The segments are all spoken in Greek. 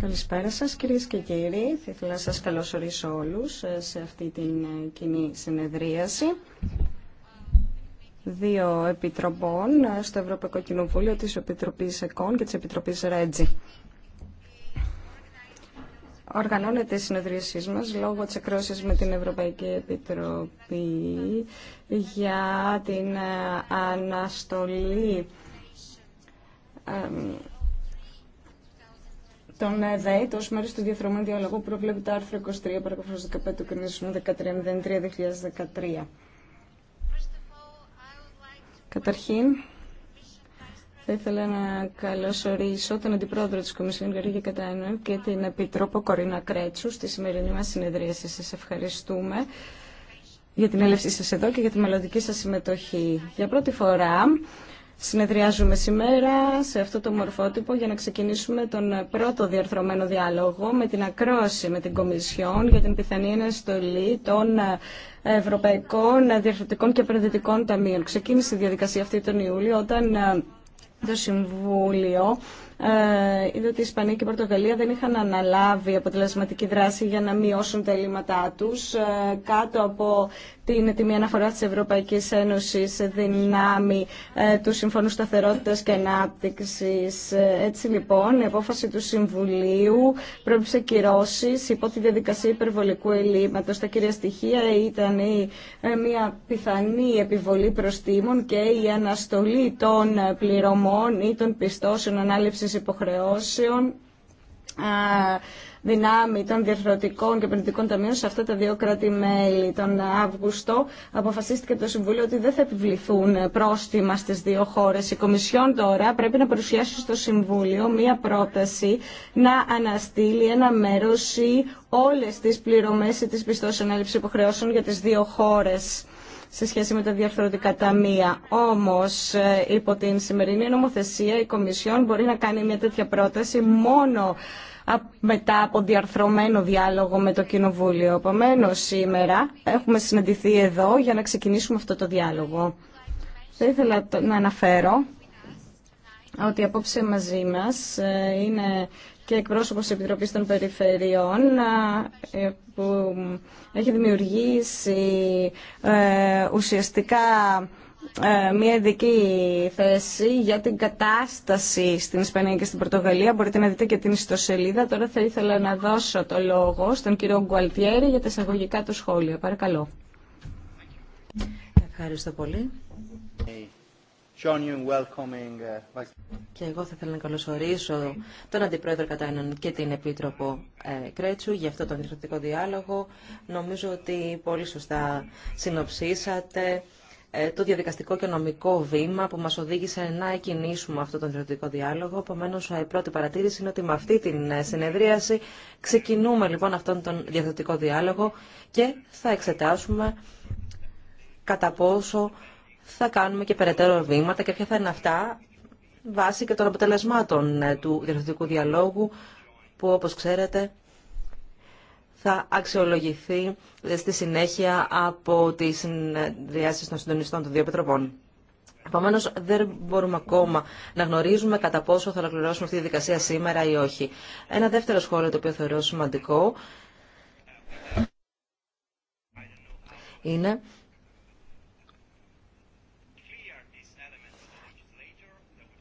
Καλησπέρα σας κυρίες και κύριοι. Θα ήθελα να σας καλωσορίσω όλους ε, σε αυτή την ε, κοινή συνεδρίαση δύο επιτροπών ε, στο Ευρωπαϊκό Κοινοβούλιο της Επιτροπής ΕΚΟΝ και της Επιτροπής ΡΕΤΖΙ. Οργανώνεται η συνεδρίασή μας λόγω της ακρόασης με την Ευρωπαϊκή Επιτροπή για την αναστολή τον ε, ΔΕΗ, μέρο του διαθρωμένου διαλόγου που προβλέπει το άρθρο 23, παραγωγός 15 του Κοινωνισμού 1303-2013. Καταρχήν, θα ήθελα να καλωσορίσω τον Αντιπρόεδρο της Κομισιόν Γεωργία Κατάνοη και την Επιτρόπο Κορίνα Κρέτσου στη σημερινή μα συνεδρίαση. Σας ευχαριστούμε για την έλευσή σας εδώ και για τη μελλοντική σας συμμετοχή. Για πρώτη φορά Συνεδριάζουμε σήμερα σε αυτό το μορφότυπο για να ξεκινήσουμε τον πρώτο διαρθρωμένο διάλογο με την ακρόαση με την Κομισιόν για την πιθανή αναστολή των Ευρωπαϊκών Διαρθρωτικών και Επενδυτικών Ταμείων. Ξεκίνησε η διαδικασία αυτή τον Ιούλιο όταν ε, το Συμβούλιο ε, είδε ότι η Ισπανία και η Πορτογαλία δεν είχαν αναλάβει αποτελεσματική δράση για να μειώσουν τα ελλείμματά τους ε, κάτω από την τιμή αναφορά ευρωπαϊκή Ευρωπαϊκής σε δυνάμει ε, του Συμφωνού Σταθερότητας και ανάπτυξη, ε, Έτσι λοιπόν η απόφαση του Συμβουλίου πρόβλεψε κυρώσεις υπό τη διαδικασία υπερβολικού ελλείμματο. Τα κυρία στοιχεία ήταν ε, μια πιθανή επιβολή προστήμων και η αναστολή των πληρωμών ή των πιστώσεων ανάληψη υποχρεώσεων δυνάμει των διαφορετικών και επενδυτικών ταμείων σε αυτά τα δύο κράτη-μέλη. Τον Αύγουστο αποφασίστηκε το Συμβούλιο ότι δεν θα επιβληθούν πρόστιμα στι δύο χώρε. Η Κομισιόν τώρα πρέπει να παρουσιάσει στο Συμβούλιο μία πρόταση να αναστείλει ένα μέρο ή όλε τι πληρωμέ ή τι πιστώσει ανάληψη υποχρεώσεων για τι δύο χώρε σε σχέση με τα διαφορετικά ταμεία. Όμως, ε, υπό την σημερινή νομοθεσία, η Κομισιόν μπορεί να κάνει μια τέτοια πρόταση μόνο μετά από διαρθρωμένο διάλογο με το Κοινοβούλιο. Επομένω, σήμερα έχουμε συναντηθεί εδώ για να ξεκινήσουμε αυτό το διάλογο. Θα ήθελα να αναφέρω ότι απόψε μαζί μας ε, είναι και εκπρόσωπος της Επιτροπής των Περιφερειών ε, που έχει δημιουργήσει ε, ουσιαστικά ε, μια ειδική θέση για την κατάσταση στην Ισπανία και στην Πορτογαλία. Μπορείτε να δείτε και την ιστοσελίδα. Τώρα θα ήθελα να δώσω το λόγο στον κύριο Γκουαλτιέρη για τα εισαγωγικά του σχόλια. Παρακαλώ. Ευχαριστώ πολύ. Και εγώ θα ήθελα να καλωσορίσω τον Αντιπρόεδρο Κατάνων και την Επίτροπο ε, Κρέτσου για αυτό τον διευθυντικό διάλογο. Νομίζω ότι πολύ σωστά συνοψίσατε ε, το διαδικαστικό και νομικό βήμα που μας οδήγησε να εκινήσουμε αυτό τον ιδιωτικό διάλογο. Επομένω, η πρώτη παρατήρηση είναι ότι με αυτή την ε, συνεδρίαση ξεκινούμε λοιπόν αυτόν τον διαδικαστικό διάλογο και θα εξετάσουμε κατά πόσο θα κάνουμε και περαιτέρω βήματα και ποια θα είναι αυτά βάσει και των αποτελεσμάτων ε, του διαδικαστικού διαλόγου που όπως ξέρετε θα αξιολογηθεί στη συνέχεια από τι συνδυάσεις των συντονιστών των δύο επιτροπών. Επομένω, δεν μπορούμε ακόμα να γνωρίζουμε κατά πόσο θα ολοκληρώσουμε αυτή τη δικασία σήμερα ή όχι. Ένα δεύτερο σχόλιο το οποίο θεωρώ σημαντικό είναι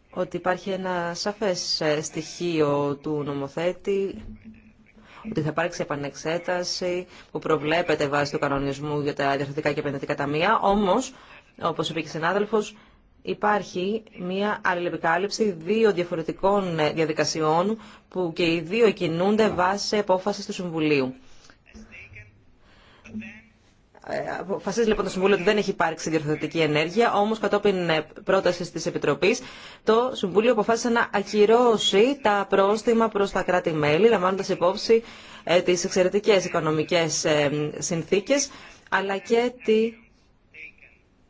ότι υπάρχει ένα σαφές στοιχείο του νομοθέτη ότι θα υπάρξει επανεξέταση που προβλέπεται βάσει του κανονισμού για τα διαρθρωτικά και επενδυτικά ταμεία. Όμω, όπω είπε και συνάδελφο, υπάρχει μια αλληλεπικάλυψη δύο διαφορετικών διαδικασιών που και οι δύο κινούνται βάσει απόφαση του Συμβουλίου. Ε, αποφασίζει λοιπόν το Συμβούλιο ότι δεν έχει υπάρξει διορθωτική ενέργεια, όμω κατόπιν ε, πρόταση τη Επιτροπή, το Συμβούλιο αποφάσισε να ακυρώσει τα πρόστιμα προ τα κράτη-μέλη, λαμβάνοντα υπόψη ε, τι εξαιρετικέ οικονομικέ ε, συνθήκε, αλλά και τι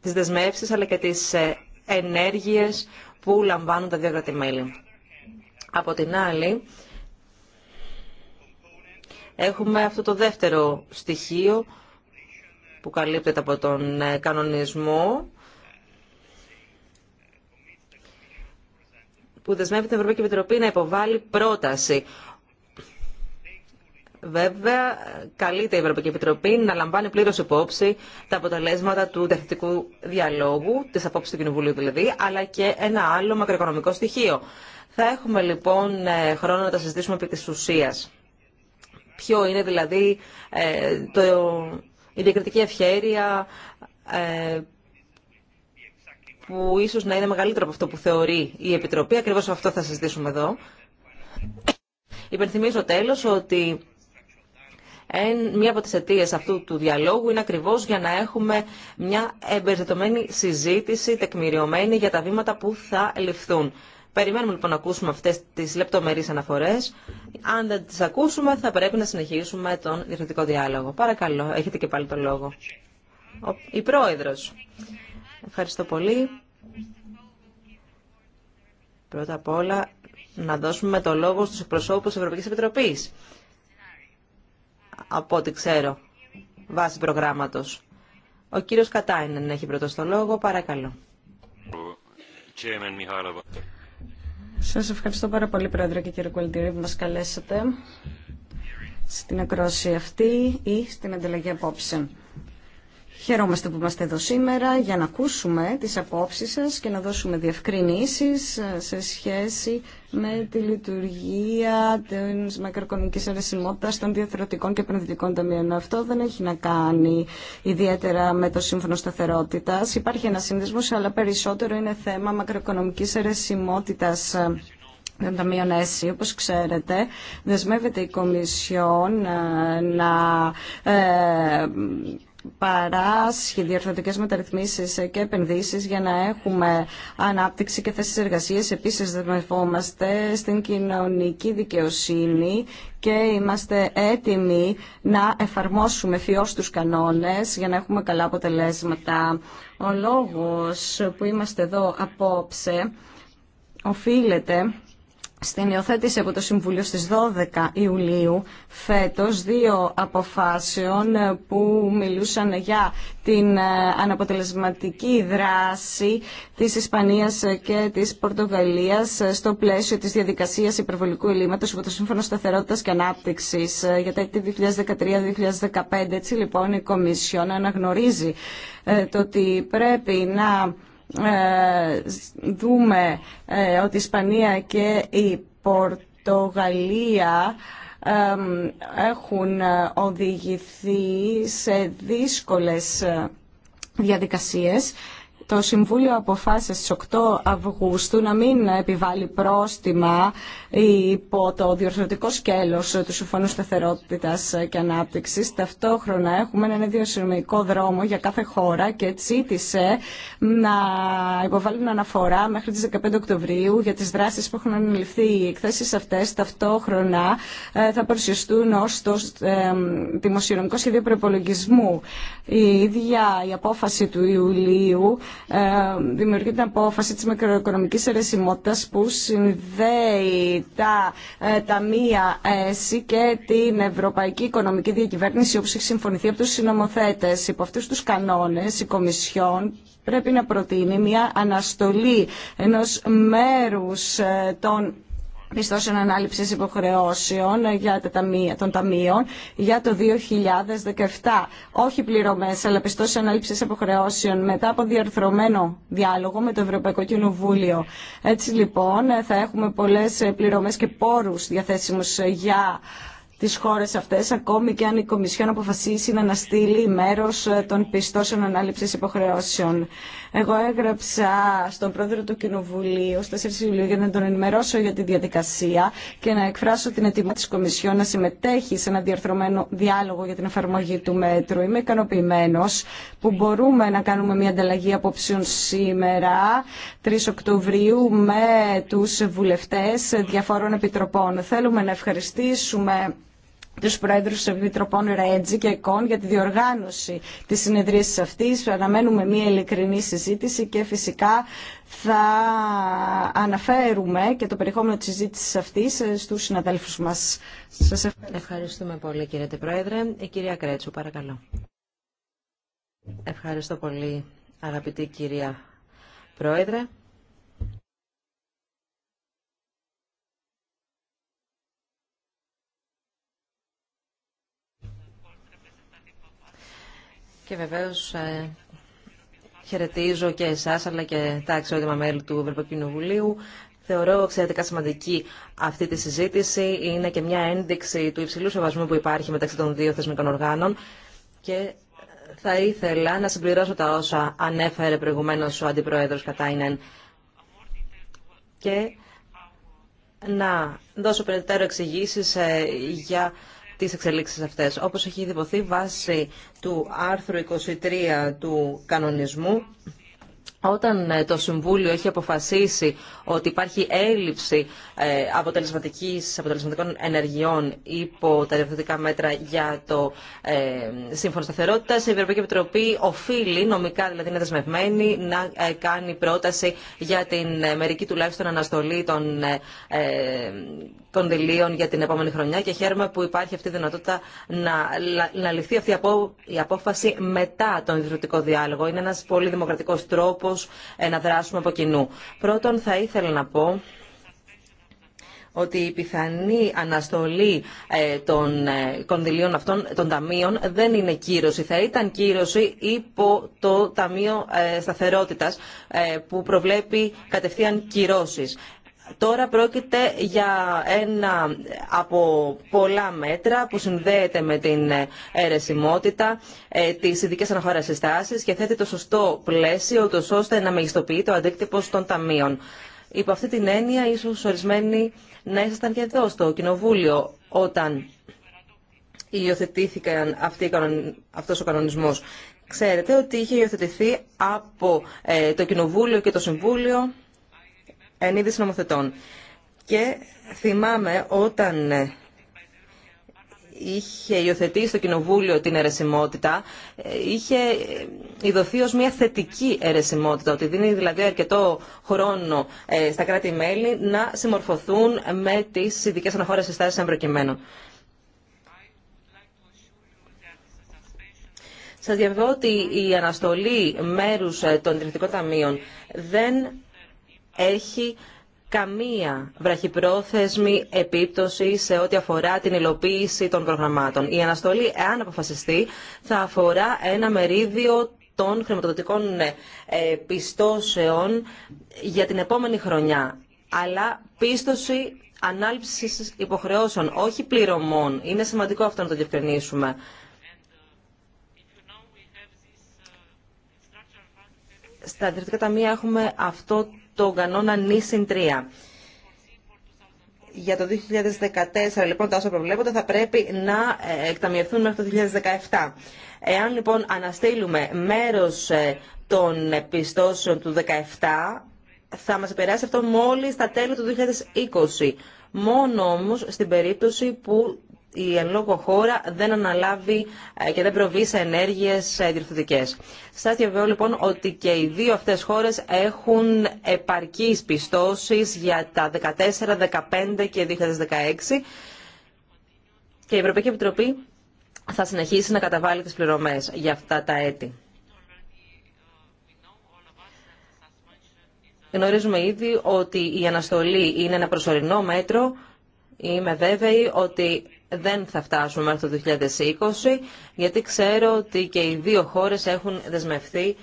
τις δεσμεύσεις, αλλά και τις ενέργειες που λαμβάνουν τα δύο κράτη-μέλη. Από την άλλη, έχουμε αυτό το δεύτερο στοιχείο, που καλύπτεται από τον ε, κανονισμό που δεσμεύει την Ευρωπαϊκή Επιτροπή να υποβάλει πρόταση. Βέβαια, καλείται η Ευρωπαϊκή Επιτροπή να λαμβάνει πλήρω υπόψη τα αποτελέσματα του τεχνικού διαλόγου, τη απόψη του Κοινοβουλίου δηλαδή, αλλά και ένα άλλο μακροοικονομικό στοιχείο. Θα έχουμε λοιπόν ε, χρόνο να τα συζητήσουμε επί τη ουσία. Ποιο είναι δηλαδή ε, το η διακριτική ευχέρεια ε, που ίσως να είναι μεγαλύτερο από αυτό που θεωρεί η Επιτροπή. Ακριβώς αυτό θα συζητήσουμε εδώ. Υπενθυμίζω τέλος ότι μία από τις αιτίε αυτού του διαλόγου είναι ακριβώς για να έχουμε μια εμπεριστατωμένη συζήτηση τεκμηριωμένη για τα βήματα που θα ληφθούν. Περιμένουμε λοιπόν να ακούσουμε αυτέ τι λεπτομερεί αναφορέ. Αν δεν τι ακούσουμε, θα πρέπει να συνεχίσουμε τον διευθυντικό διάλογο. Παρακαλώ, έχετε και πάλι το λόγο. Ο, η πρόεδρο. Ευχαριστώ πολύ. Πρώτα απ' όλα, να δώσουμε το λόγο στους εκπροσώπους της Ευρωπαϊκής Επιτροπής. Από ό,τι ξέρω, βάσει προγράμματος. Ο κύριος Κατάινεν έχει πρώτο το λόγο. Παρακαλώ. Σας ευχαριστώ πάρα πολύ, Πρόεδρε και κύριε Κουαλτήρη, που μας καλέσατε στην ακρόση αυτή ή στην ανταλλαγή απόψε. Χαιρόμαστε που είμαστε εδώ σήμερα για να ακούσουμε τις απόψεις σας και να δώσουμε διευκρινήσεις ε, σε σχέση με τη λειτουργία τη μακροοικονομική αρεσιμότητα των διαθερωτικών και επενδυτικών ταμείων. Αυτό δεν έχει να κάνει ιδιαίτερα με το σύμφωνο σταθερότητα. Υπάρχει ένα σύνδεσμο, αλλά περισσότερο είναι θέμα μακροοικονομική αρεσιμότητα των ταμείων ΕΣΥ, όπως ξέρετε, δεσμεύεται η Κομισιόν ε, να ε, παρά διαρθρωτικές μεταρρυθμίσει και επενδύσει για να έχουμε ανάπτυξη και θέσει εργασίας. Επίση δεσμευόμαστε στην κοινωνική δικαιοσύνη και είμαστε έτοιμοι να εφαρμόσουμε φιό του κανόνες για να έχουμε καλά αποτελέσματα. Ο λόγος που είμαστε εδώ απόψε οφείλεται στην υιοθέτηση από το Συμβούλιο στις 12 Ιουλίου φέτος δύο αποφάσεων που μιλούσαν για την ε, αναποτελεσματική δράση της Ισπανίας και της Πορτογαλίας στο πλαίσιο της διαδικασίας υπερβολικού ελλείμματος από το Σύμφωνο Σταθερότητας και Ανάπτυξης ε, για τα έτη 2013-2015. Έτσι λοιπόν η Κομισιόν αναγνωρίζει ε, το ότι πρέπει να ε, δούμε ε, ότι η Ισπανία και η Πορτογαλία έχουν ε, οδηγηθεί σε δύσκολες διαδικασίες το Συμβούλιο αποφάσισε στις 8 Αυγούστου να μην επιβάλλει πρόστιμα υπό το διορθωτικό σκέλος του Συμφωνού σταθερότητα και Ανάπτυξης. Ταυτόχρονα έχουμε έναν διοσυνομικό δρόμο για κάθε χώρα και ζήτησε να υποβάλουν αναφορά μέχρι τις 15 Οκτωβρίου για τις δράσεις που έχουν αναλυφθεί. Οι εκθέσεις αυτές ταυτόχρονα ε, θα παρουσιαστούν ως το ε, δημοσιονομικό σχέδιο προπολογισμού. Η ίδια η απόφαση του Ιουλίου ε, δημιουργεί την απόφαση της μικροοικονομικής αιρεσιμότητας που συνδέει τα ε, ταμεία ΕΣΥ και την Ευρωπαϊκή Οικονομική Διακυβέρνηση όπως έχει συμφωνηθεί από τους συνομοθέτες. Υπό αυτούς τους κανόνες η Κομισιόν πρέπει να προτείνει μια αναστολή ενός μέρους ε, των πιστώσεων ανάληψης υποχρεώσεων για τα ταμεία, των ταμείων για το 2017. Όχι πληρωμές, αλλά πιστώσεων ανάληψης υποχρεώσεων μετά από διαρθρωμένο διάλογο με το Ευρωπαϊκό Κοινοβούλιο. Έτσι λοιπόν θα έχουμε πολλές πληρωμές και πόρους διαθέσιμους για τις χώρες αυτές, ακόμη και αν η Κομισιόν αποφασίσει να αναστείλει μέρος των πιστώσεων ανάληψης υποχρεώσεων. Εγώ έγραψα στον πρόεδρο του Κοινοβουλίου στις 4 Ιουλίου για να τον ενημερώσω για τη διαδικασία και να εκφράσω την ετοιμότητα της Κομισιόν να συμμετέχει σε ένα διαρθρωμένο διάλογο για την εφαρμογή του μέτρου. Είμαι ικανοποιημένο που μπορούμε να κάνουμε μια ανταλλαγή απόψεων σήμερα, 3 Οκτωβρίου, με τους βουλευτέ διαφόρων επιτροπών. Θέλουμε να ευχαριστήσουμε του πρόεδρου τη Επιτροπών Ρέτζι και ΕΚΟΝ για τη διοργάνωση της συνεδρίαση αυτής. Αναμένουμε μια ειλικρινή συζήτηση και φυσικά θα αναφέρουμε και το περιεχόμενο της συζήτησης αυτής στους συναδέλφους μας. Σα ευχαριστούμε, ευχαριστούμε πολύ κύριε Πρόεδρε. Η κυρία Κρέτσου, παρακαλώ. Ευχαριστώ πολύ αγαπητή κυρία Πρόεδρε. Και βεβαίως ε, χαιρετίζω και εσά, αλλά και τα αξιότιμα μέλη του Ευρωπαϊκού Κοινοβουλίου. Θεωρώ εξαιρετικά σημαντική αυτή τη συζήτηση. Είναι και μια ένδειξη του υψηλού σεβασμού που υπάρχει μεταξύ των δύο θεσμικών οργάνων. Και ε, θα ήθελα να συμπληρώσω τα όσα ανέφερε προηγουμένως ο Αντιπρόεδρος Κατάινεν και να δώσω περαιτέρω εξηγήσει ε, για τις εξελίξεις αυτές. Όπως έχει δημοθεί βάσει του άρθρου 23 του κανονισμού, όταν ε, το Συμβούλιο έχει αποφασίσει ότι υπάρχει έλλειψη ε, αποτελεσματικής, αποτελεσματικών ενεργειών υπό τα διευθυντικά μέτρα για το ε, Σύμφωνο Σταθερότητα, η Ευρωπαϊκή Επιτροπή οφείλει, νομικά δηλαδή είναι δεσμευμένη, να ε, κάνει πρόταση για την μερική τουλάχιστον αναστολή των ε, για την επόμενη χρονιά και χαίρομαι που υπάρχει αυτή η δυνατότητα να, να ληφθεί αυτή η απόφαση μετά τον ιδρυτικό διάλογο. Είναι ένας πολύ δημοκρατικός τρόπο τρόπος ε, να δράσουμε από κοινού. Πρώτον, θα ήθελα να πω ότι η πιθανή αναστολή ε, των ε, κονδυλίων αυτών των ταμείων δεν είναι κύρωση. Θα ήταν κύρωση υπό το Ταμείο Σταθερότητας που προβλέπει κατευθείαν κυρώσεις. Τώρα πρόκειται για ένα από πολλά μέτρα που συνδέεται με την αιρεσιμότητα, ε, τις ειδικής αναχώρησης συστάσεις και θέτει το σωστό πλαίσιο, ώστε να μεγιστοποιεί το αντίκτυπο των ταμείων. Υπό αυτή την έννοια, ίσως ορισμένοι να ήσασταν και εδώ στο Κοινοβούλιο όταν υιοθετήθηκαν αυτό αυτός ο κανονισμός. Ξέρετε ότι είχε υιοθετηθεί από ε, το Κοινοβούλιο και το Συμβούλιο εν είδη νομοθετών. Και θυμάμαι όταν είχε υιοθετήσει στο Κοινοβούλιο την αιρεσιμότητα, είχε ιδωθεί ως μια θετική αιρεσιμότητα, ότι δίνει δηλαδή αρκετό χρόνο ε, στα κράτη-μέλη να συμμορφωθούν με τις ειδικές αναχώρες συστάσεις εμπροκειμένων. Σας διαβεβαιώ ότι η αναστολή μέρους ε, των διευθυντικών ταμείων δεν έχει καμία βραχυπρόθεσμη επίπτωση σε ό,τι αφορά την υλοποίηση των προγραμμάτων. Η αναστολή, εάν αποφασιστεί, θα αφορά ένα μερίδιο των χρηματοδοτικών ε, πιστώσεων για την επόμενη χρονιά. Αλλά πίστοση ανάληψης υποχρεώσεων, όχι πληρωμών. Είναι σημαντικό αυτό να το διευκρινίσουμε. Στα διευθυντικά ταμεία έχουμε αυτό τον κανόνα νήσιν 3. Για το 2014, λοιπόν, τα όσα προβλέπονται θα πρέπει να ε, εκταμιευθούν μέχρι το 2017. Εάν, λοιπόν, αναστείλουμε μέρος ε, των πιστώσεων του 2017, θα μας επηρεάσει αυτό μόλις στα τέλη του 2020. Μόνο όμως στην περίπτωση που η εν λόγω χώρα δεν αναλάβει ε, και δεν προβεί σε ενέργειες ε, διορθωτικέ. Σα διαβεβαιώ λοιπόν ότι και οι δύο αυτές χώρες έχουν επαρκείς πιστώσει για τα 14, 15 και 2016 και η Ευρωπαϊκή Επιτροπή θα συνεχίσει να καταβάλει τις πληρωμές για αυτά τα έτη. Γνωρίζουμε ήδη ότι η αναστολή είναι ένα προσωρινό μέτρο. Είμαι βέβαιη ότι δεν θα φτάσουμε μέχρι το 2020, γιατί ξέρω ότι και οι δύο χώρες έχουν δεσμευθεί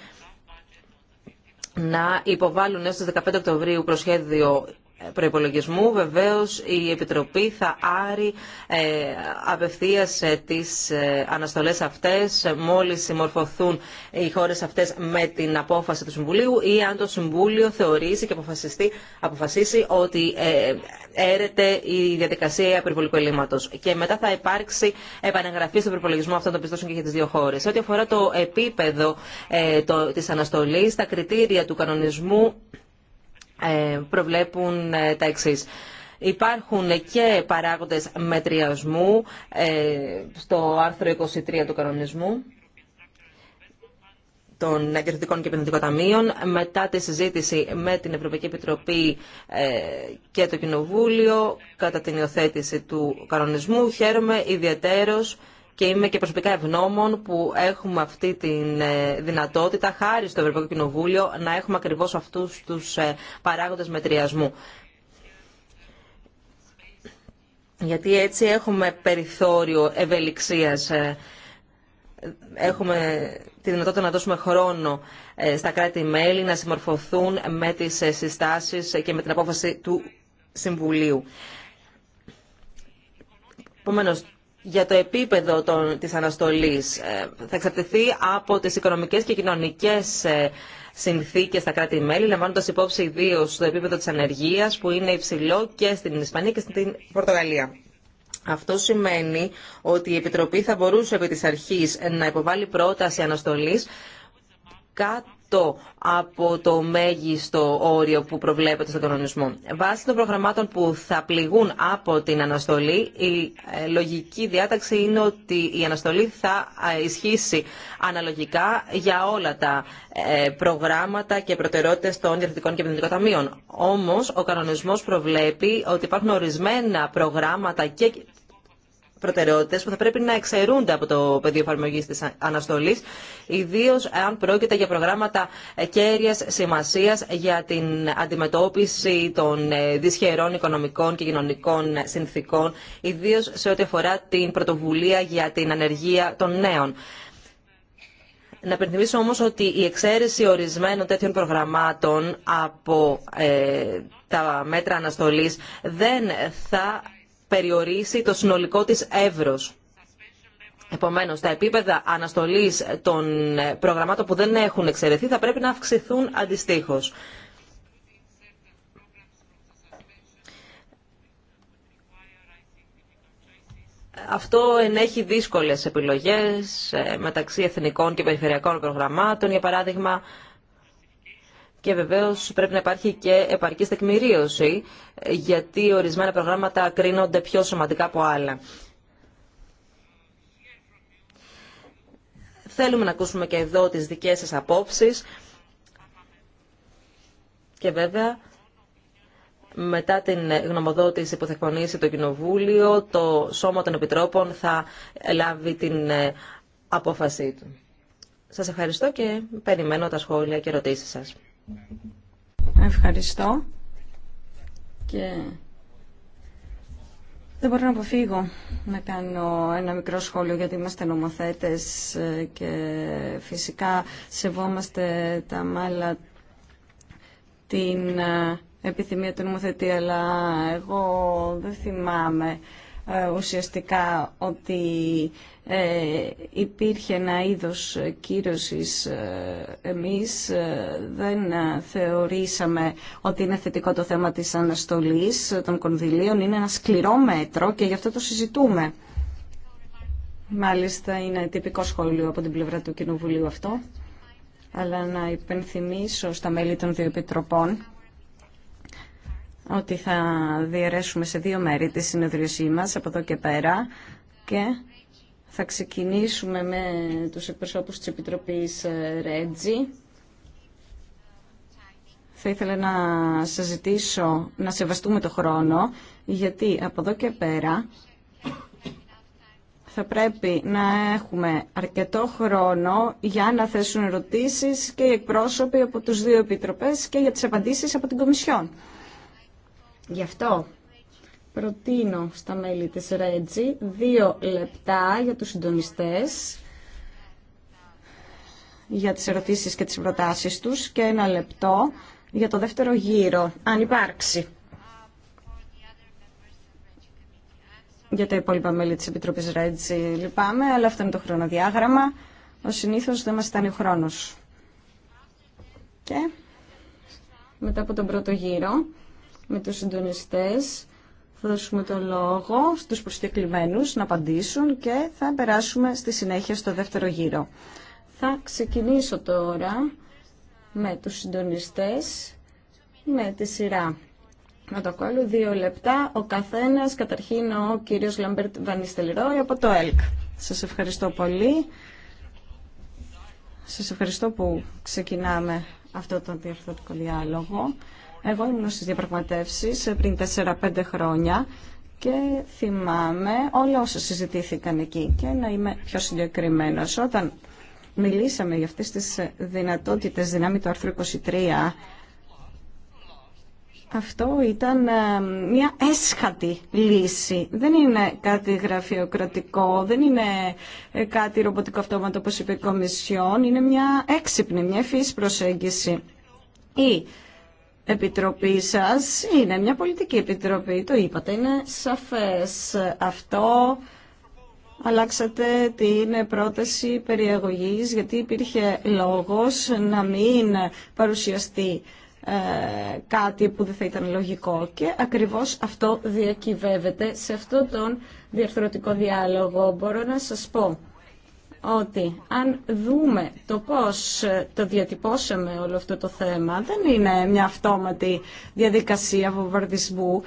να υποβάλουν έως το 15 Οκτωβρίου προσχέδιο προϋπολογισμού. Βεβαίως, η Επιτροπή θα άρει ε, απευθείας ε, τις ε, αναστολές αυτές μόλις συμμορφωθούν οι χώρες αυτές με την απόφαση του Συμβουλίου ή αν το Συμβούλιο θεωρήσει και αποφασιστεί, αποφασίσει ότι έρεται η διαδικασία περιπολικού ελλείμματος. Και μετά θα υπάρξει επαναγραφή στον προπολογισμό αυτών των πιστώσεων και για τις δύο χώρες. Ό,τι αφορά το επίπεδο της αναστολής, τα κριτήρια του κανονισμού ε, προβλέπουν ε, τα εξή. Υπάρχουν και παράγοντες μετριασμού ε, στο άρθρο 23 του κανονισμού των Εγκαιρετικών και Επενδυτικών Ταμείων. Μετά τη συζήτηση με την Ευρωπαϊκή Επιτροπή και το Κοινοβούλιο κατά την υιοθέτηση του κανονισμού, χαίρομαι ιδιαίτερος και είμαι και προσωπικά ευγνώμων που έχουμε αυτή τη ε, δυνατότητα, χάρη στο Ευρωπαϊκό Κοινοβούλιο, να έχουμε ακριβώς αυτούς τους ε, παράγοντες μετριασμού. Γιατί έτσι έχουμε περιθώριο ευελιξίας, ε, έχουμε τη δυνατότητα να δώσουμε χρόνο στα κράτη-μέλη να συμμορφωθούν με τις συστάσεις και με την απόφαση του Συμβουλίου για το επίπεδο των, της αναστολής ε, θα εξαρτηθεί από τις οικονομικές και κοινωνικές ε, συνθήκες στα κράτη-μέλη, λαμβάνοντα υπόψη ιδίω το επίπεδο της ανεργίας που είναι υψηλό και στην Ισπανία και στην Πορτογαλία. Αυτό σημαίνει ότι η Επιτροπή θα μπορούσε επί της αρχής να υποβάλει πρόταση αναστολής κάτω από το μέγιστο όριο που προβλέπεται στον κανονισμό. Βάσει των προγραμμάτων που θα πληγούν από την αναστολή, η ε, λογική διάταξη είναι ότι η αναστολή θα ε, ισχύσει αναλογικά για όλα τα ε, προγράμματα και προτεραιότητε των διευθυντικών και επενδυτικών ταμείων. Όμως, ο κανονισμός προβλέπει ότι υπάρχουν ορισμένα προγράμματα και προτεραιότητε που θα πρέπει να εξαιρούνται από το πεδίο εφαρμογή τη αναστολή, ιδίω αν πρόκειται για προγράμματα κέρια σημασία για την αντιμετώπιση των ε, δυσχερών οικονομικών και κοινωνικών συνθήκων, ιδίω σε ό,τι αφορά την πρωτοβουλία για την ανεργία των νέων. Να υπενθυμίσω όμως ότι η εξαίρεση ορισμένων τέτοιων προγραμμάτων από ε, τα μέτρα αναστολής δεν θα περιορίσει το συνολικό της εύρος. Επομένως, τα επίπεδα αναστολής των ε, προγραμμάτων που δεν έχουν εξαιρεθεί θα πρέπει να αυξηθούν αντιστοίχως. Αυτό ενέχει δύσκολες επιλογές ε, μεταξύ εθνικών και περιφερειακών προγραμμάτων. Για παράδειγμα, και βεβαίω πρέπει να υπάρχει και επαρκή τεκμηρίωση γιατί ορισμένα προγράμματα κρίνονται πιο σημαντικά από άλλα. Θέλουμε να ακούσουμε και εδώ τις δικές σας απόψεις και βέβαια μετά την γνωμοδότηση που θα εκπονήσει το Κοινοβούλιο, το Σώμα των Επιτρόπων θα λάβει την ε, απόφασή του. Σας ευχαριστώ και περιμένω τα σχόλια και ερωτήσεις σας. Ευχαριστώ. Και δεν μπορώ να αποφύγω να κάνω ένα μικρό σχόλιο γιατί είμαστε νομοθέτες ε, και φυσικά σεβόμαστε τα μάλλα την ε, επιθυμία του νομοθετή αλλά εγώ δεν θυμάμαι ε, ουσιαστικά ότι ε, υπήρχε ένα είδος κύρωσης. Ε, εμείς δεν θεωρήσαμε ότι είναι θετικό το θέμα της αναστολής των κονδυλίων. Είναι ένα σκληρό μέτρο και γι' αυτό το συζητούμε. Μάλιστα είναι τυπικό σχόλιο από την πλευρά του Κοινοβουλίου αυτό. Αλλά να υπενθυμίσω στα μέλη των δύο επιτροπών ότι θα διαιρέσουμε σε δύο μέρη τη συνεδρίασή μας από εδώ και πέρα και θα ξεκινήσουμε με τους εκπροσώπους της Επιτροπής ε, Ρέτζι. Θα ήθελα να σας ζητήσω να σεβαστούμε το χρόνο, γιατί από εδώ και πέρα θα πρέπει να έχουμε αρκετό χρόνο για να θέσουν ερωτήσεις και οι εκπρόσωποι από τους δύο επιτροπές και για τις απαντήσεις από την Κομισιόν. Γι' αυτό προτείνω στα μέλη της Ρέτζη δύο λεπτά για τους συντονιστές για τις ερωτήσεις και τις προτάσεις τους και ένα λεπτό για το δεύτερο γύρο, αν υπάρξει. Για τα υπόλοιπα μέλη της Επιτροπής Ρέτζη λυπάμαι, αλλά αυτό είναι το χρονοδιάγραμμα. Ο συνήθως δεν μας ήταν ο χρόνος. Και μετά από τον πρώτο γύρο με τους συντονιστές. Θα δώσουμε το λόγο στους προσκεκλημένους να απαντήσουν και θα περάσουμε στη συνέχεια στο δεύτερο γύρο. Θα ξεκινήσω τώρα με τους συντονιστές με τη σειρά. Να το κόλλω δύο λεπτά. Ο καθένας, καταρχήν ο κύριος Λαμπέρτ Ρόι από το ΕΛΚ. Σας ευχαριστώ πολύ. Σας ευχαριστώ που ξεκινάμε αυτό το διαρθωτικό διάλογο. Εγώ ήμουν στις διαπραγματεύσεις πριν 4-5 χρόνια και θυμάμαι όλα όσα συζητήθηκαν εκεί. Και να είμαι πιο συγκεκριμένος, όταν μιλήσαμε για αυτές τις δυνατότητες δυνάμει του άρθρου 23, αυτό ήταν ε, μια έσχατη λύση. Δεν είναι κάτι γραφειοκρατικό, δεν είναι ε, κάτι ρομποτικό αυτόματο όπως είπε η Κομισιόν, είναι μια έξυπνη, μια ευφύης προσέγγιση. Ή Επιτροπή σας είναι μια πολιτική επιτροπή, το είπατε, είναι σαφές αυτό. Αλλάξατε την πρόταση περιεγωγής, γιατί υπήρχε λόγος να μην παρουσιαστεί ε, κάτι που δεν θα ήταν λογικό και ακριβώς αυτό διακυβεύεται σε αυτό τον διαρθρωτικό διάλογο. Μπορώ να σας πω ότι αν δούμε το πώς το διατυπώσαμε όλο αυτό το θέμα, δεν είναι μια αυτόματη διαδικασία βομβαρδισμού.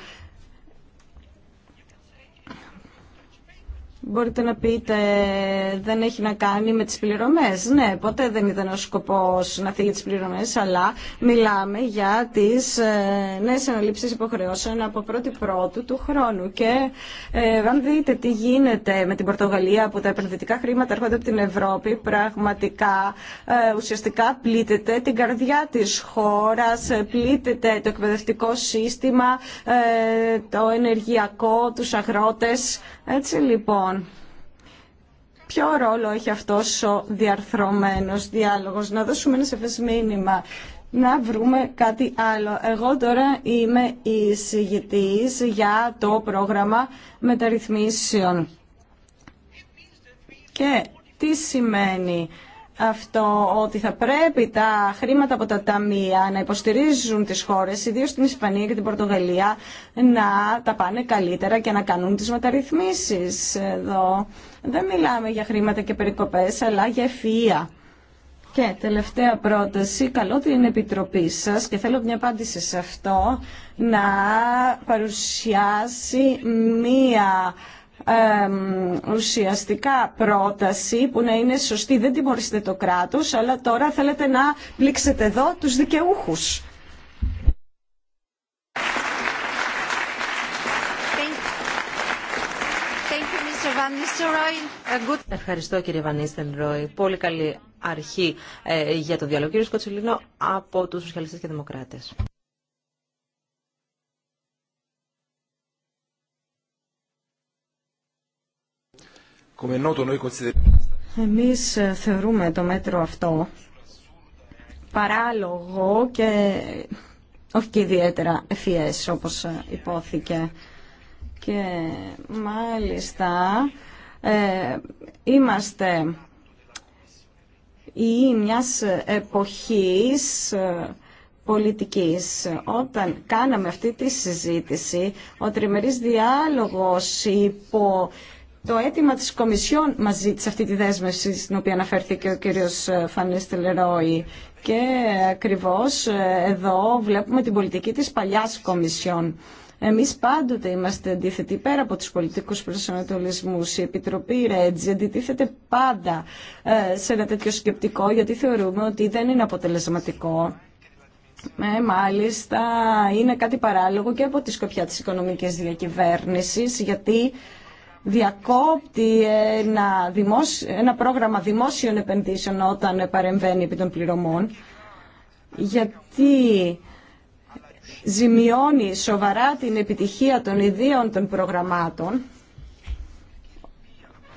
Μπορείτε να πείτε δεν έχει να κάνει με τις πληρωμές. Ναι, ποτέ δεν ήταν ο σκοπός να φύγει τις πληρωμές, αλλά μιλάμε για τις ε, νέες αναλήψεις υποχρεώσεων από πρώτη πρώτου του χρόνου. Και ε, αν δείτε τι γίνεται με την Πορτογαλία που τα επενδυτικά χρήματα έρχονται από την Ευρώπη, πραγματικά ε, ουσιαστικά πλήττεται την καρδιά της χώρας, ε, πλήττεται το εκπαιδευτικό σύστημα, το ενεργειακό, τους αγρότες. Έτσι λοιπόν Λοιπόν, ποιο ρόλο έχει αυτός ο διαρθρωμένος διάλογος, να δώσουμε ένα σαφές μήνυμα να βρούμε κάτι άλλο. Εγώ τώρα είμαι η συγητής για το πρόγραμμα μεταρρυθμίσεων. Και τι σημαίνει αυτό ότι θα πρέπει τα χρήματα από τα ταμεία να υποστηρίζουν τις χώρες, ιδίως την Ισπανία και την Πορτογαλία, να τα πάνε καλύτερα και να κάνουν τις μεταρρυθμίσεις εδώ. Δεν μιλάμε για χρήματα και περικοπές, αλλά για ευφυΐα. Και τελευταία πρόταση, καλό την Επιτροπή σας και θέλω μια απάντηση σε αυτό, να παρουσιάσει μία ουσιαστικά πρόταση που να είναι σωστή. Δεν τιμωρήσετε το κράτος, αλλά τώρα θέλετε να πλήξετε εδώ τους δικαιούχους. Ευχαριστώ κύριε Βανίστεν Ρόι. Πολύ καλή αρχή ε, για το διάλογο. Κύριε Σκοτσουλίνο από τους Σοσιαλιστές και Δημοκράτες. Εμείς ε, θεωρούμε το μέτρο αυτό παράλογο και όχι και ιδιαίτερα ευφυές όπως ε, υπόθηκε. Και μάλιστα ε, είμαστε ή μιας εποχής πολιτικής. Όταν κάναμε αυτή τη συζήτηση, ο τριμερής διάλογος υπό το αίτημα της Κομισιόν μαζί ζήτησε αυτή τη δέσμευση στην οποία αναφέρθηκε ο κύριος ε, Φανής Τελερόη. Και ακριβώς ε, εδώ βλέπουμε την πολιτική της παλιάς Κομισιόν. Εμείς πάντοτε είμαστε αντίθετοι πέρα από τους πολιτικούς προσανατολισμούς. Η Επιτροπή Ρέτζι αντιτίθεται πάντα ε, σε ένα τέτοιο σκεπτικό γιατί θεωρούμε ότι δεν είναι αποτελεσματικό. Ε, μάλιστα είναι κάτι παράλογο και από τη σκοπιά της οικονομικής διακυβέρνησης γιατί διακόπτει ένα, δημόσιο, ένα πρόγραμμα δημόσιων επενδύσεων όταν παρεμβαίνει επί των πληρωμών, γιατί ζημιώνει σοβαρά την επιτυχία των ιδίων των προγραμμάτων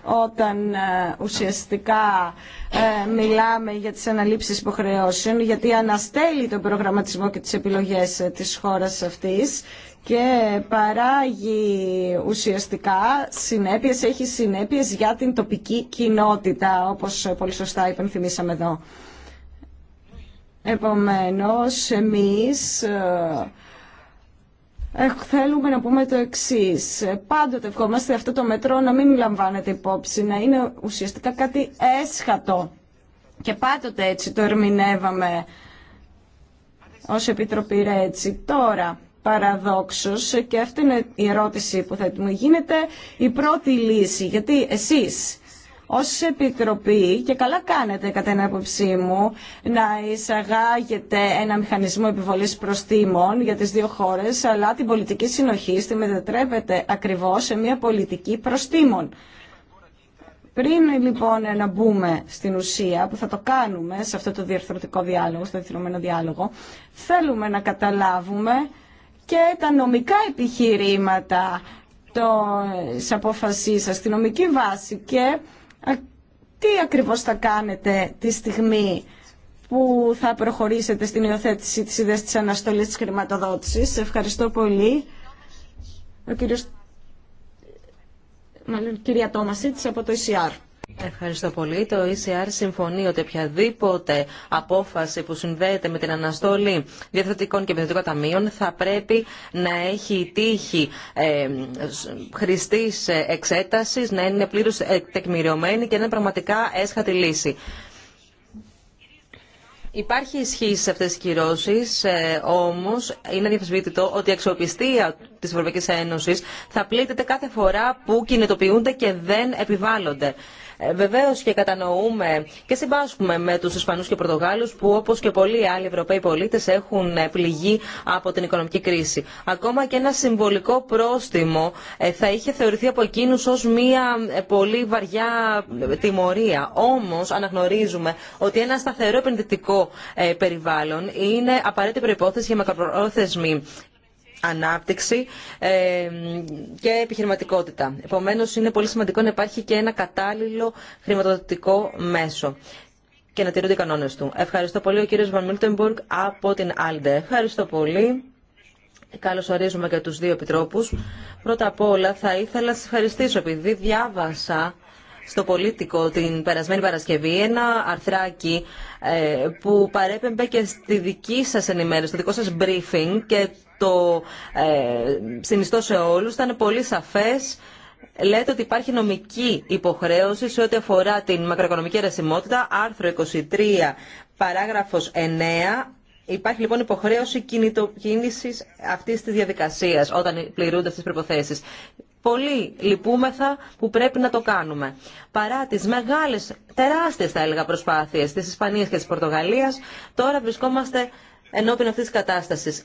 όταν ε, ουσιαστικά ε, μιλάμε για τις αναλήψεις υποχρεώσεων γιατί αναστέλει τον προγραμματισμό και τις επιλογές ε, της χώρας αυτής και παράγει ουσιαστικά συνέπειες, έχει συνέπειες για την τοπική κοινότητα όπως πολύ σωστά υπενθυμίσαμε εδώ. Επομένως, εμείς θέλουμε να πούμε το εξή. Πάντοτε ευχόμαστε αυτό το μετρό να μην λαμβάνεται υπόψη, να είναι ουσιαστικά κάτι έσχατο. Και πάντοτε έτσι το ερμηνεύαμε ως Επιτροπή Ρέτσι. Τώρα, παραδόξως, και αυτή είναι η ερώτηση που θα θέτουμε, γίνεται η πρώτη λύση. Γιατί εσείς ως Επιτροπή, και καλά κάνετε κατά την άποψή μου, να εισαγάγετε ένα μηχανισμό επιβολής προστήμων για τις δύο χώρες, αλλά την πολιτική συνοχή στη μετατρέπεται ακριβώς σε μια πολιτική προστήμων. Πριν λοιπόν να μπούμε στην ουσία που θα το κάνουμε σε αυτό το διαρθρωτικό διάλογο, στο διάλογο, θέλουμε να καταλάβουμε και τα νομικά επιχειρήματα τη απόφασή σας, τη νομική βάση και τι ακριβώς θα κάνετε τη στιγμή που θα προχωρήσετε στην υιοθέτηση της ιδέας της αναστολής της χρηματοδότησης. Ευχαριστώ πολύ. κυρία Τόμασίτς από το ECR. Ευχαριστώ πολύ. Το ECR συμφωνεί ότι οποιαδήποτε απόφαση που συνδέεται με την αναστόλη διαθετικών και επιθετικών ταμείων θα πρέπει να έχει τύχη ε, χρηστή εξέταση, να είναι πλήρω ε, τεκμηριωμένη και να είναι πραγματικά έσχατη λύση. Υπάρχει ισχύ σε αυτέ τι κυρώσει, ε, όμω είναι αδιαφεσβήτητο ότι η αξιοπιστία τη Ευρωπαϊκή Ένωση θα πλήττεται κάθε φορά που κινητοποιούνται και δεν επιβάλλονται. Ε, Βεβαίω και κατανοούμε και συμπάσχουμε με του Ισπανού και Πορτογάλου που όπω και πολλοί άλλοι Ευρωπαίοι πολίτε έχουν πληγεί από την οικονομική κρίση. Ακόμα και ένα συμβολικό πρόστιμο ε, θα είχε θεωρηθεί από εκείνου ω μια ε, πολύ βαριά τιμωρία. Όμω αναγνωρίζουμε ότι ένα σταθερό επενδυτικό περιβάλλον είναι απαραίτητη προπόθεση για μακροπρόθεσμη ανάπτυξη ε, και επιχειρηματικότητα. Επομένως, είναι πολύ σημαντικό να υπάρχει και ένα κατάλληλο χρηματοδοτικό μέσο και να τηρούνται οι κανόνες του. Ευχαριστώ πολύ ο κύριος Βαν Μιλτεμπουργκ από την Άλντε. Ευχαριστώ πολύ. Καλώς ορίζουμε και τους δύο επιτρόπους. Πρώτα απ' όλα θα ήθελα να σας ευχαριστήσω επειδή διάβασα στο Πολίτικο την περασμένη Παρασκευή ένα αρθράκι ε, που παρέπεμπε και στη δική σας ενημέρωση, στο δικό σας briefing και το ε, συνιστώ σε όλους, ήταν πολύ σαφές. Λέτε ότι υπάρχει νομική υποχρέωση σε ό,τι αφορά την μακροοικονομική αιρεσιμότητα, άρθρο 23, παράγραφος 9, Υπάρχει λοιπόν υποχρέωση κινητοκίνησης αυτής της διαδικασίας όταν πληρούνται αυτές τις προϋποθέσεις. Πολύ λυπούμεθα που πρέπει να το κάνουμε. Παρά τις μεγάλες, τεράστιες θα έλεγα προσπάθειες της Ισπανίας και της Πορτογαλίας, τώρα βρισκόμαστε ενώπιν αυτής της κατάστασης.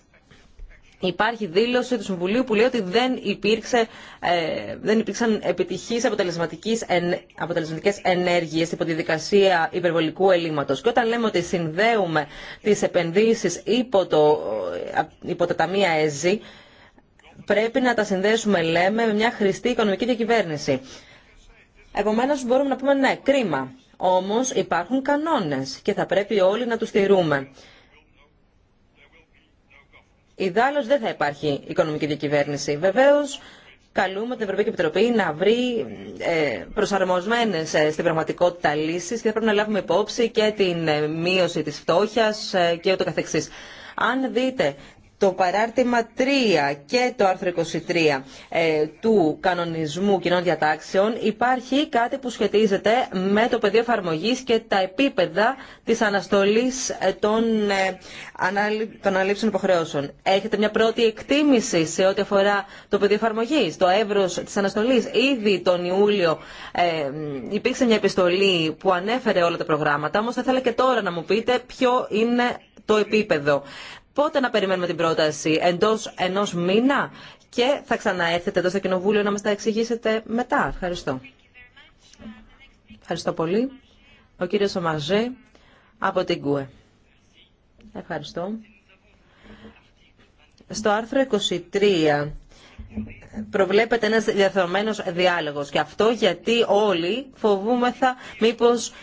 Υπάρχει δήλωση του Συμβουλίου που λέει ότι δεν, υπήρξε, ε, δεν υπήρξαν επιτυχείς αποτελεσματικές ενέργειες υπό τη δικασία υπερβολικού ελλείμματος. Και όταν λέμε ότι συνδέουμε τις επενδύσεις υπό, το, ε, υπό τα ταμεία ΕΖΗ, πρέπει να τα συνδέσουμε, λέμε, με μια χρηστή οικονομική διακυβέρνηση. Επομένως, μπορούμε να πούμε ναι, κρίμα. Όμως υπάρχουν κανόνες και θα πρέπει όλοι να τους στηρούμε. Ιδάλω δεν θα υπάρχει οικονομική διακυβέρνηση. Βεβαίω, καλούμε την Ευρωπαϊκή Επιτροπή να βρει ε, προσαρμοσμένε ε, στην πραγματικότητα λύσει και θα πρέπει να λάβουμε υπόψη και την ε, μείωση τη φτώχεια και ούτω καθεξής. Αν δείτε το παράρτημα 3 και το άρθρο 23 ε, του κανονισμού κοινών διατάξεων υπάρχει κάτι που σχετίζεται με το πεδίο εφαρμογή και τα επίπεδα της αναστολής ε, των, ε, αναλήψεων υποχρεώσεων. Έχετε μια πρώτη εκτίμηση σε ό,τι αφορά το πεδίο εφαρμογή, το εύρος της αναστολής. Ήδη τον Ιούλιο ε, υπήρξε μια επιστολή που ανέφερε όλα τα προγράμματα, όμως θα ήθελα και τώρα να μου πείτε ποιο είναι το επίπεδο. Πότε να περιμένουμε την πρόταση, εντός ενός μήνα και θα ξαναέρθετε εδώ στο Κοινοβούλιο να μας τα εξηγήσετε μετά. Ευχαριστώ. Ευχαριστώ πολύ. Ο κύριος Ομαζέ από την ΚΟΕ. Ευχαριστώ. Στο άρθρο 23 προβλέπεται ένας διαθεωμένος διάλογος και αυτό γιατί όλοι φοβούμεθα μήπως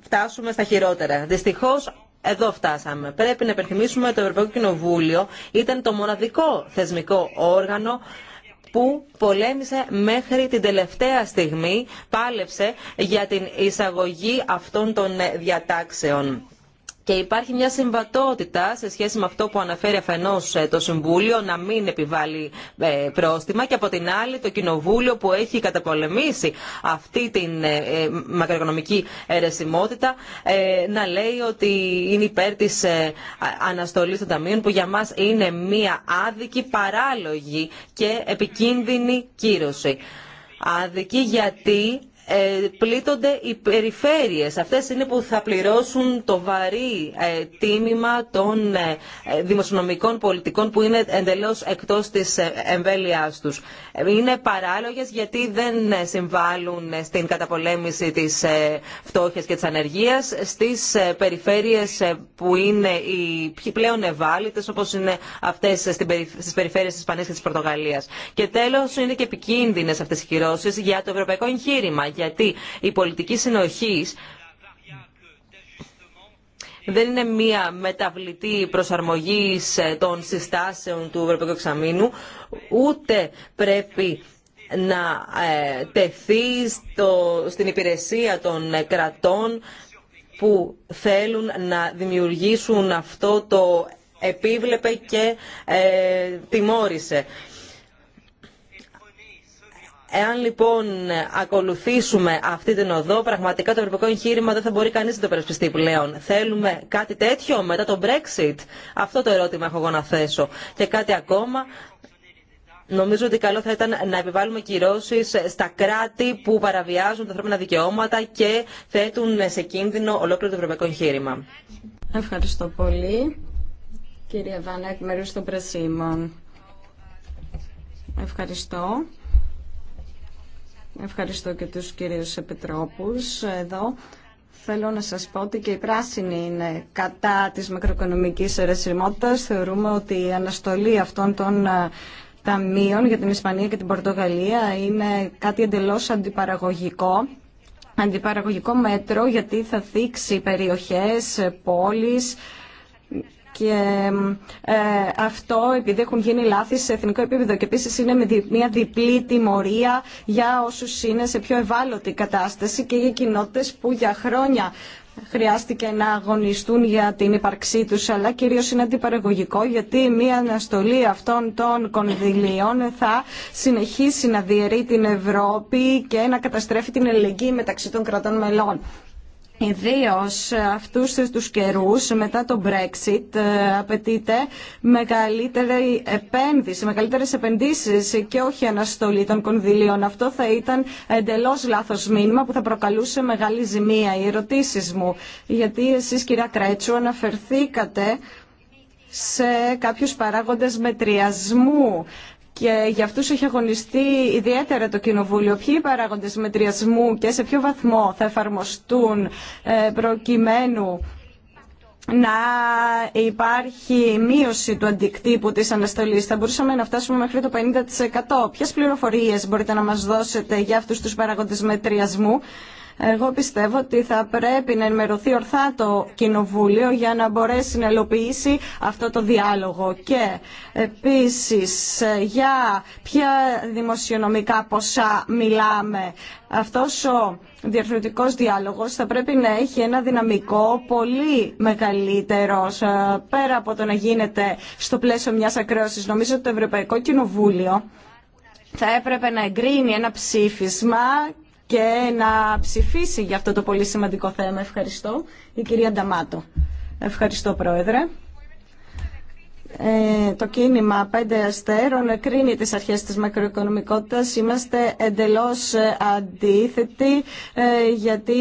φτάσουμε στα χειρότερα. Δυστυχώς εδώ φτάσαμε. Πρέπει να υπενθυμίσουμε ότι το Ευρωπαϊκό Κοινοβούλιο ήταν το μοναδικό θεσμικό όργανο που πολέμησε μέχρι την τελευταία στιγμή, πάλεψε για την εισαγωγή αυτών των διατάξεων και υπάρχει μια συμβατότητα σε σχέση με αυτό που αναφέρει αφενός ε, το Συμβούλιο να μην επιβάλλει ε, πρόστιμα και από την άλλη το Κοινοβούλιο που έχει καταπολεμήσει αυτή την ε, μακροοικονομική αιρεσιμότητα να λέει ότι είναι υπέρ τη αναστολή των ταμείων που για μας είναι μια άδικη, παράλογη και επικίνδυνη κύρωση. Αδική γιατί ε, πλήττονται οι περιφέρειες. Αυτές είναι που θα πληρώσουν το βαρύ ε, τίμημα των ε, δημοσιονομικών πολιτικών που είναι εντελώς εκτός της εμβέλειάς τους. Είναι παράλογες γιατί δεν συμβάλλουν στην καταπολέμηση της φτώχειας και της ανεργίας στις περιφέρειες που είναι οι πλέον ευάλωτες όπως είναι αυτές στις περιφέρειες της Ισπανίας και της Πορτογαλίας. Και τέλος είναι και επικίνδυνες αυτές οι κυρώσεις για το ευρωπαϊκό εγχείρημα γιατί η πολιτική συνοχής δεν είναι μία μεταβλητή προσαρμογή ε, των συστάσεων του Ευρωπαϊκού Εξαμήνου, ούτε πρέπει να ε, τεθεί στην υπηρεσία των ε, κρατών που θέλουν να δημιουργήσουν αυτό το επίβλεπε και ε, τιμώρησε. Εάν λοιπόν ακολουθήσουμε αυτή την οδό, πραγματικά το ευρωπαϊκό εγχείρημα δεν θα μπορεί κανείς να το περασπιστεί πλέον. Θέλουμε κάτι τέτοιο μετά το Brexit. Αυτό το ερώτημα έχω εγώ να θέσω. Και κάτι ακόμα, νομίζω ότι καλό θα ήταν να επιβάλλουμε κυρώσει στα κράτη που παραβιάζουν τα ανθρώπινα δικαιώματα και θέτουν σε κίνδυνο ολόκληρο το ευρωπαϊκό εγχείρημα. Ευχαριστώ πολύ. Κύριε των Πρεσίμων. Ευχαριστώ. Ευχαριστώ και τους κυρίους επιτρόπους εδώ. Θέλω να σας πω ότι και οι πράσινοι είναι κατά της μακροοικονομικής αιρεσιμότητας. Θεωρούμε ότι η αναστολή αυτών των ε, ταμείων για την Ισπανία και την Πορτογαλία είναι κάτι εντελώς αντιπαραγωγικό. Αντιπαραγωγικό μέτρο γιατί θα θίξει περιοχές, πόλεις, και ε, αυτό επειδή έχουν γίνει λάθη σε εθνικό επίπεδο και επίση είναι μια διπλή τιμωρία για όσου είναι σε πιο ευάλωτη κατάσταση και για κοινότητες που για χρόνια χρειάστηκε να αγωνιστούν για την ύπαρξή τους αλλά κυρίως είναι αντιπαραγωγικό γιατί μια αναστολή αυτών των κονδυλίων θα συνεχίσει να διαιρεί την Ευρώπη και να καταστρέφει την ελληνική μεταξύ των κρατών μελών. Ιδίω αυτούς τους καιρούς μετά το Brexit ε, απαιτείται μεγαλύτερη επένδυση, μεγαλύτερες επενδύσεις και όχι αναστολή των κονδυλίων. Αυτό θα ήταν εντελώς λάθος μήνυμα που θα προκαλούσε μεγάλη ζημία. Οι ερωτήσει μου, γιατί εσείς κυρία Κρέτσου αναφερθήκατε σε κάποιους παράγοντες μετριασμού και για αυτού έχει αγωνιστεί ιδιαίτερα το Κοινοβούλιο. Ποιοι οι παράγοντε μετριασμού και σε ποιο βαθμό θα εφαρμοστούν ε, προκειμένου να υπάρχει μείωση του αντικτύπου της αναστολής. Θα μπορούσαμε να φτάσουμε μέχρι το 50%. Ποιες πληροφορίες μπορείτε να μας δώσετε για αυτούς τους παράγοντες μετριασμού εγώ πιστεύω ότι θα πρέπει να ενημερωθεί ορθά το Κοινοβούλιο για να μπορέσει να ελοποιήσει αυτό το διάλογο. Και επίσης ε, για ποια δημοσιονομικά ποσά μιλάμε. Αυτός ο διαρθρωτικός διάλογος θα πρέπει να έχει ένα δυναμικό πολύ μεγαλύτερο ε, πέρα από το να γίνεται στο πλαίσιο μιας ακρέωση. Νομίζω ότι το Ευρωπαϊκό Κοινοβούλιο θα έπρεπε να εγκρίνει ένα ψήφισμα και να ψηφίσει για αυτό το πολύ σημαντικό θέμα. Ευχαριστώ. Η κυρία Νταμάτο. Ευχαριστώ, Πρόεδρε. Ε, το κίνημα πέντε αστέρων κρίνει τις αρχές της μακροοικονομικότητας. Είμαστε εντελώς ε, αντίθετοι ε, γιατί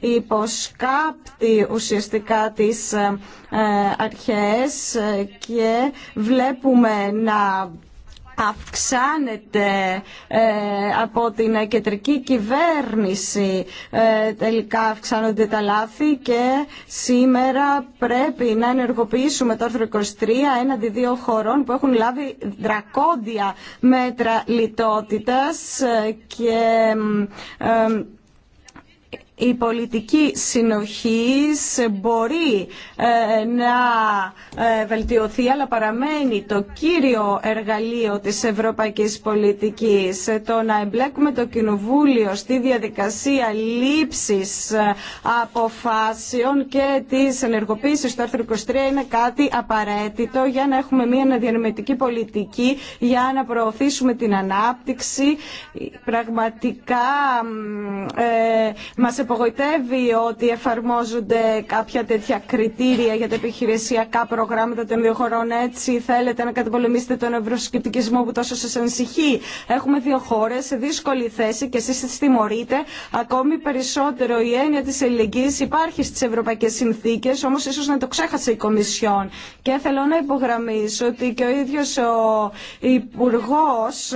υποσκάπτει ουσιαστικά τις ε, ε αρχές και βλέπουμε να αυξάνεται ε, από την κεντρική κυβέρνηση. Ε, τελικά αυξάνονται τα λάθη και σήμερα πρέπει να ενεργοποιήσουμε το άρθρο 23 έναντι δύο χωρών που έχουν λάβει δρακόντια μέτρα λιτότητας ε, και η πολιτική συνοχής μπορεί ε, να ε, βελτιωθεί αλλά παραμένει το κύριο εργαλείο της ευρωπαϊκής πολιτικής. Ε, το να εμπλέκουμε το Κοινοβούλιο στη διαδικασία λήψης αποφάσεων και της ενεργοποίησης του άρθρου 23 είναι κάτι απαραίτητο για να έχουμε μια αναδιανομητική πολιτική για να προωθήσουμε την ανάπτυξη. Πραγματικά ε, μας απογοητεύει ότι εφαρμόζονται κάποια τέτοια κριτήρια για τα επιχειρησιακά προγράμματα των δύο χωρών. Έτσι θέλετε να καταπολεμήσετε τον ευρωσκεπτικισμό που τόσο σας ανησυχεί. Έχουμε δύο χώρες σε δύσκολη θέση και εσείς τις τιμωρείτε. Ακόμη περισσότερο η έννοια της ελληνικής υπάρχει στις ευρωπαϊκές συνθήκες, όμως ίσως να το ξέχασε η Κομισιόν. Και θέλω να υπογραμμίσω ότι και ο ίδιος ο Υπουργός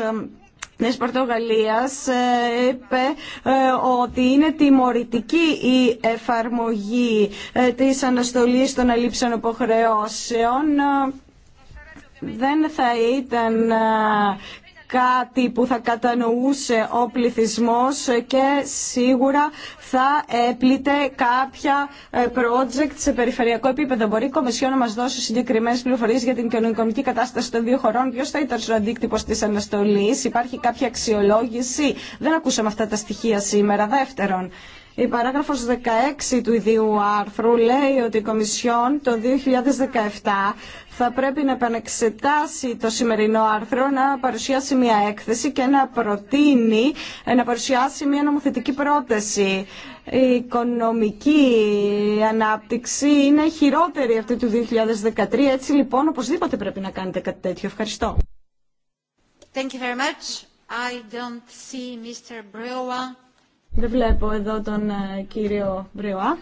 τη πορτογαλία ε, είπε ε, ότι είναι τιμωρητική η εφαρμογή ε, της αναστολής των αλήψεων υποχρεώσεων δεν θα ήταν κάτι που θα κατανοούσε ο πληθυσμός και σίγουρα θα έπλητε κάποια ε, project σε περιφερειακό επίπεδο. Μπορεί η Κομισιόν να μας δώσει συγκεκριμένες πληροφορίες για την κοινωνικονομική κατάσταση των δύο χωρών. Ποιος θα ήταν ο αντίκτυπος της αναστολής. Υπάρχει κάποια αξιολόγηση. Δεν ακούσαμε αυτά τα στοιχεία σήμερα. Δεύτερον, η παράγραφος 16 του ιδίου άρθρου λέει ότι η Κομισιόν το 2017 θα πρέπει να επανεξετάσει το σημερινό άρθρο, να παρουσιάσει μια έκθεση και να προτείνει, να παρουσιάσει μια νομοθετική πρόταση. Η οικονομική ανάπτυξη είναι χειρότερη αυτή του 2013, έτσι λοιπόν οπωσδήποτε πρέπει να κάνετε κάτι τέτοιο. Ευχαριστώ. Thank you very much. I don't see Mr. Δεν βλέπω εδώ τον ε, κύριο Μπριουά.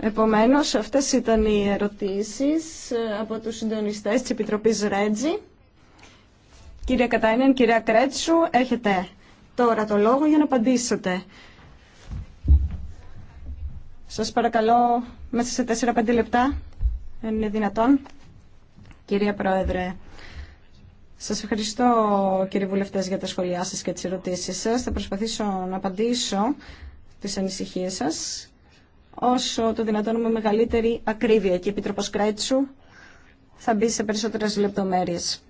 Επομένως, αυτές ήταν οι ερωτήσεις ε, από τους συντονιστές της Επιτροπής Ρέτζη. Κυρία Κατάινεν, κυρία Κρέτσου, έχετε τώρα το λόγο για να απαντήσετε. Σας παρακαλώ μέσα σε 4-5 λεπτά, αν είναι δυνατόν. Κυρία Πρόεδρε, σας ευχαριστώ κύριε βουλευτές για τα σχόλιά σας και τις ερωτήσεις σας. Θα προσπαθήσω να απαντήσω τις ανησυχίες σας όσο το δυνατόν με μεγαλύτερη ακρίβεια και η Κρέτσου θα μπει σε περισσότερες λεπτομέρειες.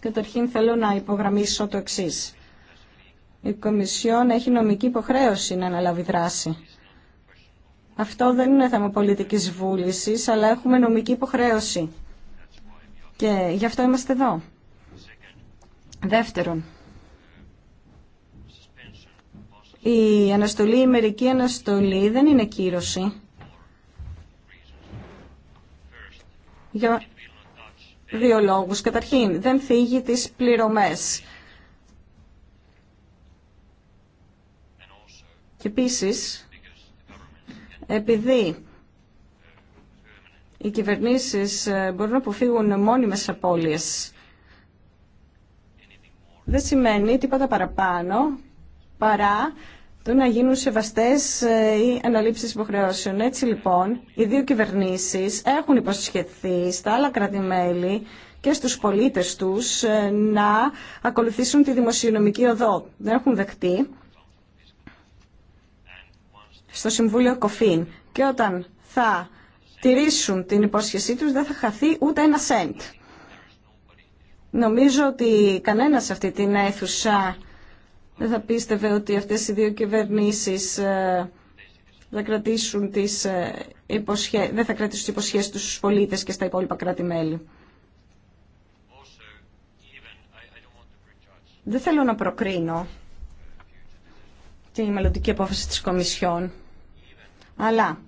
Καταρχήν θέλω να υπογραμμίσω το εξή. Η Κομισιόν έχει νομική υποχρέωση να αναλάβει δράση. Αυτό δεν είναι θέμα πολιτικής βούλησης, αλλά έχουμε νομική υποχρέωση. Και γι' αυτό είμαστε εδώ. Δεύτερον, η αναστολή, η μερική αναστολή δεν είναι κύρωση. Για δύο λόγους. Καταρχήν, δεν θίγει τις πληρωμές. Και επίσης, επειδή οι κυβερνήσεις ε, μπορούν να αποφύγουν μόνιμες απώλειες, δεν σημαίνει τίποτα παραπάνω παρά το να γίνουν σεβαστές ε, οι αναλήψει υποχρεώσεων. Έτσι λοιπόν, οι δύο κυβερνήσεις έχουν υποσχεθεί στα άλλα κράτη-μέλη και στους πολίτες τους ε, να ακολουθήσουν τη δημοσιονομική οδό. Δεν έχουν δεχτεί στο Συμβούλιο Κοφίν. Και όταν θα τηρήσουν την υπόσχεσή τους δεν θα χαθεί ούτε ένα σέντ. Νομίζω ότι κανένας σε αυτή την αίθουσα δεν θα πίστευε ότι αυτές οι δύο κυβερνήσεις ε, ε, δεν θα κρατήσουν τις υποσχέσεις τους στους πολίτες και στα υπόλοιπα κράτη-μέλη. Δεν θέλω να προκρίνω τη μελλοντική απόφαση της Κομισιόν, αλλά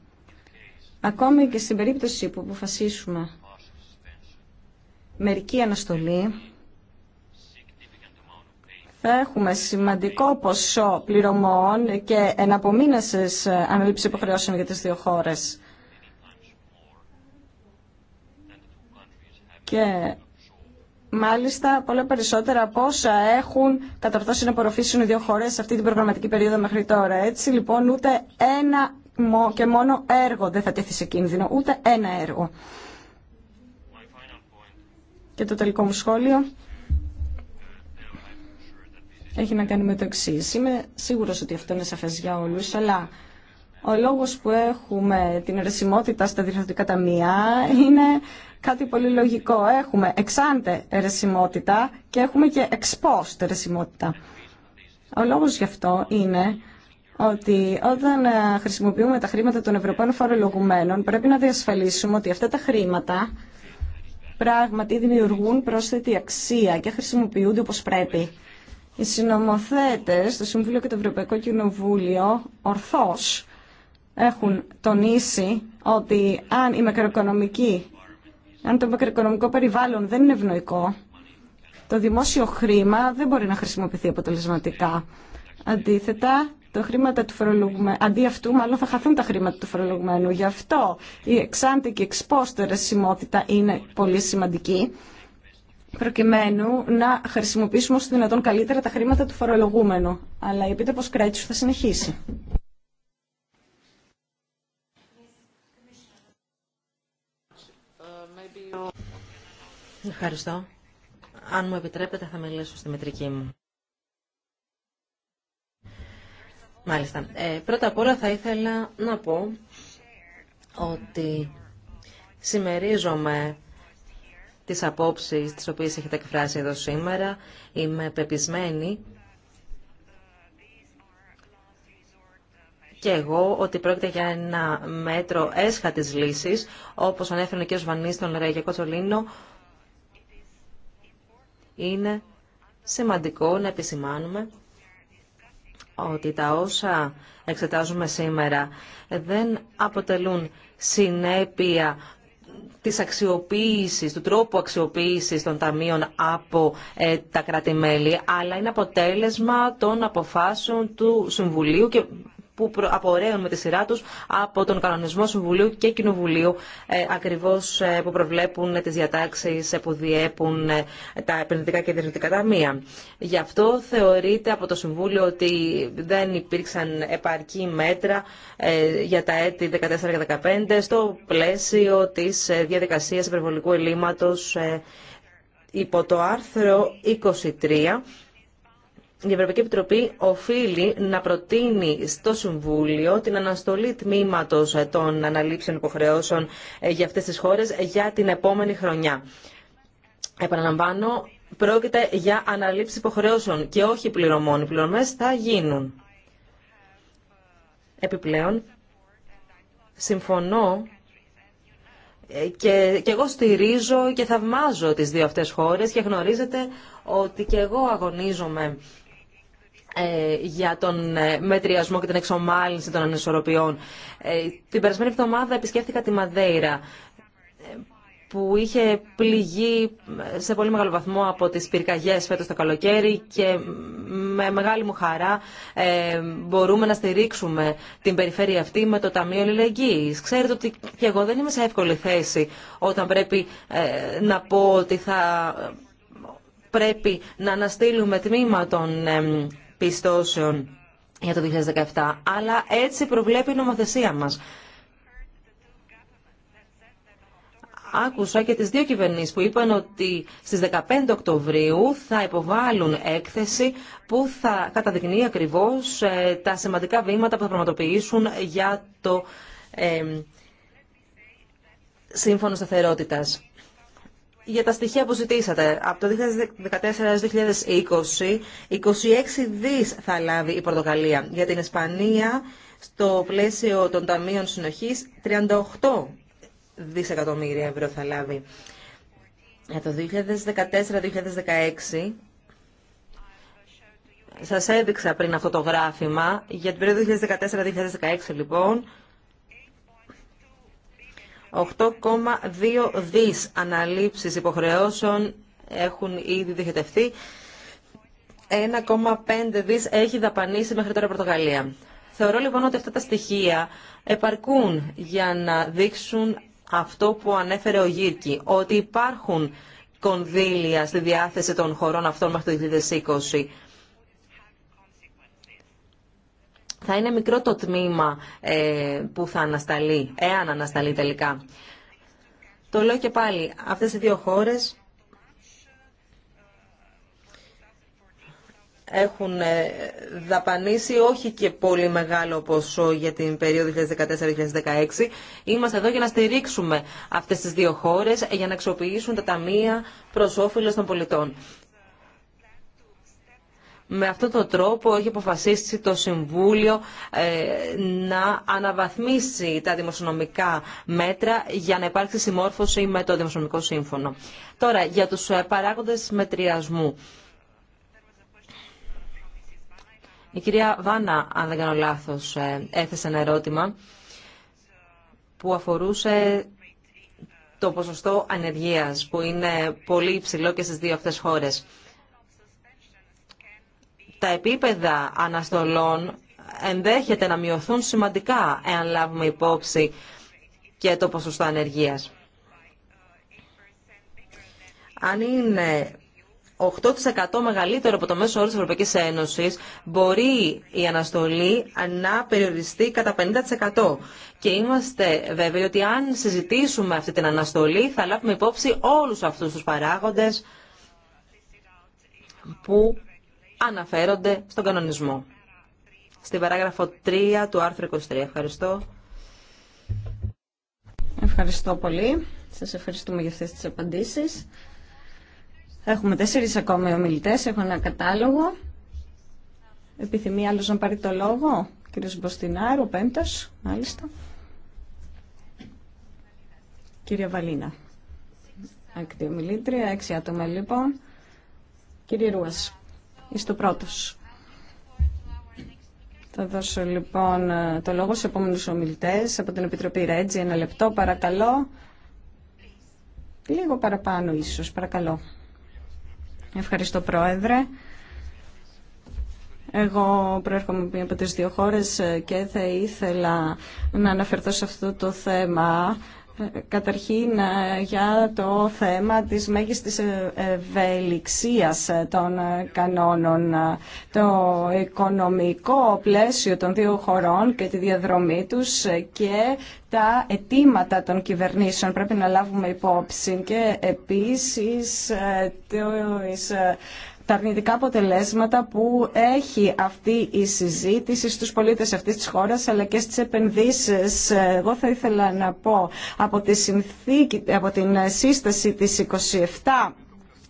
ακόμη και στην περίπτωση που αποφασίσουμε μερική αναστολή, Έχουμε σημαντικό ποσό πληρωμών και εναπομείνασες αναλήψεις υποχρεώσεων για τις δύο χώρες. Και μάλιστα πολλά περισσότερα από όσα έχουν κατορθώσει να απορροφήσουν οι δύο χώρες σε αυτή την προγραμματική περίοδο μέχρι τώρα. Έτσι λοιπόν ούτε ένα και μόνο έργο δεν θα τέθει σε κίνδυνο, ούτε ένα έργο. Και το τελικό μου σχόλιο έχει να κάνει με το εξή. Είμαι σίγουρος ότι αυτό είναι σαφές για όλους, αλλά ο λόγος που έχουμε την αιρεσιμότητα στα διευθυντικά ταμεία είναι κάτι πολύ λογικό. Έχουμε εξάντε αιρεσιμότητα και έχουμε και εξπόστ αιρεσιμότητα. Ο λόγος γι' αυτό είναι ότι όταν ε, χρησιμοποιούμε τα χρήματα των Ευρωπαίων φορολογουμένων πρέπει να διασφαλίσουμε ότι αυτά τα χρήματα πράγματι δημιουργούν πρόσθετη αξία και χρησιμοποιούνται όπως πρέπει οι συνομοθέτες στο Συμβούλιο και το Ευρωπαϊκό Κοινοβούλιο ορθώς έχουν τονίσει ότι αν η αν το μακροοικονομικό περιβάλλον δεν είναι ευνοϊκό, το δημόσιο χρήμα δεν μπορεί να χρησιμοποιηθεί αποτελεσματικά. Αντίθετα, το χρήματα του φορολογουμένου, αντί αυτού μάλλον θα χαθούν τα χρήματα του φορολογουμένου. Γι' αυτό η εξάντη και εξπόστερη σημότητα είναι πολύ σημαντική προκειμένου να χρησιμοποιήσουμε όσο δυνατόν καλύτερα τα χρήματα του φορολογούμενου. Αλλά η Επίτροπος Κρέτσου θα συνεχίσει. Ευχαριστώ. Αν μου επιτρέπετε θα μιλήσω στη μετρική μου. Μάλιστα. Ε, πρώτα απ' όλα θα ήθελα να πω ότι συμμερίζομαι τις απόψεις τις οποίες έχετε εκφράσει εδώ σήμερα. Είμαι πεπισμένη και εγώ ότι πρόκειται για ένα μέτρο έσχατης λύσης, όπως ανέφερε ο κ. Βανής στον Ραγιακό Τσολίνο, είναι σημαντικό να επισημάνουμε ότι τα όσα εξετάζουμε σήμερα δεν αποτελούν συνέπεια της αξιοποίησης, του τρόπου αξιοποίησης των ταμείων από ε, τα κράτη-μέλη, αλλά είναι αποτέλεσμα των αποφάσεων του Συμβουλίου και που απορρέουν με τη σειρά τους από τον κανονισμό Συμβουλίου και Κοινοβουλίου ε, ακριβώς ε, που προβλέπουν τις διατάξεις ε, που διέπουν τα επενδυτικά και διευθυντικά ταμεία. Γι' αυτό θεωρείται από το Συμβούλιο ότι δεν υπήρξαν επαρκή μέτρα για τα έτη 14 και 15 στο πλαίσιο της διαδικασίας υπερβολικού ελλείμματος υπό το άρθρο 23 η Ευρωπαϊκή Επιτροπή οφείλει να προτείνει στο Συμβούλιο την αναστολή τμήματος των αναλήψεων υποχρεώσεων ε, για αυτέ τις χώρες για την επόμενη χρονιά. Επαναλαμβάνω, πρόκειται για αναλήψεις υποχρεώσεων και όχι πληρωμών. Οι πληρωμές θα γίνουν. Επιπλέον, συμφωνώ ε, και, και εγώ στηρίζω και θαυμάζω τις δύο αυτές χώρες και γνωρίζετε ότι και εγώ αγωνίζομαι ε, για τον ε, μετριασμό και την εξομάλυνση των ανισορροπιών. Ε, την περασμένη εβδομάδα επισκέφθηκα τη Μαδέιρα που είχε πληγεί σε πολύ μεγάλο βαθμό από τις πυρκαγιές φέτος το καλοκαίρι και με μεγάλη μου χαρά μπορούμε να στηρίξουμε την περιφέρεια αυτή με το Ταμείο Λιλεγγύης. Ξέρετε ότι και εγώ δεν είμαι σε εύκολη θέση όταν πρέπει να πω ότι θα πρέπει να αναστείλουμε τμήμα των πιστώσεων για το 2017. Αλλά έτσι προβλέπει η νομοθεσία μας. Άκουσα και τις δύο κυβερνήσεις που είπαν ότι στις 15 Οκτωβρίου θα υποβάλουν έκθεση που θα καταδεικνύει ακριβώς ε, τα σημαντικά βήματα που θα πραγματοποιήσουν για το ε, Σύμφωνο Σταθερότητας για τα στοιχεία που ζητήσατε. Από το 2014 2020, 26 δις θα λάβει η Πορτογαλία. Για την Ισπανία, στο πλαίσιο των Ταμείων Συνοχής, 38 δισεκατομμύρια ευρώ θα λάβει. Για το 2014-2016, σας έδειξα πριν αυτό το γράφημα, για την περίοδο 2014-2016 λοιπόν, 8,2 δις αναλήψεις υποχρεώσεων έχουν ήδη διχετευτεί, 1,5 δις έχει δαπανίσει μέχρι τώρα η Πορτογαλία. Θεωρώ λοιπόν ότι αυτά τα στοιχεία επαρκούν για να δείξουν αυτό που ανέφερε ο Γύρκη, ότι υπάρχουν κονδύλια στη διάθεση των χωρών αυτών μέχρι το 2020 θα είναι μικρό το τμήμα ε, που θα ανασταλεί, εάν ανασταλεί τελικά. Το λέω και πάλι, αυτές οι δύο χώρες έχουν ε, δαπανίσει όχι και πολύ μεγάλο ποσό για την περίοδο 2014-2016. Είμαστε εδώ για να στηρίξουμε αυτές τις δύο χώρες, ε, για να αξιοποιήσουν τα ταμεία προς όφελος των πολιτών. Με αυτόν τον τρόπο έχει αποφασίσει το Συμβούλιο ε, να αναβαθμίσει τα δημοσιονομικά μέτρα για να υπάρξει συμμόρφωση με το Δημοσιονομικό Σύμφωνο. Τώρα, για τους ε, παράγοντες μετριασμού. Η κυρία Βάνα, αν δεν κάνω λάθος, ε, έθεσε ένα ερώτημα που αφορούσε το ποσοστό ανεργίας που είναι πολύ υψηλό και στις δύο αυτές χώρες τα επίπεδα αναστολών ενδέχεται να μειωθούν σημαντικά εάν λάβουμε υπόψη και το ποσοστό ανεργίας. Αν είναι 8% μεγαλύτερο από το μέσο όρο της Ευρωπαϊκής Ένωσης, μπορεί η αναστολή να περιοριστεί κατά 50%. Και είμαστε βέβαιοι ότι αν συζητήσουμε αυτή την αναστολή, θα λάβουμε υπόψη όλους αυτούς τους παράγοντες που αναφέρονται στον κανονισμό. Στην παράγραφο 3 του άρθρου 23. Ευχαριστώ. Ευχαριστώ πολύ. Σας ευχαριστούμε για αυτές τις απαντήσεις. Έχουμε τέσσερις ακόμη ομιλητές. Έχω ένα κατάλογο. Επιθυμεί άλλος να πάρει το λόγο. Κύριος Μποστινάρου, πέμπτος, μάλιστα. Κύριε Βαλίνα. Ακτή ομιλήτρια, έξι άτομα λοιπόν. Κύριε Ρούας. Είστε ο πρώτος. Θα δώσω λοιπόν το λόγο σε επόμενους ομιλητές από την Επιτροπή Ρέτζι, Ένα λεπτό παρακαλώ. Λίγο παραπάνω ίσως, παρακαλώ. Ευχαριστώ Πρόεδρε. Εγώ προέρχομαι από τις δύο χώρες και θα ήθελα να αναφερθώ σε αυτό το θέμα Καταρχήν ε, για το θέμα της μέγιστης ε, ευελιξίας ε, των κανόνων, το οικονομικό πλαίσιο των δύο χωρών και τη διαδρομή τους και τα αιτήματα των κυβερνήσεων πρέπει να λάβουμε υπόψη και επίσης το τα αρνητικά αποτελέσματα που έχει αυτή η συζήτηση στους πολίτες αυτής της χώρας αλλά και στις επενδύσεις. Εγώ θα ήθελα να πω από, τη συνθήκη, από την σύσταση της 27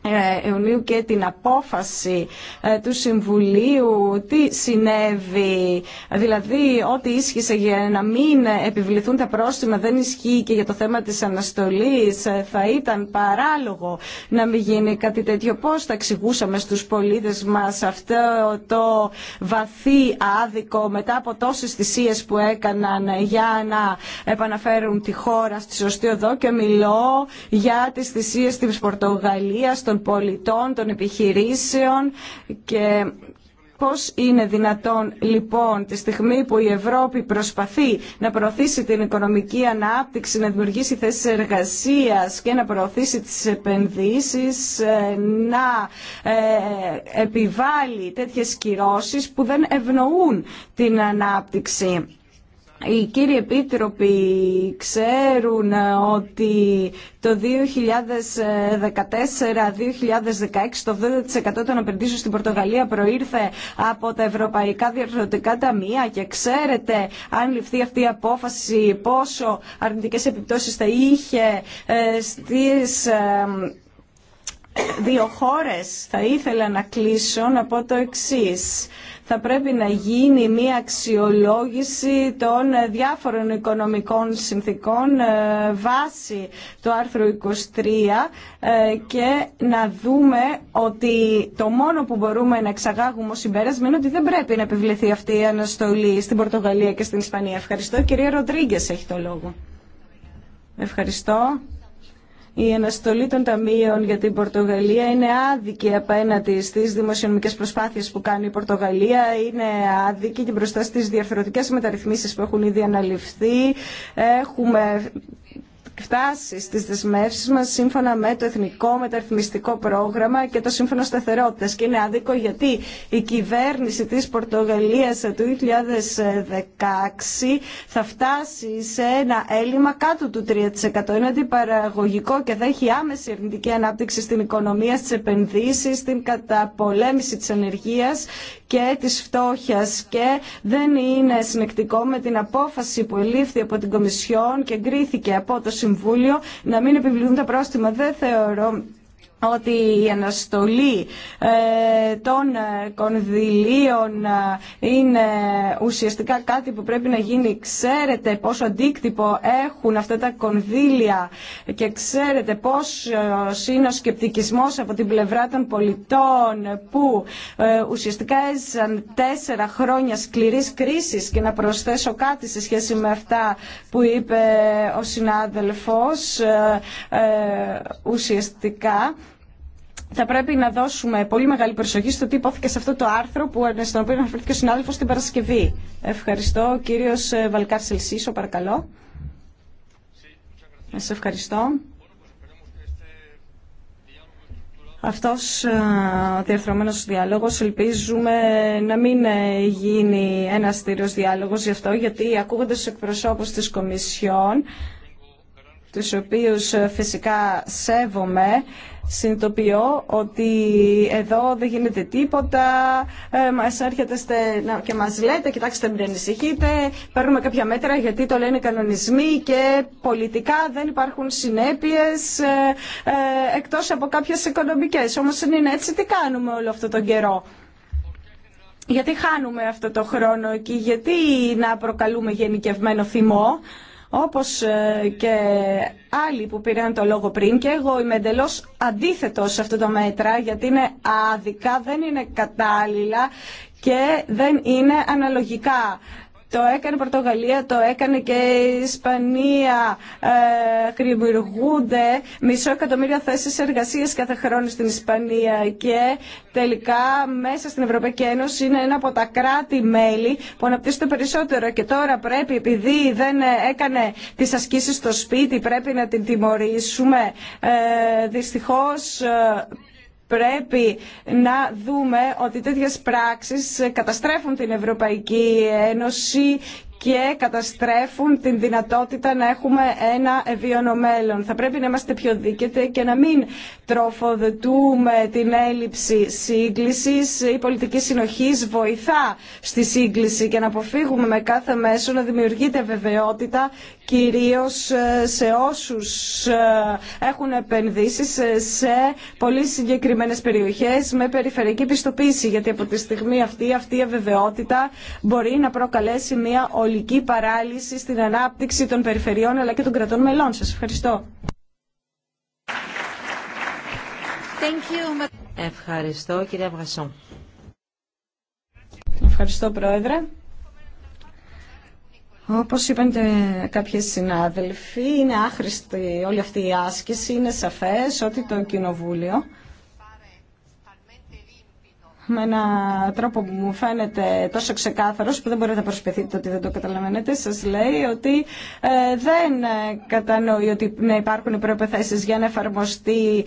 ε, Ιουνίου και την απόφαση ε, του Συμβουλίου τι συνέβη, δηλαδή ότι ίσχυσε για να μην επιβληθούν τα πρόστιμα δεν ισχύει και για το θέμα της αναστολής ε, θα ήταν παράλογο να μην γίνει κάτι τέτοιο πώς θα εξηγούσαμε στους πολίτες μας αυτό το βαθύ άδικο μετά από τόσες θυσίες που έκαναν για να επαναφέρουν τη χώρα στη σωστή οδό και μιλώ για τις θυσίες της Πορτογαλίας, των πολιτών, των επιχειρήσεων και Πώς είναι δυνατόν λοιπόν τη στιγμή που η Ευρώπη προσπαθεί να προωθήσει την οικονομική ανάπτυξη, να δημιουργήσει θέσεις εργασίας και να προωθήσει τις επενδύσεις, ε, να ε, επιβάλλει τέτοιες κυρώσεις που δεν ευνοούν την ανάπτυξη οι κύριοι επίτροποι ξέρουν ε, ότι το 2014-2016 το 12% των επενδύσεων στην Πορτογαλία προήρθε από τα Ευρωπαϊκά Διαρθρωτικά Ταμεία και ξέρετε αν ληφθεί αυτή η απόφαση πόσο αρνητικές επιπτώσεις θα είχε ε, στις ε, δύο χώρες θα ήθελα να κλείσω να πω το εξής. Θα πρέπει να γίνει μια αξιολόγηση των διάφορων οικονομικών συνθήκων ε, βάσει του άρθρου 23 ε, και να δούμε ότι το μόνο που μπορούμε να εξαγάγουμε ως συμπέρασμα είναι ότι δεν πρέπει να επιβληθεί αυτή η αναστολή στην Πορτογαλία και στην Ισπανία. Ευχαριστώ. Κυρία Ροντρίγκε έχει το λόγο. Ευχαριστώ. Η αναστολή των ταμείων για την Πορτογαλία είναι άδικη απέναντι στις δημοσιονομικές προσπάθειες που κάνει η Πορτογαλία, είναι άδικη και μπροστά στις διαφορετικέ μεταρρυθμίσεις που έχουν ήδη αναλυφθεί. Έχουμε φτάσει στις δεσμεύσει μα σύμφωνα με το Εθνικό Μεταρρυθμιστικό Πρόγραμμα και το Σύμφωνο σταθερότητα. Και είναι άδικο γιατί η κυβέρνηση τη πορτογαλία του 2016 θα φτάσει σε ένα έλλειμμα κάτω του 3%. Είναι αντιπαραγωγικό και θα έχει άμεση αρνητική ανάπτυξη στην οικονομία, στι επενδύσει, στην καταπολέμηση τη ανεργίας και τη φτώχεια και δεν είναι συνεκτικό με την απόφαση που ελήφθη από την Κομισιόν και εγκρίθηκε από το Συμβούλιο να μην επιβληθούν τα πρόστιμα. Δεν θεωρώ ότι η αναστολή ε, των ε, κονδυλίων ε, είναι ουσιαστικά κάτι που πρέπει να γίνει. Ξέρετε πόσο αντίκτυπο έχουν αυτά τα κονδύλια και ξέρετε πώς είναι ο σκεπτικισμός από την πλευρά των πολιτών που ουσιαστικά έζησαν τέσσερα χρόνια σκληρής κρίσης και να προσθέσω κάτι σε σχέση με αυτά που είπε ο συνάδελφος ουσιαστικά θα πρέπει να δώσουμε πολύ μεγάλη προσοχή στο τι υπόθηκε σε αυτό το άρθρο που, στον οποίο αναφέρθηκε ο συνάδελφο την Παρασκευή. Ευχαριστώ. Κύριο ε, Βαλκάρ Σελσίσο, παρακαλώ. Σα ευχαριστώ. Αυτός ε, ο διαρθρωμένο διάλογος ελπίζουμε να μην ε, γίνει ένα στήριο διάλογος γι' αυτό γιατί ακούγοντα του εκπροσώπου τη Κομισιόν του οποίου φυσικά σέβομαι Συνειδητοποιώ ότι εδώ δεν γίνεται τίποτα, ε, μας έρχεται και μας λέτε, κοιτάξτε μην ανησυχείτε, παίρνουμε κάποια μέτρα γιατί το λένε οι κανονισμοί και πολιτικά δεν υπάρχουν συνέπειες ε, ε, εκτός από κάποιες οικονομικές. Όμως αν είναι έτσι τι κάνουμε όλο αυτό τον καιρό. Γιατί χάνουμε αυτό το χρόνο εκεί, γιατί να προκαλούμε γενικευμένο θυμό όπως ε, και άλλοι που πήραν το λόγο πριν και εγώ είμαι εντελώ αντίθετος σε αυτό το μέτρα γιατί είναι άδικα, δεν είναι κατάλληλα και δεν είναι αναλογικά το έκανε Πορτογαλία, το έκανε και η Ισπανία. Ε, μισό εκατομμύριο θέσει εργασία κάθε χρόνο στην Ισπανία και τελικά μέσα στην Ευρωπαϊκή Ένωση είναι ένα από τα κράτη-μέλη που αναπτύσσονται περισσότερο. Και τώρα πρέπει, επειδή δεν έκανε τι ασκήσει στο σπίτι, πρέπει να την τιμωρήσουμε. Ε, Δυστυχώ πρέπει να δούμε ότι τέτοιες πράξεις καταστρέφουν την Ευρωπαϊκή Ένωση και καταστρέφουν την δυνατότητα να έχουμε ένα ευίωνο μέλλον. Θα πρέπει να είμαστε πιο δίκαιοι και να μην τροφοδετούμε την έλλειψη σύγκλησης. Η πολιτική συνοχής βοηθά στη σύγκληση και να αποφύγουμε με κάθε μέσο να δημιουργείται βεβαιότητα κυρίως ε, σε όσους ε, έχουν επενδύσεις ε, σε πολύ συγκεκριμένες περιοχές με περιφερειακή πιστοποίηση γιατί από τη στιγμή αυτή αυτή η αβεβαιότητα μπορεί να προκαλέσει μια ολική παράλυση στην ανάπτυξη των περιφερειών αλλά και των κρατών μελών. Σας ευχαριστώ. Ευχαριστώ κυρία Βγασό. Ευχαριστώ πρόεδρε. Όπως είπαν κάποιοι συνάδελφοι, είναι άχρηστη όλη αυτή η άσκηση, είναι σαφές ότι το Κοινοβούλιο με ένα τρόπο που μου φαίνεται τόσο ξεκάθαρος που δεν μπορείτε να προσπεθείτε ότι δεν το καταλαβαίνετε, σας λέει ότι ε, δεν κατανοεί ότι να υπάρχουν οι για να εφαρμοστεί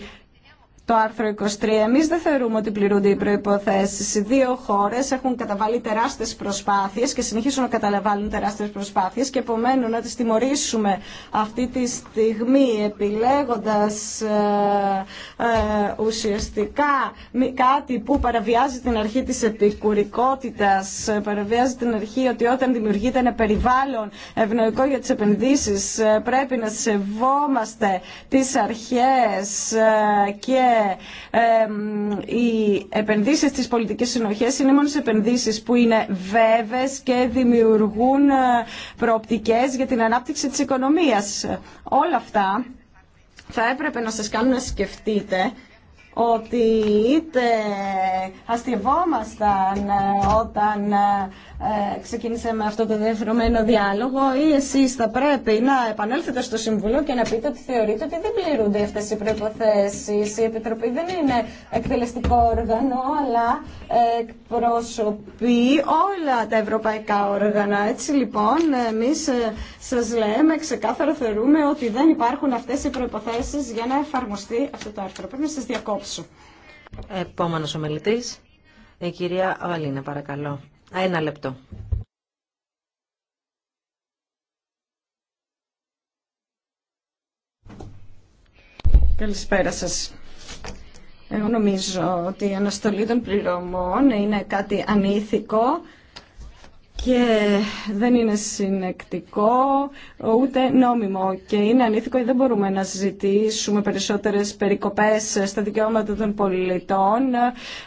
το άρθρο 23. Εμεί δεν θεωρούμε ότι πληρούνται οι προποθέσει. Οι δύο χώρε έχουν καταβάλει τεράστιες προσπάθειε και συνεχίζουν να καταλαμβάνουν τεράστιε προσπάθειε και επομένω να τις τιμωρήσουμε αυτή τη στιγμή επιλέγοντας ε, ε, ουσιαστικά κάτι που παραβιάζει την αρχή της επικουρικότητα, ε, παραβιάζει την αρχή ότι όταν δημιουργείται ένα περιβάλλον ευνοϊκό για τις επενδύσεις ε, πρέπει να σεβόμαστε τι αρχέ ε, και ε, ε, οι επενδύσεις της πολιτικής συνοχής είναι σε επενδύσεις που είναι βέβαιες και δημιουργούν ε, προοπτικές για την ανάπτυξη της οικονομίας. Όλα αυτά θα έπρεπε να σας κάνουν να σκεφτείτε ότι είτε αστευόμασταν ε, όταν ε, ε, με αυτό το διευρωμένο διάλογο ή εσείς θα πρέπει να επανέλθετε στο Συμβουλίο και να πείτε ότι θεωρείτε ότι δεν πληρούνται αυτές οι προϋποθέσεις. Η Επιτροπή δεν είναι εκτελεστικό όργανο, αλλά εκπροσωπεί όλα τα ευρωπαϊκά όργανα. Έτσι λοιπόν, εμείς σας λέμε ξεκάθαρα θεωρούμε ότι δεν υπάρχουν αυτές οι προϋποθέσεις για να εφαρμοστεί αυτό το άρθρο. Πρέπει να σας διακόψω σου. ο ομιλητή, η κυρία Βαλίνα, παρακαλώ. Ένα λεπτό. Καλησπέρα σα. Εγώ νομίζω ότι η αναστολή των πληρωμών είναι κάτι ανήθικο και δεν είναι συνεκτικό ούτε νόμιμο και είναι ανήθικο δεν μπορούμε να συζητήσουμε περισσότερες περικοπές στα δικαιώματα των πολιτών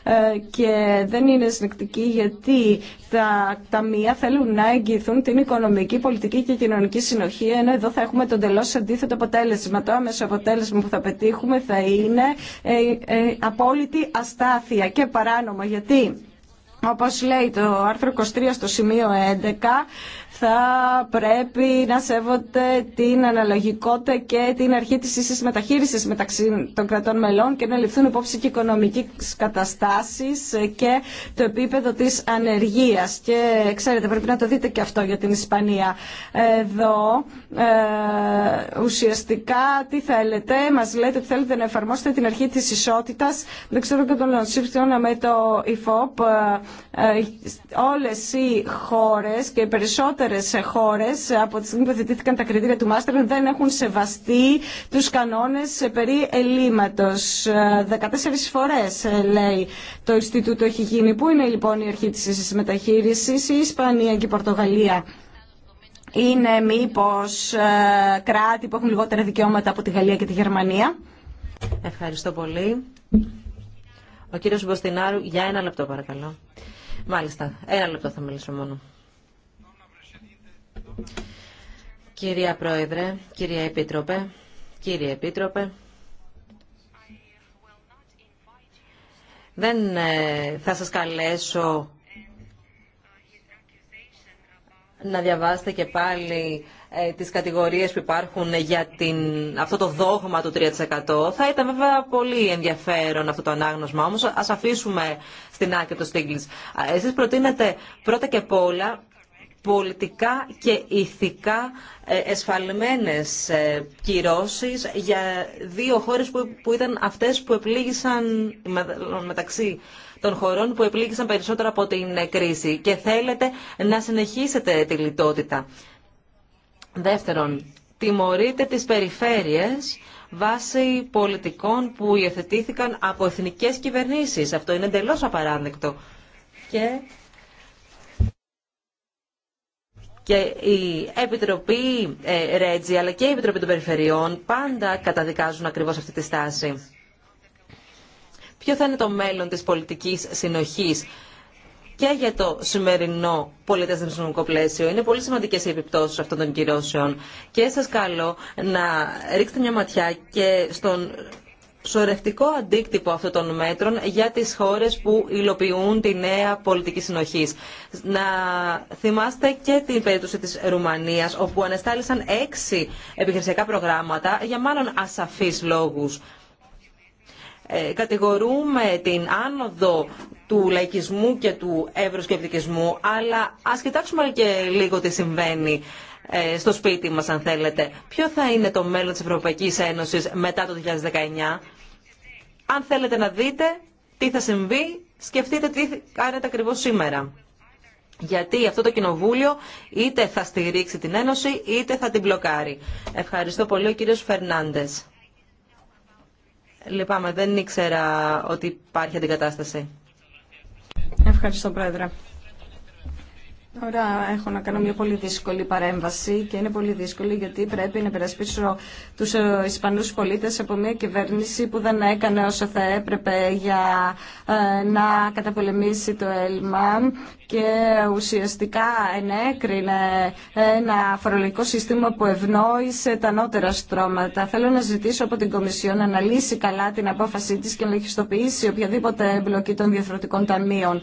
ε, και δεν είναι συνεκτική γιατί τα ταμεία θέλουν να εγγυηθούν την οικονομική, πολιτική και κοινωνική συνοχή ενώ εδώ θα έχουμε τον τελώς αντίθετο αποτέλεσμα. Το άμεσο αποτέλεσμα που θα πετύχουμε θα είναι ε, ε, απόλυτη αστάθεια και παράνομα γιατί όπως λέει το άρθρο 23 στο σημείο 11, θα πρέπει να σέβονται την αναλογικότητα και την αρχή της ίσης μεταχείρισης μεταξύ των κρατών μελών και να ληφθούν υπόψη και οικονομική καταστάσεις και το επίπεδο της ανεργίας. Και ξέρετε, πρέπει να το δείτε και αυτό για την Ισπανία. Εδώ ε, ουσιαστικά τι θέλετε, μας λέτε ότι θέλετε να εφαρμόσετε την αρχή της ισότητας. Δεν ξέρω και τον σύμφωνα με το ΙΦΟΠ. Ε, ε, όλες οι χώρες και οι σε χώρε από τη στιγμή που θετήθηκαν τα κριτήρια του Μάστερ δεν έχουν σεβαστεί του κανόνε περί ελλείμματο. 14 φορέ, ε, λέει το Ινστιτούτο έχει γίνει. Πού είναι λοιπόν η αρχή τη μεταχείριση, η Ισπανία και η Πορτογαλία. Είναι μήπω ε, κράτη που έχουν λιγότερα δικαιώματα από τη Γαλλία και τη Γερμανία. Ευχαριστώ πολύ. Ο κύριος Μποστινάρου, για ένα λεπτό παρακαλώ. Μάλιστα, ένα λεπτό θα μιλήσω μόνο. Κυρία Πρόεδρε, κυρία Επίτροπε, κύριε Επίτροπε, δεν ε, θα σας καλέσω να διαβάσετε και πάλι ε, τις κατηγορίες που υπάρχουν για την, αυτό το δόγμα του 3%. Θα ήταν βέβαια πολύ ενδιαφέρον αυτό το ανάγνωσμα, όμως ας αφήσουμε στην άκρη το Στίγκλης. Εσείς προτείνετε πρώτα και πόλα πολιτικά και ηθικά ε, εσφαλμένες ε, κυρώσεις για δύο χώρες που ήταν αυτές που επλήγησαν μεταξύ των χωρών που επλήγησαν περισσότερο από την ε, κρίση και θέλετε να συνεχίσετε τη λιτότητα. Δεύτερον, τιμωρείτε τις περιφέρειες βάσει πολιτικών που υιοθετήθηκαν από εθνικές κυβερνήσεις. Αυτό είναι εντελώς απαράδεκτο. Και και η Επιτροπή ε, Ρέτζι αλλά και η Επιτροπή των Περιφερειών πάντα καταδικάζουν ακριβώς αυτή τη στάση. Ποιο θα είναι το μέλλον της πολιτικής συνοχής και για το σημερινό πολιτισμικό πλαίσιο. Είναι πολύ σημαντικέ οι επιπτώσει αυτών των κυρώσεων. Και σα καλώ να ρίξετε μια ματιά και στον σορευτικό αντίκτυπο αυτών των μέτρων για τις χώρες που υλοποιούν τη νέα πολιτική συνοχή. Να θυμάστε και την περίπτωση της Ρουμανίας, όπου ανεστάλησαν έξι επιχειρησιακά προγράμματα για μάλλον ασαφείς λόγους. Ε, κατηγορούμε την άνοδο του λαϊκισμού και του ευρωσκεπτικισμού, αλλά ας κοιτάξουμε και λίγο τι συμβαίνει ε, στο σπίτι μας αν θέλετε. Ποιο θα είναι το μέλλον της Ευρωπαϊκής Ένωσης μετά το 2019 αν θέλετε να δείτε τι θα συμβεί, σκεφτείτε τι κάνετε ακριβώς σήμερα. Γιατί αυτό το κοινοβούλιο είτε θα στηρίξει την Ένωση είτε θα την μπλοκάρει. Ευχαριστώ πολύ ο κύριος Φερνάντες. Λυπάμαι, δεν ήξερα ότι υπάρχει αντικατάσταση. Ευχαριστώ, Πρόεδρε. Τώρα έχω να κάνω μια πολύ δύσκολη παρέμβαση και είναι πολύ δύσκολη γιατί πρέπει να περασπίσω τους ε, Ισπανούς πολίτες από μια κυβέρνηση που δεν έκανε όσο θα έπρεπε για ε, να καταπολεμήσει το έλμα και ουσιαστικά ενέκρινε ένα φορολογικό σύστημα που ευνόησε τα νότερα στρώματα. Θέλω να ζητήσω από την Κομισιόν να αναλύσει καλά την απόφασή της και να λογιστοποιήσει οποιαδήποτε εμπλοκή των διαφορετικών ταμείων.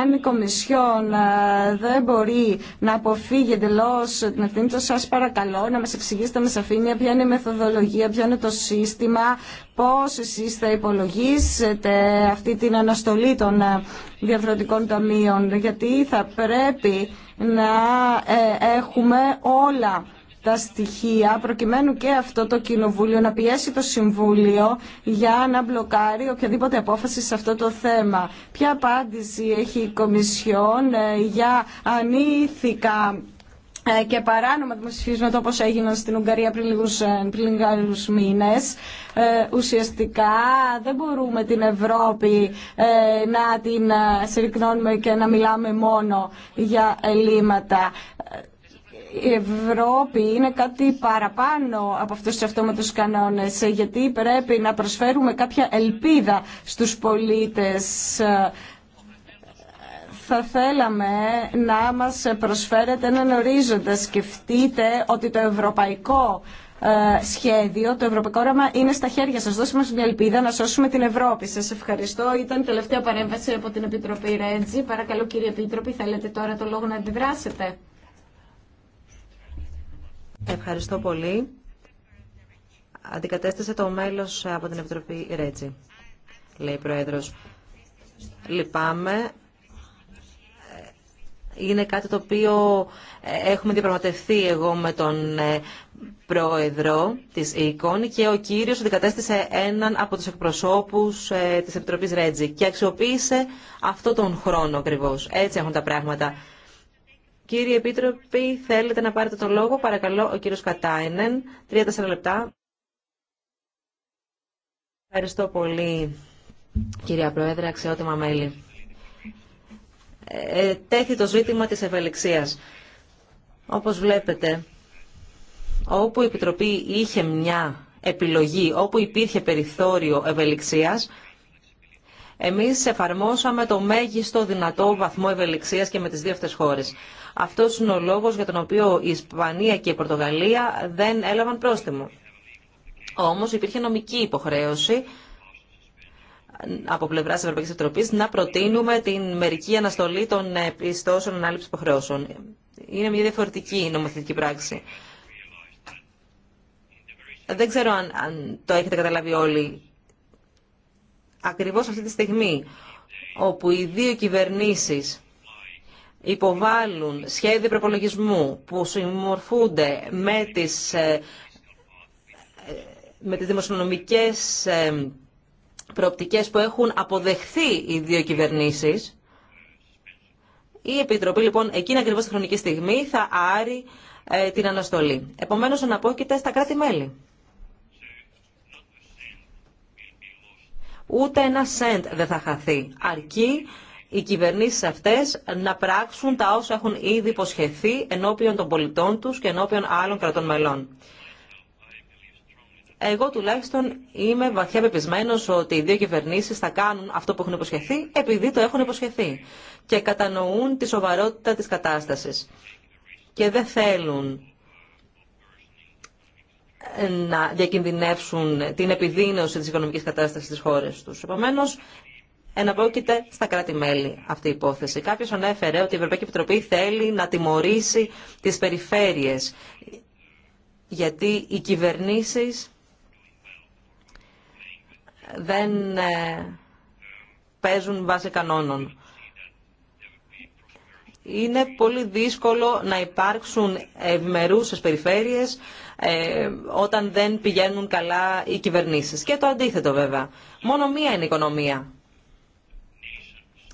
Αν η Κομισιόν ε, δεν μπορεί να αποφύγει εντελώ την ευθύνη σας, παρακαλώ να μας εξηγήσετε με σαφήνεια ποια είναι η μεθοδολογία, ποιο είναι το σύστημα πώς εσείς θα υπολογίσετε αυτή την αναστολή των ε, διαφορετικών ταμείων, γιατί θα πρέπει να ε, έχουμε όλα τα στοιχεία προκειμένου και αυτό το Κοινοβούλιο να πιέσει το Συμβούλιο για να μπλοκάρει οποιαδήποτε απόφαση σε αυτό το θέμα. Ποια απάντηση έχει η Κομισιόν ε, για ανήθικα ε, και παράνομα το όπως έγιναν στην Ουγγαρία πριν λίγους, ε, πριν μήνες ε, ουσιαστικά δεν μπορούμε την Ευρώπη να την συρρυκνώνουμε και να μιλάμε μόνο για ελλείμματα η Ευρώπη είναι κάτι παραπάνω από αυτούς τους αυτόματους κανόνες γιατί πρέπει να προσφέρουμε κάποια ελπίδα στους πολίτες θα θέλαμε να μας προσφέρετε έναν ορίζοντα. Σκεφτείτε ότι το ευρωπαϊκό ε, σχέδιο, το ευρωπαϊκό όραμα είναι στα χέρια σας. Δώστε μας μια ελπίδα να σώσουμε την Ευρώπη. Σας ευχαριστώ. Ήταν η τελευταία παρέμβαση από την Επιτροπή Ρέτζη. Παρακαλώ κύριε Επίτροπη, θέλετε τώρα το λόγο να αντιδράσετε. Ευχαριστώ πολύ. Αντικατέστησε το μέλος από την Επιτροπή Ρέτζη, λέει η Πρόεδρος. Λυπάμαι είναι κάτι το οποίο ε, έχουμε διαπραγματευτεί εγώ με τον ε, πρόεδρο της ΕΙΚΟΝ και ο κύριος αντικατέστησε έναν από τους εκπροσώπους ε, της Επιτροπής Ρέτζη και αξιοποίησε αυτό τον χρόνο ακριβώ. Έτσι έχουν τα πράγματα. Κύριε Επίτροπη, θέλετε να πάρετε τον λόγο. Παρακαλώ, ο κύριος Κατάινεν. Τρία-τέσσερα λεπτά. Ευχαριστώ πολύ, κυρία Πρόεδρε, αξιότιμα μέλη. Ε, τέθη το ζήτημα της ευελιξίας. Όπως βλέπετε, όπου η Επιτροπή είχε μια επιλογή, όπου υπήρχε περιθώριο ευελιξίας, εμείς εφαρμόσαμε το μέγιστο δυνατό βαθμό ευελιξίας και με τις δύο αυτές χώρες. Αυτός είναι ο λόγος για τον οποίο η Ισπανία και η Πορτογαλία δεν έλαβαν πρόστιμο. Όμως υπήρχε νομική υποχρέωση από πλευρά τη Ευρωπαϊκή Επιτροπή να προτείνουμε την μερική αναστολή των ε, πιστώσεων ανάληψη υποχρεώσεων. Είναι μια διαφορετική νομοθετική πράξη. Δεν ξέρω αν, το έχετε καταλάβει όλοι. Ακριβώς αυτή τη στιγμή όπου οι δύο κυβερνήσεις υποβάλλουν σχέδια προπολογισμού που συμμορφούνται με τις, ε, ε, με τις προοπτικές που έχουν αποδεχθεί οι δύο κυβερνήσεις. Η Επιτροπή λοιπόν εκείνη ακριβώς τη χρονική στιγμή θα άρει ε, την αναστολή. Επομένως αναπόκειται στα κράτη-μέλη. Ούτε ένα σεντ δεν θα χαθεί, αρκεί οι κυβερνήσεις αυτές να πράξουν τα όσα έχουν ήδη υποσχεθεί ενώπιον των πολιτών τους και ενώπιον άλλων κρατών μελών. Εγώ τουλάχιστον είμαι βαθιά πεπισμένο ότι οι δύο κυβερνήσει θα κάνουν αυτό που έχουν υποσχεθεί επειδή το έχουν υποσχεθεί και κατανοούν τη σοβαρότητα τη κατάσταση και δεν θέλουν να διακινδυνεύσουν την επιδείνωση της οικονομικής κατάστασης της χώρας τους. Επομένως, εναπόκειται στα κράτη-μέλη αυτή η υπόθεση. Κάποιος ανέφερε ότι η Ευρωπαϊκή Επιτροπή θέλει να τιμωρήσει τις περιφέρειες, γιατί οι κυβερνήσεις δεν ε, παίζουν βάσει κανόνων. Είναι πολύ δύσκολο να υπάρξουν ευμερούσες περιφέρειες ε, όταν δεν πηγαίνουν καλά οι κυβερνήσεις. Και το αντίθετο βέβαια. Μόνο μία είναι η οικονομία.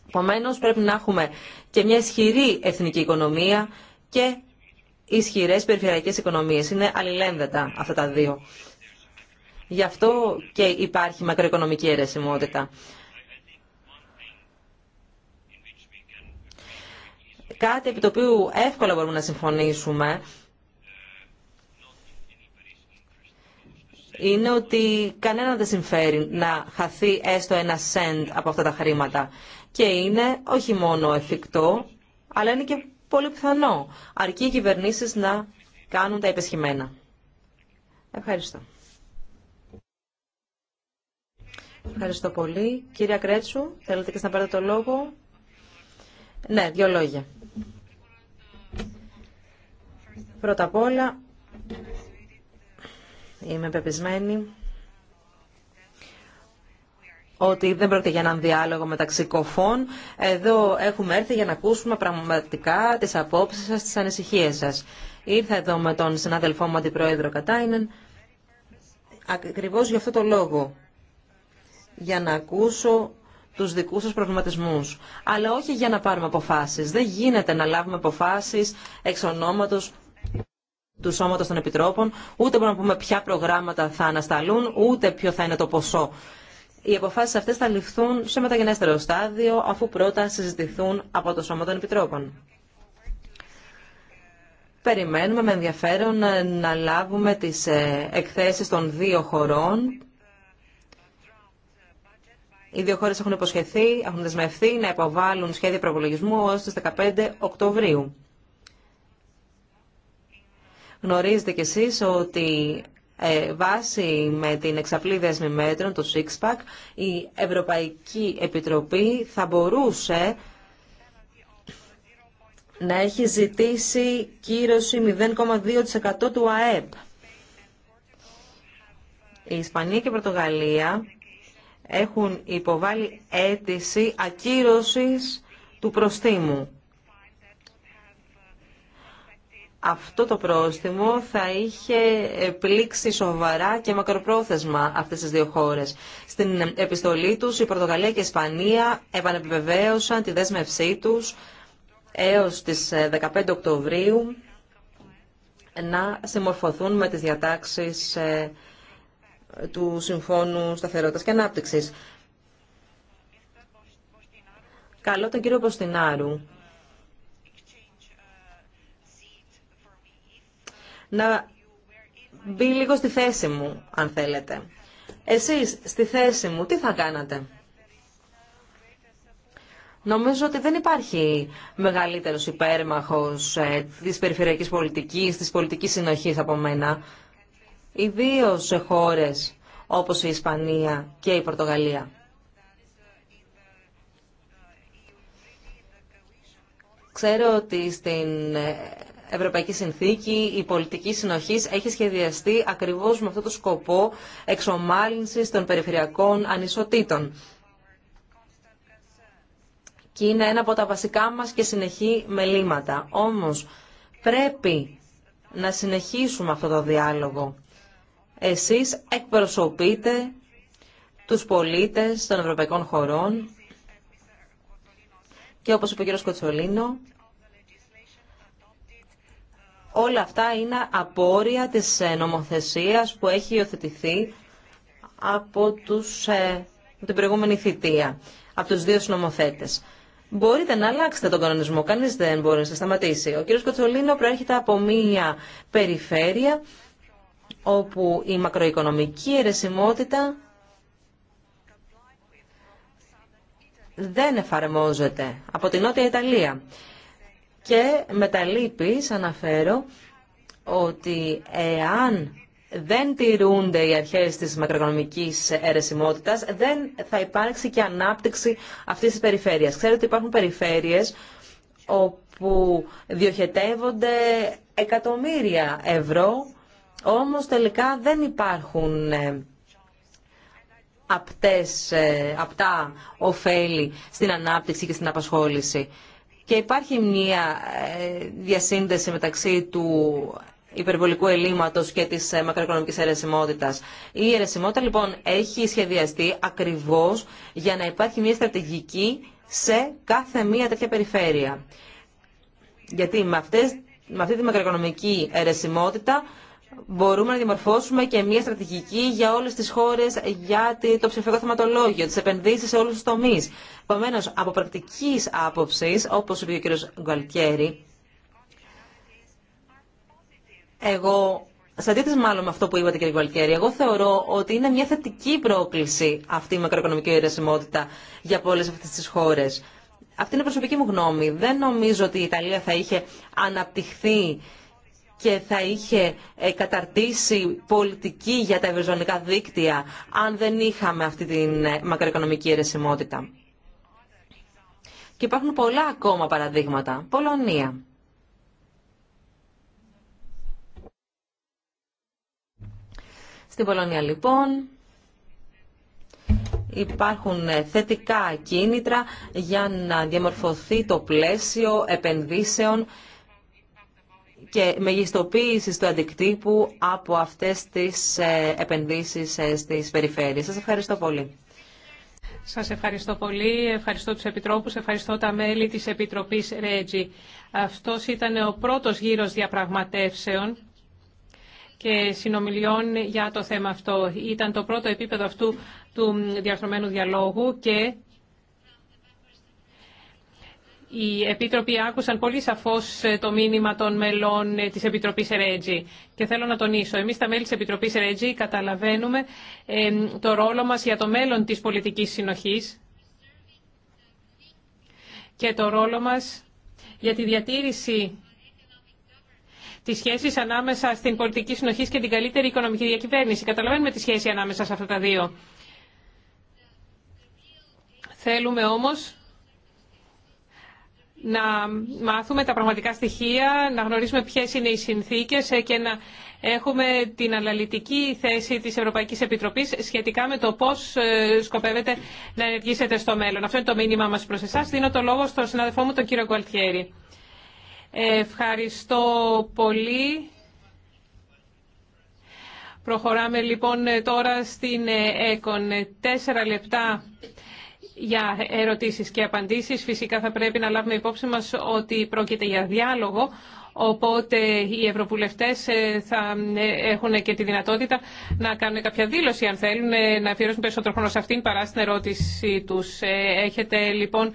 Επομένω, πρέπει να έχουμε και μια ισχυρή εθνική οικονομία και ισχυρές περιφερειακές οικονομίες. Είναι αλληλένδετα αυτά τα δύο. Γι' αυτό και υπάρχει μακροοικονομική αιρεσιμότητα. Κάτι επί το οποίο εύκολα μπορούμε να συμφωνήσουμε είναι ότι κανέναν δεν συμφέρει να χαθεί έστω ένα σέντ από αυτά τα χρήματα. Και είναι όχι μόνο εφικτό, αλλά είναι και πολύ πιθανό, αρκεί οι κυβερνήσεις να κάνουν τα επισχυμένα. Ευχαριστώ. Ευχαριστώ πολύ. Κύριε Κρέτσου, θέλετε και να πάρετε το λόγο. Ναι, δύο λόγια. Πρώτα απ' όλα, είμαι πεπισμένη ότι δεν πρόκειται για έναν διάλογο μεταξύ κοφών. Εδώ έχουμε έρθει για να ακούσουμε πραγματικά τις απόψεις σας, τις ανησυχίες σας. Ήρθα εδώ με τον συνάδελφό μου αντιπρόεδρο Κατάινεν ακριβώς για αυτό το λόγο για να ακούσω τους δικού σα προβληματισμού. Αλλά όχι για να πάρουμε αποφάσεις. Δεν γίνεται να λάβουμε αποφάσεις εξ ονόματο του Σώματος των Επιτρόπων, ούτε μπορούμε να πούμε ποια προγράμματα θα ανασταλούν, ούτε ποιο θα είναι το ποσό. Οι αποφάσει αυτές θα ληφθούν σε μεταγενέστερο στάδιο, αφού πρώτα συζητηθούν από το Σώμα των Επιτρόπων. Περιμένουμε με ενδιαφέρον να λάβουμε τις ε, εκθέσεις των δύο χωρών οι δύο χώρε έχουν υποσχεθεί, έχουν δεσμευθεί να υποβάλουν σχέδια προπολογισμού ω τι 15 Οκτωβρίου. Γνωρίζετε κι εσείς ότι ε, βάσει με την εξαπλή δέσμη μέτρων, το SIXPAC, η Ευρωπαϊκή Επιτροπή θα μπορούσε να έχει ζητήσει κύρωση 0,2% του ΑΕΠ. Η Ισπανία και η Πορτογαλία έχουν υποβάλει αίτηση ακύρωσης του προστίμου. Αυτό το πρόστιμο θα είχε πλήξει σοβαρά και μακροπρόθεσμα αυτές τις δύο χώρες. Στην επιστολή τους η Πορτογαλία και η Ισπανία επανεπιβεβαίωσαν τη δέσμευσή τους έως τις 15 ε, Οκτωβρίου να συμμορφωθούν με τις διατάξεις ε, του Συμφώνου Σταθερότητας και Ανάπτυξης. Καλό τον κύριο Ποστινάρου να μπει λίγο στη θέση μου, αν θέλετε. Εσείς, στη θέση μου, τι θα κάνατε. Νομίζω ότι δεν υπάρχει μεγαλύτερος υπέρμαχος ε, της περιφερειακής πολιτικής, της πολιτικής συνοχής από μένα ιδίω σε χώρες όπως η Ισπανία και η Πορτογαλία. Ξέρω ότι στην Ευρωπαϊκή Συνθήκη η πολιτική συνοχής έχει σχεδιαστεί ακριβώς με αυτό το σκοπό εξομάλυνσης των περιφερειακών ανισοτήτων. Και είναι ένα από τα βασικά μας και συνεχή μελήματα. Όμως πρέπει να συνεχίσουμε αυτό το διάλογο εσείς εκπροσωπείτε τους πολίτες των ευρωπαϊκών χωρών και όπως είπε ο κ. Κοτσολίνο, όλα αυτά είναι απόρρια της ε, νομοθεσίας που έχει υιοθετηθεί από, τους, ε, την προηγούμενη θητεία, από τους δύο συνομοθέτες. Μπορείτε να αλλάξετε τον κανονισμό, κανείς δεν μπορεί να σταματήσει. Ο κ. Κοτσολίνο προέρχεται από μία περιφέρεια όπου η μακροοικονομική αιρεσιμότητα δεν εφαρμόζεται από την Νότια Ιταλία. Και με τα αναφέρω ότι εάν δεν τηρούνται οι αρχές της μακροοικονομικής αιρεσιμότητας, δεν θα υπάρξει και ανάπτυξη αυτής της περιφέρειας. Ξέρετε ότι υπάρχουν περιφέρειες όπου διοχετεύονται εκατομμύρια ευρώ όμως τελικά δεν υπάρχουν ε, απτές, ε, απτά ωφέλη στην ανάπτυξη και στην απασχόληση. Και υπάρχει μια ε, διασύνδεση μεταξύ του υπερβολικού ελλείμματος και της μακροοικονομικής αιρεσιμότητας. Η αιρεσιμότητα λοιπόν έχει σχεδιαστεί ακριβώς για να υπάρχει μια στρατηγική σε κάθε μία τέτοια περιφέρεια. Γιατί με, αυτές, με αυτή τη μακροοικονομική αιρεσιμότητα μπορούμε να διαμορφώσουμε και μια στρατηγική για όλε τι χώρε για το ψηφιακό θεματολόγιο, τι επενδύσει σε όλου του τομεί. Επομένω, από πρακτική άποψη, όπω είπε ο κ. Γκουαλτιέρη, εγώ, σε αντίθεση μάλλον με αυτό που είπατε, κ. Γκουαλτιέρη, εγώ θεωρώ ότι είναι μια θετική πρόκληση αυτή η μακροοικονομική αιρεσιμότητα για πολλέ αυτέ τι χώρε. Αυτή είναι η προσωπική μου γνώμη. Δεν νομίζω ότι η Ιταλία θα είχε αναπτυχθεί και θα είχε ε, καταρτήσει πολιτική για τα ευρωζωνικά δίκτυα αν δεν είχαμε αυτή την ε, μακροοικονομική αιρεσιμότητα. Και υπάρχουν πολλά ακόμα παραδείγματα. Πολωνία. Στην Πολωνία λοιπόν υπάρχουν ε, θετικά κίνητρα για να διαμορφωθεί το πλαίσιο επενδύσεων και μεγιστοποίηση του αντικτύπου από αυτές τις ε, επενδύσεις ε, στις περιφέρειες. Σας ευχαριστώ πολύ. Σας ευχαριστώ πολύ. Ευχαριστώ τους Επιτρόπους, ευχαριστώ τα μέλη της Επιτροπής Ρέτζι. Αυτός ήταν ο πρώτος γύρος διαπραγματεύσεων και συνομιλιών για το θέμα αυτό. Ήταν το πρώτο επίπεδο αυτού του διαρθρωμένου διαλόγου και οι Επίτροποι άκουσαν πολύ σαφώς ε, το μήνυμα των μελών ε, τη Επιτροπής Ρέτζη. Και θέλω να τονίσω, εμείς τα μέλη της Επιτροπής Ρέτζη καταλαβαίνουμε το ρόλο μας για το μέλλον της πολιτικής συνοχής και το ρόλο μας για τη διατήρηση τη σχέση ανάμεσα στην πολιτική συνοχή και την καλύτερη οικονομική διακυβέρνηση. Καταλαβαίνουμε τη σχέση ανάμεσα σε αυτά τα δύο. Θέλουμε όμως να μάθουμε τα πραγματικά στοιχεία, να γνωρίσουμε ποιες είναι οι συνθήκες ε, και να έχουμε την αναλυτική θέση της Ευρωπαϊκής Επιτροπής σχετικά με το πώς ε, σκοπεύετε να ενεργήσετε στο μέλλον. Αυτό είναι το μήνυμά μας προς εσάς. Δίνω το λόγο στον συναδελφό μου, τον κύριο Γκουαλτιέρη. Ε, ευχαριστώ πολύ. Προχωράμε λοιπόν τώρα στην ΕΚΟΝ. Τέσσερα λεπτά για ερωτήσεις και απαντήσεις. Φυσικά θα πρέπει να λάβουμε υπόψη μας ότι πρόκειται για διάλογο, οπότε οι ευρωβουλευτές ε, θα ε, έχουν και τη δυνατότητα να κάνουν κάποια δήλωση αν θέλουν, ε, να αφιερώσουν περισσότερο χρόνο σε αυτήν παρά στην ερώτηση τους. Έχετε λοιπόν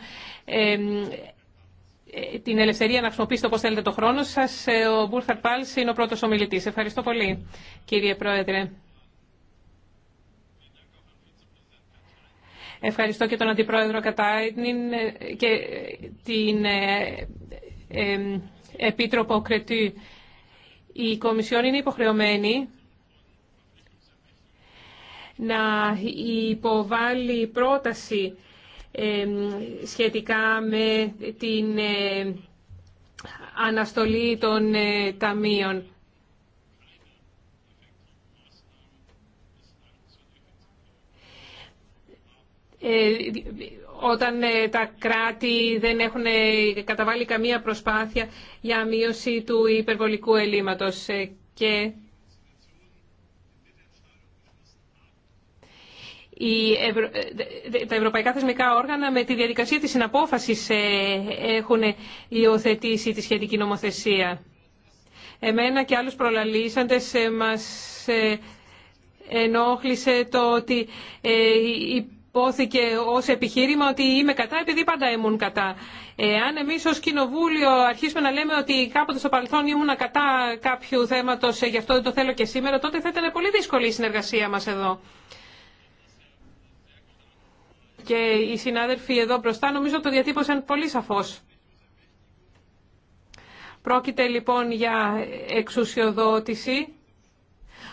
την ελευθερία να χρησιμοποιήσετε όπως θέλετε το χρόνο σας. Ο Μπούρθαρ Πάλς είναι ο πρώτος ομιλητής. Ευχαριστώ πολύ κύριε Πρόεδρε. Ευχαριστώ και τον Αντιπρόεδρο Κατάινιν ε, και την ε, ε, Επίτροπο Κρετή. Η Κομισιόν είναι υποχρεωμένη να υποβάλει πρόταση σχετικά με την αναστολή των ταμείων. Ε, όταν ε, τα κράτη δεν έχουν ε, καταβάλει καμία προσπάθεια για μείωση του υπερβολικού ελλείμματος. Και τα ευρωπαϊκά θεσμικά όργανα με τη διαδικασία της συναπόφασης έχουν υιοθετήσει τη σχετική νομοθεσία. Εμένα και άλλους προλαλήσαντες μας ενόχλησε το ότι υπόθηκε ως επιχείρημα ότι είμαι κατά επειδή πάντα ήμουν κατά. Εάν εμείς ως Κοινοβούλιο αρχίσουμε να λέμε ότι κάποτε στο παρελθόν ήμουν κατά κάποιου θέματος, ε, γι' αυτό δεν το θέλω και σήμερα, τότε θα ήταν πολύ δύσκολη η συνεργασία μας εδώ. Και οι συνάδελφοι εδώ μπροστά νομίζω το διατύπωσαν πολύ σαφώς. Πρόκειται λοιπόν για εξουσιοδότηση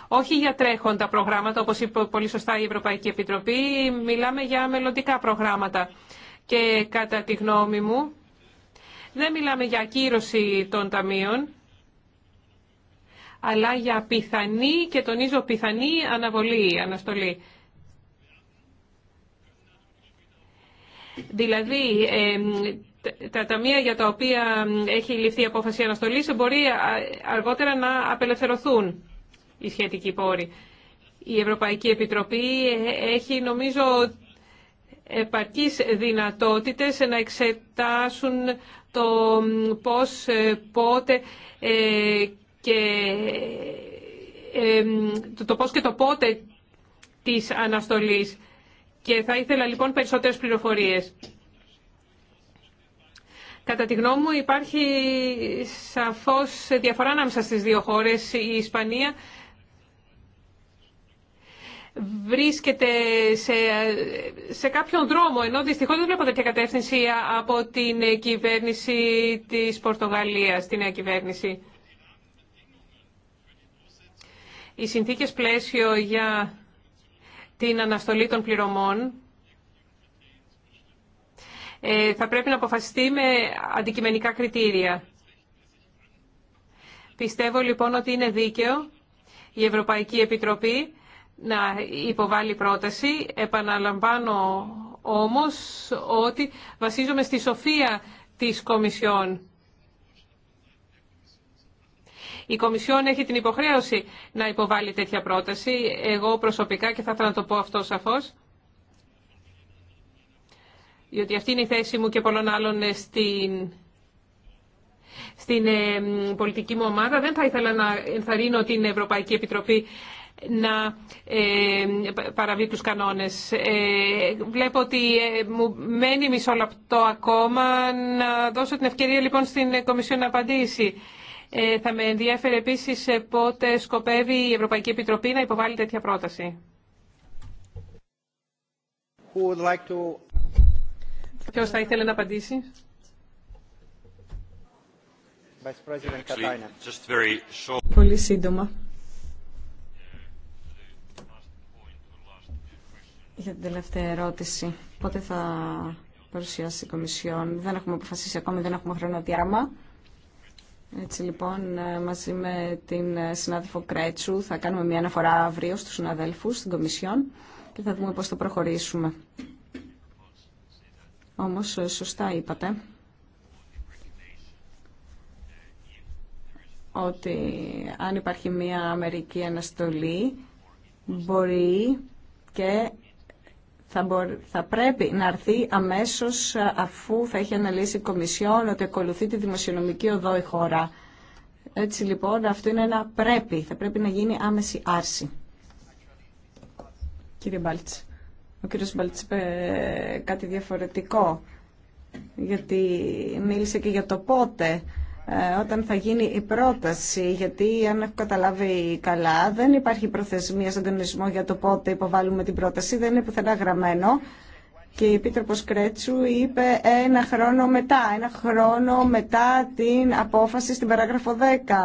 όχι για τρέχοντα προγράμματα, όπως είπε πολύ σωστά η Ευρωπαϊκή Επιτροπή, μιλάμε για μελλοντικά προγράμματα. Και κατά τη γνώμη μου, δεν μιλάμε για ακύρωση των ταμείων, αλλά για πιθανή και τονίζω πιθανή αναβολή, αναστολή. Δηλαδή, τα ταμεία για τα οποία έχει ληφθεί η απόφαση αναστολής μπορεί αργότερα να απελευθερωθούν. Η σχετικοί πόρη. Η Ευρωπαϊκή Επιτροπή έχει νομίζω επαρκείς δυνατότητες να εξετάσουν το πώς, πότε ε, και ε, το πώς και το πότε της αναστολής. Και θα ήθελα λοιπόν περισσότερες πληροφορίες. Κατά τη γνώμη μου υπάρχει σαφώς διαφορά ανάμεσα στις δύο χώρες. Η Ισπανία βρίσκεται σε, σε κάποιον δρόμο, ενώ δυστυχώς δεν βλέπω τέτοια κατεύθυνση από την κυβέρνηση της Πορτογαλίας, την νέα κυβέρνηση. Οι συνθήκες πλαίσιο για την αναστολή των πληρωμών ε, θα πρέπει να αποφασιστεί με αντικειμενικά κριτήρια. Πιστεύω λοιπόν ότι είναι δίκαιο η Ευρωπαϊκή Επιτροπή να υποβάλει πρόταση. Επαναλαμβάνω όμως ότι βασίζομαι στη σοφία της Κομισιόν. Η Κομισιόν έχει την υποχρέωση να υποβάλει τέτοια πρόταση. Εγώ προσωπικά, και θα ήθελα να το πω αυτό σαφώς, διότι αυτή είναι η θέση μου και πολλών άλλων στην, στην πολιτική μου ομάδα, δεν θα ήθελα να ενθαρρύνω την Ευρωπαϊκή Επιτροπή να ε, παραβεί τους κανόνες. Ε, βλέπω ότι ε, μου μένει λεπτό ακόμα να δώσω την ευκαιρία λοιπόν στην Κομισιόν να απαντήσει. Θα με ενδιαφέρει επίσης πότε σκοπεύει η Ευρωπαϊκή Επιτροπή να υποβάλει τέτοια πρόταση. like to... Ποιος θα ήθελε να απαντήσει. Πολύ σύντομα. Για την τελευταία ερώτηση, πότε θα παρουσιάσει η Κομισιόν. Δεν έχουμε αποφασίσει ακόμη, δεν έχουμε χρονοδιάγραμμα. Έτσι λοιπόν, ε, μαζί με την ε, συνάδελφο Κρέτσου θα κάνουμε μια αναφορά αύριο στους συναδέλφους στην Κομισιόν και θα δούμε πώς θα προχωρήσουμε. Όμως, ε, σωστά είπατε ότι αν υπάρχει μια Αμερική αναστολή μπορεί και θα, πρέπει να έρθει αμέσως αφού θα έχει αναλύσει η Κομισιόν ότι ακολουθεί τη δημοσιονομική οδό η χώρα. Έτσι λοιπόν αυτό είναι ένα πρέπει, θα πρέπει να γίνει άμεση άρση. Κύριε Μπάλτς, ο κύριος Μπάλτς είπε ε, κάτι διαφορετικό, γιατί μίλησε και για το πότε ε, όταν θα γίνει η πρόταση, γιατί αν έχω καταλάβει καλά δεν υπάρχει προθεσμία στον κανονισμό για το πότε υποβάλλουμε την πρόταση, δεν είναι πουθενά γραμμένο. Και η Επίτροπος Κρέτσου είπε ένα χρόνο μετά, ένα χρόνο μετά την απόφαση στην παράγραφο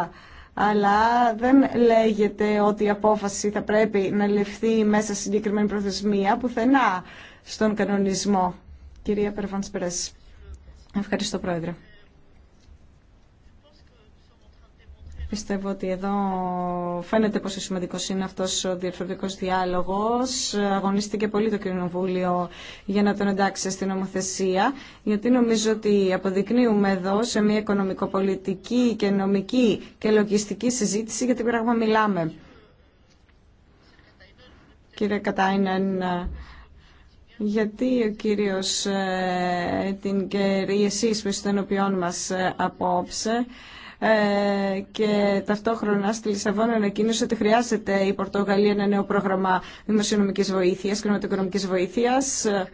10. Αλλά δεν λέγεται ότι η απόφαση θα πρέπει να ληφθεί μέσα σε συγκεκριμένη προθεσμία πουθενά στον κανονισμό. Κυρία Περβανσπρές. Ευχαριστώ Πρόεδρε. Πιστεύω ότι εδώ φαίνεται πόσο σημαντικό είναι αυτός ο διαρθρωτικός διάλογος. Αγωνίστηκε πολύ το Κοινοβούλιο για να τον εντάξει στην νομοθεσία, γιατί νομίζω ότι αποδεικνύουμε εδώ σε μια οικονομικοπολιτική και νομική και λογιστική συζήτηση για την πράγμα μιλάμε. Κύριε Κατάινεν, γιατί ο κύριος ε, την και εσείς που είστε μας ε, απόψε, ε, και ταυτόχρονα στη Λισαβόνα ανακοίνωσε ότι χρειάζεται η Πορτογαλία ένα νέο πρόγραμμα δημοσιονομικής βοήθειας, κοινωνικονομικής βοήθειας, ε,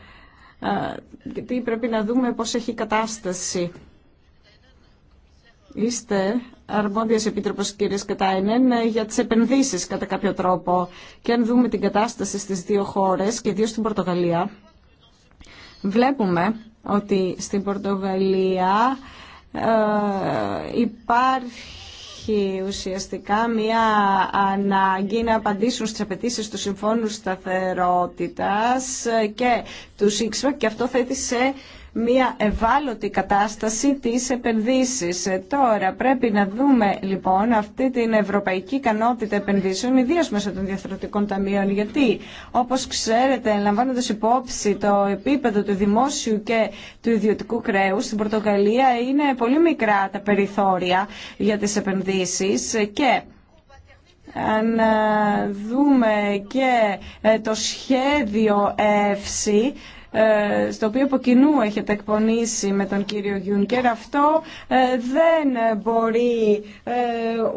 γιατί πρέπει να δούμε πώς έχει η κατάσταση. Είστε αρμόδιος επίτροπος κύριε Κατάινεν για τις επενδύσεις κατά κάποιο τρόπο και αν δούμε την κατάσταση στις δύο χώρες και δύο στην Πορτογαλία βλέπουμε ότι στην Πορτογαλία ε, υπάρχει ουσιαστικά μια ανάγκη να απαντήσουν στις απαιτήσει του Συμφώνου Σταθερότητας και του ΣΥΚΣΠΑ και αυτό θέτει σε μια ευάλωτη κατάσταση της επενδύσεις. Ε, τώρα πρέπει να δούμε λοιπόν αυτή την ευρωπαϊκή ικανότητα επενδύσεων, ιδίω μέσα των διαθροτικών ταμείων, γιατί όπως ξέρετε, λαμβάνοντα υπόψη το επίπεδο του δημόσιου και του ιδιωτικού κρέους, στην Πορτογαλία είναι πολύ μικρά τα περιθώρια για τις επενδύσεις και αν ε, δούμε και ε, το σχέδιο ΕΦΣΥ ε, στο οποίο από κοινού έχετε εκπονήσει με τον κύριο Γιούνκερ, αυτό ε, δεν μπορεί ε,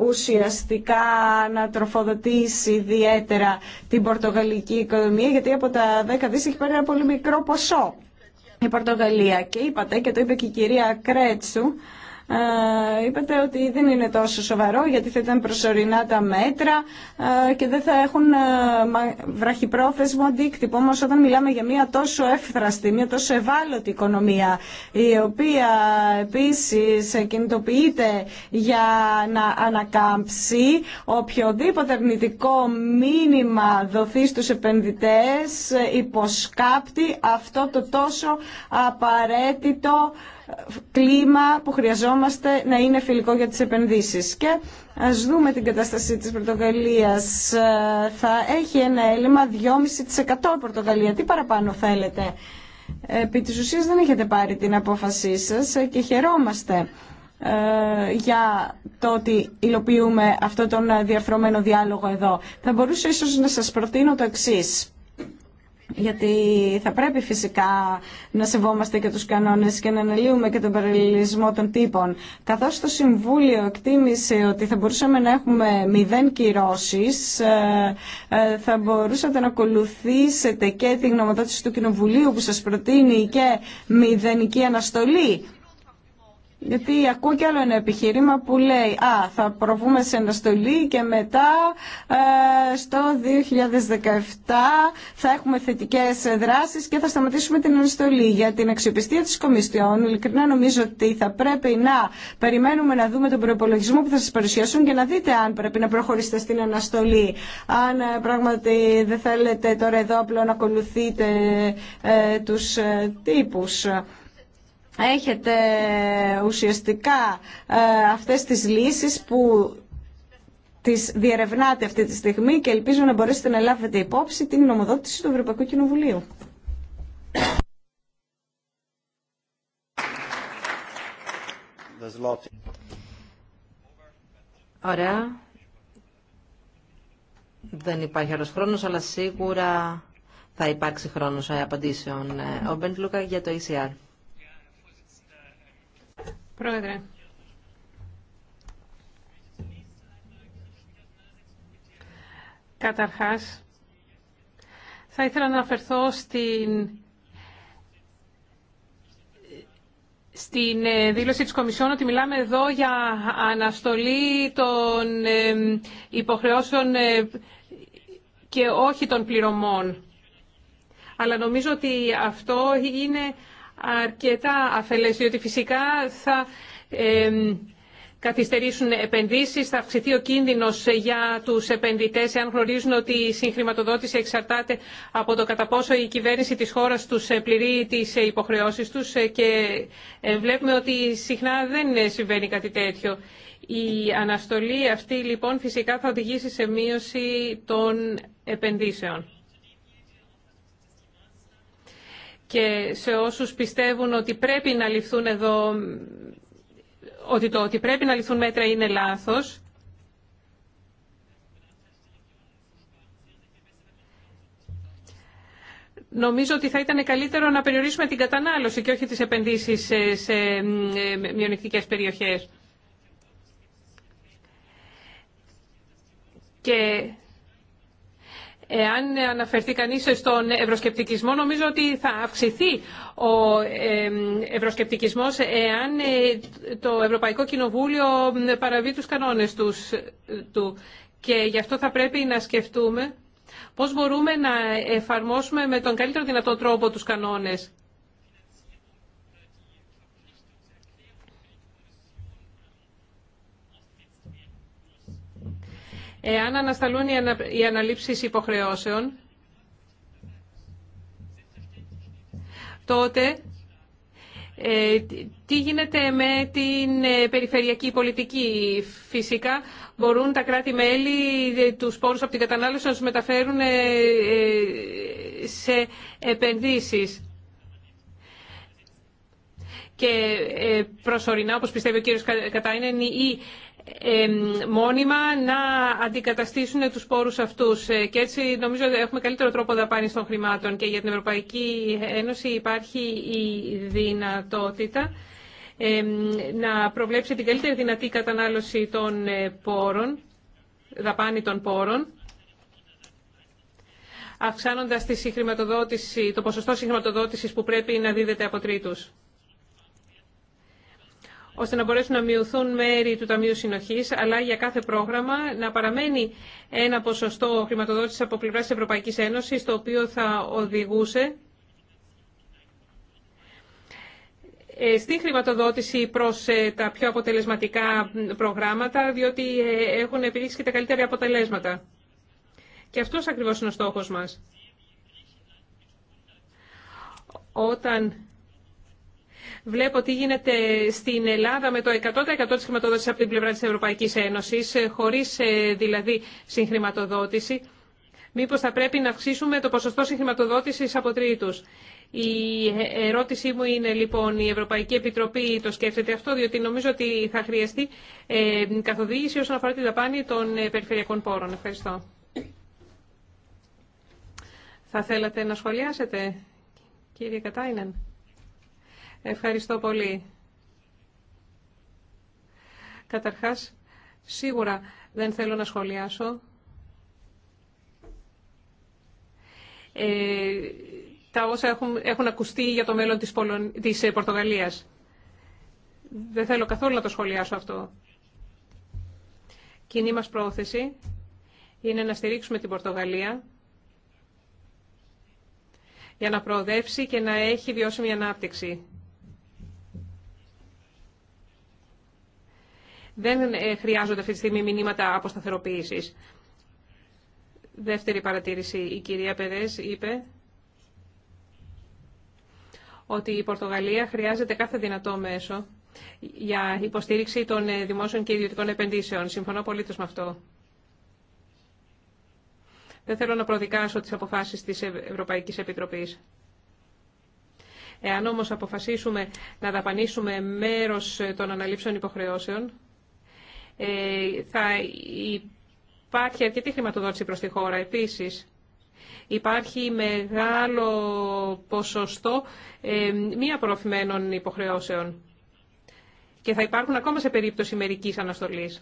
ουσιαστικά να τροφοδοτήσει ιδιαίτερα την πορτογαλική οικονομία, γιατί από τα 10 δις έχει πάρει ένα πολύ μικρό ποσό η Πορτογαλία. Και είπατε, και το είπε και η κυρία Κρέτσου, ε, είπατε ότι δεν είναι τόσο σοβαρό γιατί θα ήταν προσωρινά τα μέτρα ε, και δεν θα έχουν ε, βραχυπρόθεσμο αντίκτυπο. Όμω όταν μιλάμε για μια τόσο εύθραστη, μια τόσο ευάλωτη οικονομία η οποία επίση κινητοποιείται για να ανακάμψει οποιοδήποτε αρνητικό μήνυμα δοθεί στους επενδυτές υποσκάπτει αυτό το τόσο απαραίτητο κλίμα που χρειαζόμαστε να είναι φιλικό για τις επενδύσεις. Και ας δούμε την κατάσταση της Πορτογαλίας. Ε, θα έχει ένα έλλειμμα 2,5% Πορτογαλία. Τι παραπάνω θέλετε. Επί της δεν έχετε πάρει την απόφασή σας ε, και χαιρόμαστε ε, για το ότι υλοποιούμε αυτό τον διαρθρωμένο διάλογο εδώ. Θα μπορούσα ίσως να σας προτείνω το εξής γιατί θα πρέπει φυσικά να σεβόμαστε και τους κανόνες και να αναλύουμε και τον παραλληλισμό των τύπων. Καθώς το Συμβούλιο εκτίμησε ότι θα μπορούσαμε να έχουμε μηδέν κυρώσεις, ε, ε, θα μπορούσατε να ακολουθήσετε και τη γνωμοδότηση του Κοινοβουλίου που σας προτείνει και μηδενική αναστολή γιατί ακούω κι άλλο ένα επιχείρημα που λέει «Α, θα προβούμε σε αναστολή και μετά ε, στο 2017 θα έχουμε θετικές δράσεις και θα σταματήσουμε την αναστολή». Για την αξιοπιστία της Κομισιόν, ειλικρινά νομίζω ότι θα πρέπει να περιμένουμε να δούμε τον προπολογισμό που θα σας παρουσιάσουν και να δείτε αν πρέπει να προχωρήσετε στην αναστολή. Αν ε, πράγματι δεν θέλετε τώρα εδώ απλό να ακολουθείτε ε, τους ε, τύπους έχετε ουσιαστικά ε, αυτές τις λύσεις που τις διερευνάτε αυτή τη στιγμή και ελπίζω να μπορέσετε να λάβετε υπόψη την νομοδότηση του Ευρωπαϊκού Κοινοβουλίου. Ωραία. Δεν υπάρχει άλλος χρόνος, αλλά σίγουρα θα υπάρξει χρόνος ε, απαντήσεων. Ε, ο Μπεντλούκα για το ECR. Πρόεδρε. Καταρχάς, θα ήθελα να αναφερθώ στην, στην ε, δήλωση της Κομισιόν ότι μιλάμε εδώ για αναστολή των ε, υποχρεώσεων ε, και όχι των πληρωμών. Αλλά νομίζω ότι αυτό είναι αρκετά αφελές, διότι φυσικά θα ε, καθυστερήσουν επενδύσεις, θα αυξηθεί ο κίνδυνος για τους επενδυτές εάν γνωρίζουν ότι η συγχρηματοδότηση εξαρτάται από το κατά πόσο η κυβέρνηση της χώρας τους πληρεί τις υποχρεώσεις τους και ε, βλέπουμε ότι συχνά δεν συμβαίνει κάτι τέτοιο. Η αναστολή αυτή λοιπόν φυσικά θα οδηγήσει σε μείωση των επενδύσεων. και σε όσους πιστεύουν ότι πρέπει να ληφθούν εδώ, ότι το ότι πρέπει να ληφθούν μέτρα είναι λάθος. Νομίζω ότι θα ήταν καλύτερο να περιορίσουμε την κατανάλωση και όχι τις επενδύσεις σε, σε ε, μειονεκτικές περιοχές. Και Εάν αναφερθεί κανείς στον ευρωσκεπτικισμό, νομίζω ότι θα αυξηθεί ο ευρωσκεπτικισμός εάν ε, το Ευρωπαϊκό Κοινοβούλιο παραβεί τους κανόνες ε, του. Και γι' αυτό θα πρέπει να σκεφτούμε πώς μπορούμε να εφαρμόσουμε με τον καλύτερο δυνατό τρόπο τους κανόνες. Εάν ανασταλούν οι αναλήψεις υποχρεώσεων, τότε ε, τι γίνεται με την ε, περιφερειακή πολιτική. Φυσικά μπορούν τα κράτη-μέλη τους πόρους από την κατανάλωση να τους μεταφέρουν ε, σε επενδύσεις. Και προσωρινά, όπως πιστεύει ο κύριος Κατάινεν, ή μόνιμα να αντικαταστήσουν τους πόρους αυτούς. Ε, και έτσι νομίζω ότι έχουμε καλύτερο τρόπο δαπάνης των χρημάτων και για την Ευρωπαϊκή Ένωση υπάρχει η δυνατότητα να προβλέψει την καλύτερη δυνατή κατανάλωση των ε, πόρων, δαπάνη των πόρων, αυξάνοντας τη το ποσοστό συγχρηματοδότησης που πρέπει να δίδεται από τρίτους ώστε να μπορέσουν να μειωθούν μέρη του Ταμείου Συνοχής, αλλά για κάθε πρόγραμμα να παραμένει ένα ποσοστό χρηματοδότησης από πλευρά τη Ευρωπαϊκή Ένωση, το οποίο θα οδηγούσε ε, στη χρηματοδότηση προς ε, τα πιο αποτελεσματικά προγράμματα, διότι ε, έχουν επιδείξει και τα καλύτερα αποτελέσματα. Και αυτός ακριβώς είναι ο στόχος μας. Όταν Βλέπω τι γίνεται στην Ελλάδα με το 100% της χρηματοδότησης από την πλευρά της Ευρωπαϊκής Ένωσης, ε, χωρίς ε, δηλαδή συγχρηματοδότηση. Μήπως θα πρέπει να αυξήσουμε το ποσοστό συγχρηματοδότησης από τρίτους. Η ε, ερώτησή μου είναι λοιπόν η Ευρωπαϊκή Επιτροπή το σκέφτεται αυτό, διότι νομίζω ότι θα χρειαστεί ε, καθοδήγηση όσον αφορά τη δαπάνη των περιφερειακών πόρων. Ευχαριστώ. Θα θέλατε να σχολιάσετε, κύριε Κατάινεν. Ευχαριστώ πολύ. Καταρχάς, σίγουρα δεν θέλω να σχολιάσω. Ε, τα όσα έχουν, ακουστεί για το μέλλον της, Πολων... της ε, Πορτογαλίας. Δεν θέλω καθόλου να το σχολιάσω αυτό. Κοινή μας πρόθεση είναι να στηρίξουμε την Πορτογαλία για να προοδεύσει και να έχει βιώσιμη ανάπτυξη. Δεν ε, χρειάζονται αυτή τη στιγμή μηνύματα αποσταθεροποίησης. Δεύτερη παρατήρηση. Η κυρία Περές είπε ότι η Πορτογαλία χρειάζεται κάθε δυνατό μέσο για υποστήριξη των ε, δημόσιων και ιδιωτικών επενδύσεων. Συμφωνώ πολύ με αυτό. Δεν θέλω να προδικάσω τις αποφάσεις της Ευρωπαϊκής Επιτροπής. Εάν όμως αποφασίσουμε να δαπανίσουμε μέρος ε, των αναλήψεων υποχρεώσεων, ε, θα υπάρχει αρκετή χρηματοδότηση προς τη χώρα. Επίσης, υπάρχει μεγάλο ποσοστό ε, μη απορροφημένων υποχρεώσεων και θα υπάρχουν ακόμα σε περίπτωση μερικής αναστολής.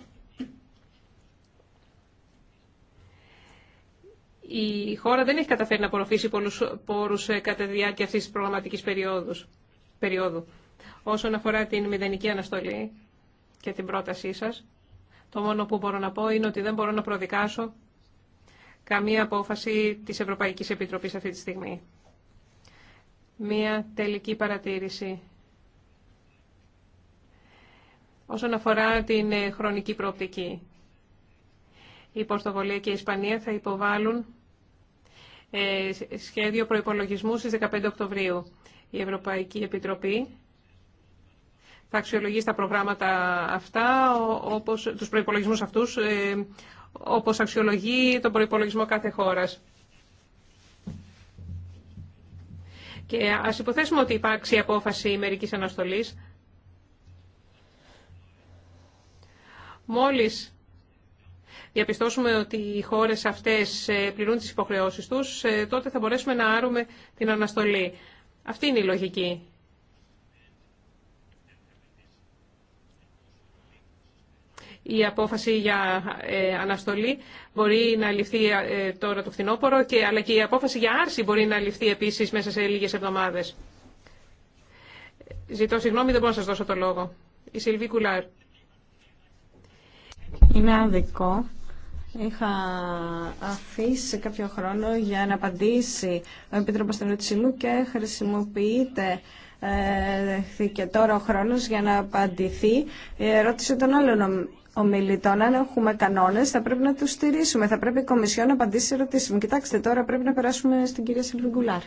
Η χώρα δεν έχει καταφέρει να απορροφήσει πολλούς πόρους ε, κατά τη διάρκεια αυτής της προγραμματικής περίοδου. Όσον αφορά την μηδενική αναστολή και την πρότασή σας, το μόνο που μπορώ να πω είναι ότι δεν μπορώ να προδικάσω καμία απόφαση της Ευρωπαϊκής Επιτροπής αυτή τη στιγμή. Μία τελική παρατήρηση. Όσον αφορά την ε, χρονική προοπτική, η Πορτογαλία και η Ισπανία θα υποβάλουν ε, σχέδιο προϋπολογισμού στις 15 Οκτωβρίου. Η Ευρωπαϊκή Επιτροπή θα αξιολογήσει τα προγράμματα αυτά, όπως, τους προϋπολογισμούς αυτούς, ε, όπως αξιολογεί τον προϋπολογισμό κάθε χώρας. Και ας υποθέσουμε ότι υπάρξει απόφαση μερικής αναστολής. Μόλις διαπιστώσουμε ότι οι χώρες αυτές ε, πληρούν τις υποχρεώσεις τους, ε, τότε θα μπορέσουμε να άρουμε την αναστολή. Αυτή είναι η λογική. Η απόφαση για ε, αναστολή μπορεί να ληφθεί ε, τώρα το φθινόπωρο, και, αλλά και η απόφαση για άρση μπορεί να ληφθεί επίσης μέσα σε λίγες εβδομάδες. Ζητώ συγγνώμη, δεν μπορώ να σας δώσω το λόγο. Η Σιλβί Κουλάρ. Είναι αδικό. Είχα αφήσει κάποιο χρόνο για να απαντήσει ο Επίτροπος στην ερώτησή και χρησιμοποιείται ε, και τώρα ο χρόνος για να απαντηθεί η ερώτηση των άλλων ομιλητών. Αν έχουμε κανόνε, θα πρέπει να του στηρίσουμε. Θα πρέπει η Κομισιόν να απαντήσει σε ερωτήσει Κοιτάξτε, τώρα πρέπει να περάσουμε στην κυρία Σιλβιγκουλάρ.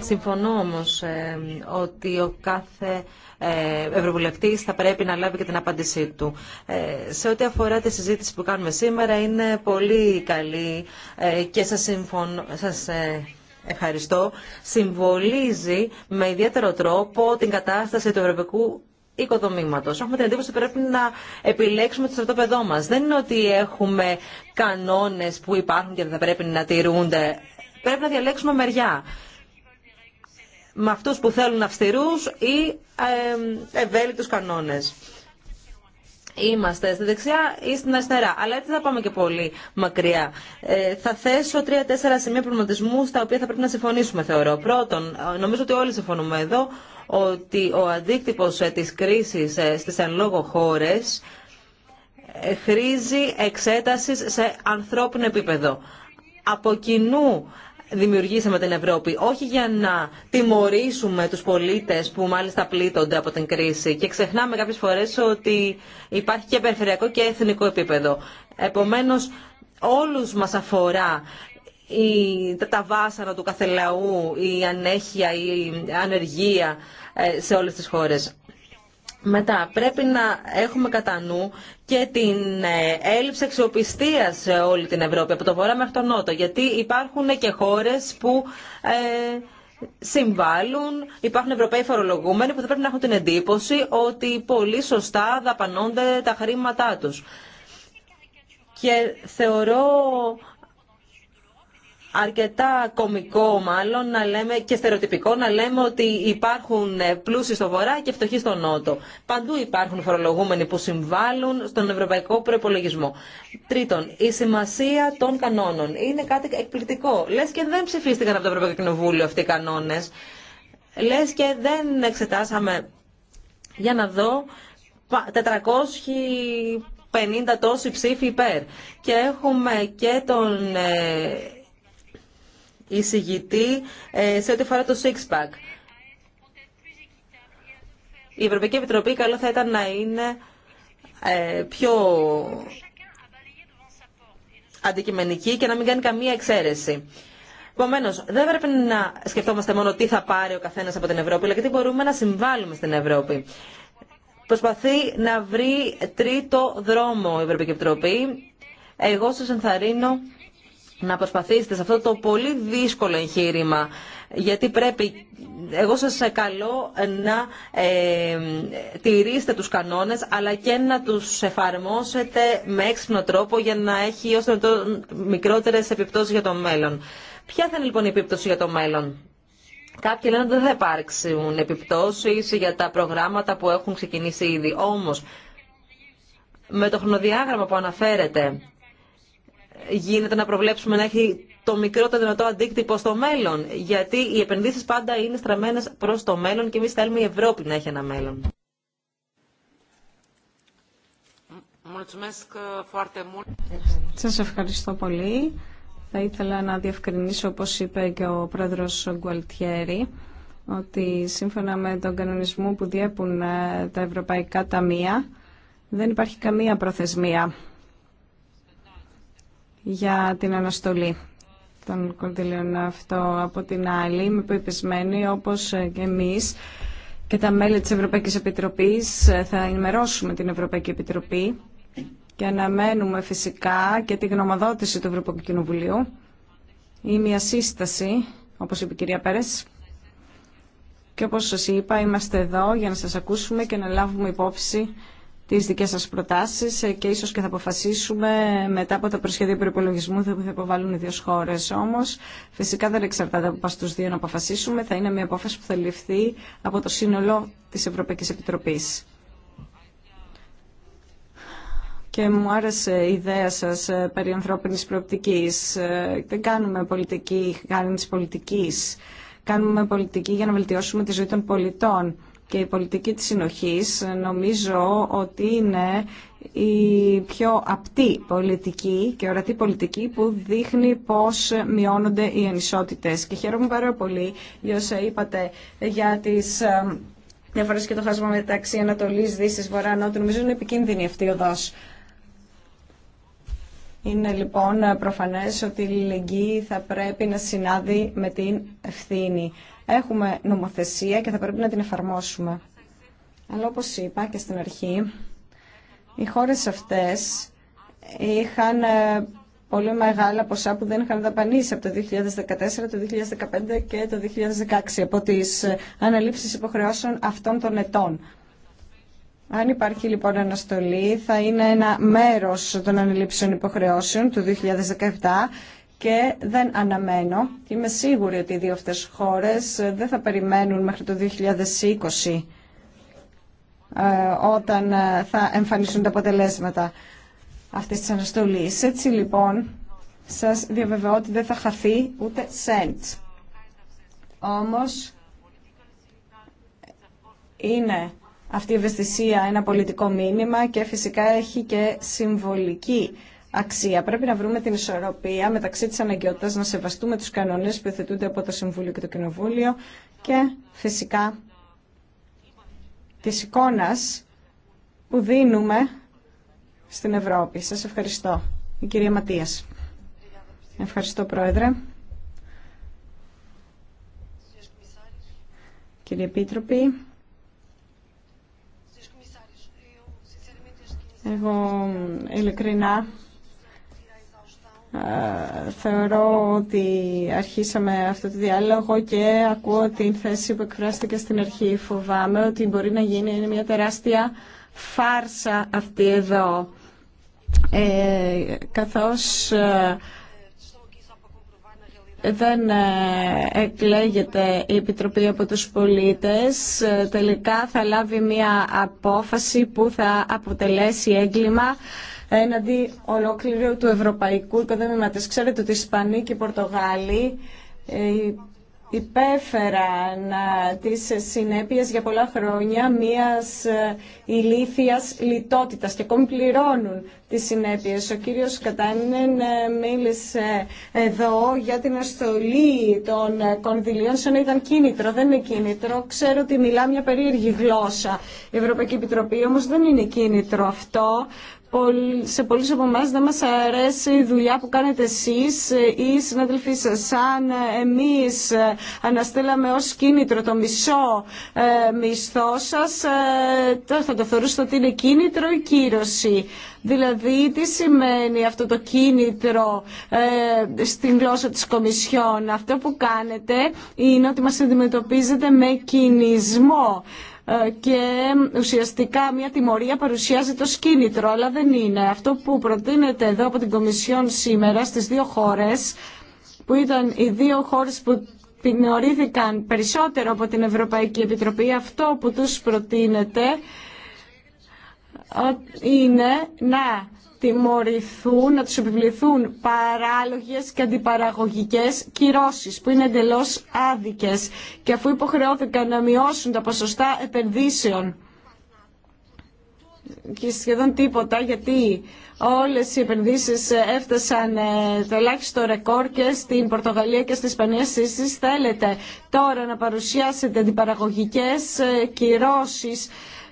Συμφωνώ όμω ε, ότι ο κάθε ε, Ευρωβουλευτή θα πρέπει να λάβει και την απάντησή του. Ε, σε ό,τι αφορά τη συζήτηση που κάνουμε σήμερα, είναι πολύ καλή ε, και σα Σας, ευχαριστώ, συμβολίζει με ιδιαίτερο τρόπο την κατάσταση του ευρωπαϊκού οικοδομήματο. Έχουμε την εντύπωση ότι πρέπει να επιλέξουμε το στρατόπεδό μα. Δεν είναι ότι έχουμε κανόνε που υπάρχουν και δεν θα πρέπει να τηρούνται. Πρέπει να διαλέξουμε μεριά. Με αυτού που θέλουν αυστηρού ή ευέλικτου κανόνε. Είμαστε στη δεξιά ή στην αριστερά. Αλλά έτσι θα πάμε και πολύ μακριά. Ε, θα θέσω τρία-τέσσερα σημεία προβληματισμού στα οποία θα πρέπει να συμφωνήσουμε, θεωρώ. Πρώτον, ε, νομίζω ότι όλοι συμφωνούμε εδώ ότι ο αντίκτυπος ε, της κρίσης ε, στις εν λόγω χώρες ε, χρήζει εξέτασης σε ανθρώπινο επίπεδο. Από κοινού δημιουργήσαμε την Ευρώπη, όχι για να τιμωρήσουμε τους πολίτες που μάλιστα πλήττονται από την κρίση και ξεχνάμε κάποιες φορές ότι υπάρχει και περιφερειακό και εθνικό επίπεδο. Επομένως, όλους μας αφορά η, τα βάσανα του καθελαού η ανέχεια, η ανεργία ε, σε όλες τις χώρες. Μετά, πρέπει να έχουμε κατά νου και την ε, έλλειψη αξιοπιστία σε όλη την Ευρώπη, από το βορρά μέχρι τον νότο, γιατί υπάρχουν και χώρες που... Ε, συμβάλλουν, υπάρχουν Ευρωπαίοι φορολογούμενοι που θα πρέπει να έχουν την εντύπωση ότι πολύ σωστά δαπανώνται τα χρήματά τους. Και θεωρώ αρκετά κομικό μάλλον να λέμε και στερεοτυπικό να λέμε ότι υπάρχουν ε, πλούσιοι στο βορρά και φτωχοί στο νότο. Παντού υπάρχουν φορολογούμενοι που συμβάλλουν στον ευρωπαϊκό προπολογισμό. Τρίτον, η σημασία των κανόνων. Είναι κάτι εκπληκτικό. Λε και δεν ψηφίστηκαν από το Ευρωπαϊκό Κοινοβούλιο αυτοί οι κανόνε. Λε και δεν εξετάσαμε. Για να δω. 450 τόσοι ψήφοι υπέρ. Και έχουμε και τον ε, εισηγητή ε, σε ό,τι αφορά το six-pack. Η Ευρωπαϊκή Επιτροπή καλό θα ήταν να είναι ε, πιο αντικειμενική και να μην κάνει καμία εξαίρεση. Επομένω, δεν πρέπει να σκεφτόμαστε μόνο τι θα πάρει ο καθένα από την Ευρώπη, αλλά και τι μπορούμε να συμβάλλουμε στην Ευρώπη. Προσπαθεί να βρει τρίτο δρόμο η Ευρωπαϊκή Επιτροπή. Εγώ σα ενθαρρύνω να προσπαθήσετε σε αυτό το πολύ δύσκολο εγχείρημα γιατί πρέπει, εγώ σας καλώ να ε, τηρήσετε τους κανόνες αλλά και να τους εφαρμόσετε με έξυπνο τρόπο για να έχει ώστε το μικρότερες επιπτώσεις για το μέλλον. Ποια θα είναι λοιπόν η επίπτωση για το μέλλον. Κάποιοι λένε ότι δεν θα υπάρξουν επιπτώσεις για τα προγράμματα που έχουν ξεκινήσει ήδη. Όμως, με το χρονοδιάγραμμα που αναφέρεται, γίνεται να προβλέψουμε να έχει το μικρότερο δυνατό αντίκτυπο στο μέλλον. Γιατί οι επενδύσεις πάντα είναι στραμμένες προς το μέλλον και εμείς θέλουμε η Ευρώπη να έχει ένα μέλλον. Uh, Σας ευχαριστώ πολύ. Θα ήθελα να διευκρινίσω, όπως είπε και ο πρόεδρος Γκουαλτιέρη, ότι σύμφωνα με τον κανονισμό που διέπουν ε, τα ευρωπαϊκά ταμεία, δεν υπάρχει καμία προθεσμία για την αναστολή των κονδυλίων αυτό από την άλλη. Είμαι πεπισμένη όπως και εμείς και τα μέλη της Ευρωπαϊκής Επιτροπής θα ενημερώσουμε την Ευρωπαϊκή Επιτροπή και αναμένουμε φυσικά και τη γνωμοδότηση του Ευρωπαϊκού Κοινοβουλίου ή μια σύσταση, όπως είπε η κυρία Πέρες. Και όπως σας είπα, είμαστε εδώ για να σας ακούσουμε και να λάβουμε υπόψη τις δικές σας προτάσεις ε, και ίσως και θα αποφασίσουμε μετά από τα προσχέδια προπολογισμού που θα υποβάλουν οι δύο χώρε Όμως φυσικά δεν εξαρτάται από του τους δύο να αποφασίσουμε. Θα είναι μια απόφαση που θα ληφθεί από το σύνολο της Ευρωπαϊκής Επιτροπής. Και μου άρεσε η ιδέα σας ε, περί ανθρώπινης προοπτικής. Ε, δεν κάνουμε πολιτική, Κάνουμε πολιτική για να βελτιώσουμε τη ζωή των πολιτών και η πολιτική της συνοχής νομίζω ότι είναι η πιο απτή πολιτική και ορατή πολιτική που δείχνει πώς μειώνονται οι ανισότητες. Και χαίρομαι πάρα πολύ για όσα είπατε για τις ε, διαφορές και το χάσμα μεταξύ Ανατολής, Δύσης, Βορρά, Νότου. Νομίζω είναι επικίνδυνη αυτή η οδός. Είναι λοιπόν προφανές ότι η λιλεγγύη θα πρέπει να συνάδει με την ευθύνη. Έχουμε νομοθεσία και θα πρέπει να την εφαρμόσουμε. Αλλά όπως είπα και στην αρχή, οι χώρες αυτές είχαν ε, πολύ μεγάλα ποσά που δεν είχαν δαπανίσει από το 2014, το 2015 και το 2016 από τις ε, αναλήψεις υποχρεώσεων αυτών των ετών. Αν υπάρχει λοιπόν αναστολή, θα είναι ένα μέρος των αναλήψεων υποχρεώσεων του 2017 και δεν αναμένω. Είμαι σίγουρη ότι οι δύο αυτές χώρες ε, δεν θα περιμένουν μέχρι το 2020 ε, όταν ε, θα εμφανίσουν τα αποτελέσματα αυτής της αναστολής. Έτσι λοιπόν σας διαβεβαιώ ότι δεν θα χαθεί ούτε σέντ. Όμως είναι αυτή η ευαισθησία ένα πολιτικό μήνυμα και φυσικά έχει και συμβολική αξία. Πρέπει να βρούμε την ισορροπία μεταξύ της αναγκαιότητας να σεβαστούμε τους κανόνες που υιοθετούνται από το Συμβούλιο και το Κοινοβούλιο και φυσικά της εικόνας που δίνουμε στην Ευρώπη. Σας ευχαριστώ. Η κυρία Ματίας. Ευχαριστώ, Πρόεδρε. Κύριε Επίτροπη, εγώ ειλικρινά θεωρώ ότι αρχίσαμε αυτό το διάλογο και ακούω την θέση που εκφράστηκε στην αρχή. Φοβάμαι ότι μπορεί να γίνει μια τεράστια φάρσα αυτή εδώ. Ε, καθώς ε, δεν ε, εκλέγεται η Επιτροπή από τους πολίτες, ε, τελικά θα λάβει μια απόφαση που θα αποτελέσει έγκλημα έναντι ολόκληρου του ευρωπαϊκού οικοδομήματος. Ξέρετε ότι οι Ισπανοί και οι Πορτογάλοι ε, υπέφεραν ε, τις συνέπειες για πολλά χρόνια μίας ε, ηλίθιας λιτότητας και ακόμη πληρώνουν τις συνέπειες. Ο κύριος Κατάνινεν μίλησε εδώ για την αστολή των κονδυλίων σαν να ήταν κίνητρο. Δεν είναι κίνητρο. Ξέρω ότι μιλά μια περίεργη γλώσσα. Η Ευρωπαϊκή Επιτροπή όμως δεν είναι κίνητρο αυτό σε πολλούς από εμάς δεν μας αρέσει η δουλειά που κάνετε εσείς ή ε, οι συναδελφοί σας. Αν ε, εμείς ε, αναστέλαμε ως κίνητρο το μισό μισθό σας, θα το θεωρούσατε ότι είναι κίνητρο ή κύρωση. Δηλαδή, τι σημαίνει αυτό το κίνητρο στην γλώσσα της Κομισιόν. Αυτό που κάνετε είναι ότι μας αντιμετωπίζετε με κινησμό. Ε, και ουσιαστικά μια τιμωρία παρουσιάζει το κίνητρο, αλλά δεν είναι. Αυτό που προτείνεται εδώ από την Κομισιόν σήμερα στις δύο χώρες, που ήταν οι δύο χώρες που τιμωρήθηκαν περισσότερο από την Ευρωπαϊκή Επιτροπή, αυτό που τους προτείνεται ε, είναι να τιμωρηθούν, να του επιβληθούν παράλογες και αντιπαραγωγικές κυρώσει που είναι εντελώ άδικες και αφού υποχρεώθηκαν να μειώσουν τα ποσοστά επενδύσεων και σχεδόν τίποτα γιατί όλες οι επενδύσεις έφτασαν ε, το ελάχιστο ρεκόρ και στην Πορτογαλία και στην Ισπανία εσείς θέλετε τώρα να παρουσιάσετε αντιπαραγωγικές ε, κυρώσεις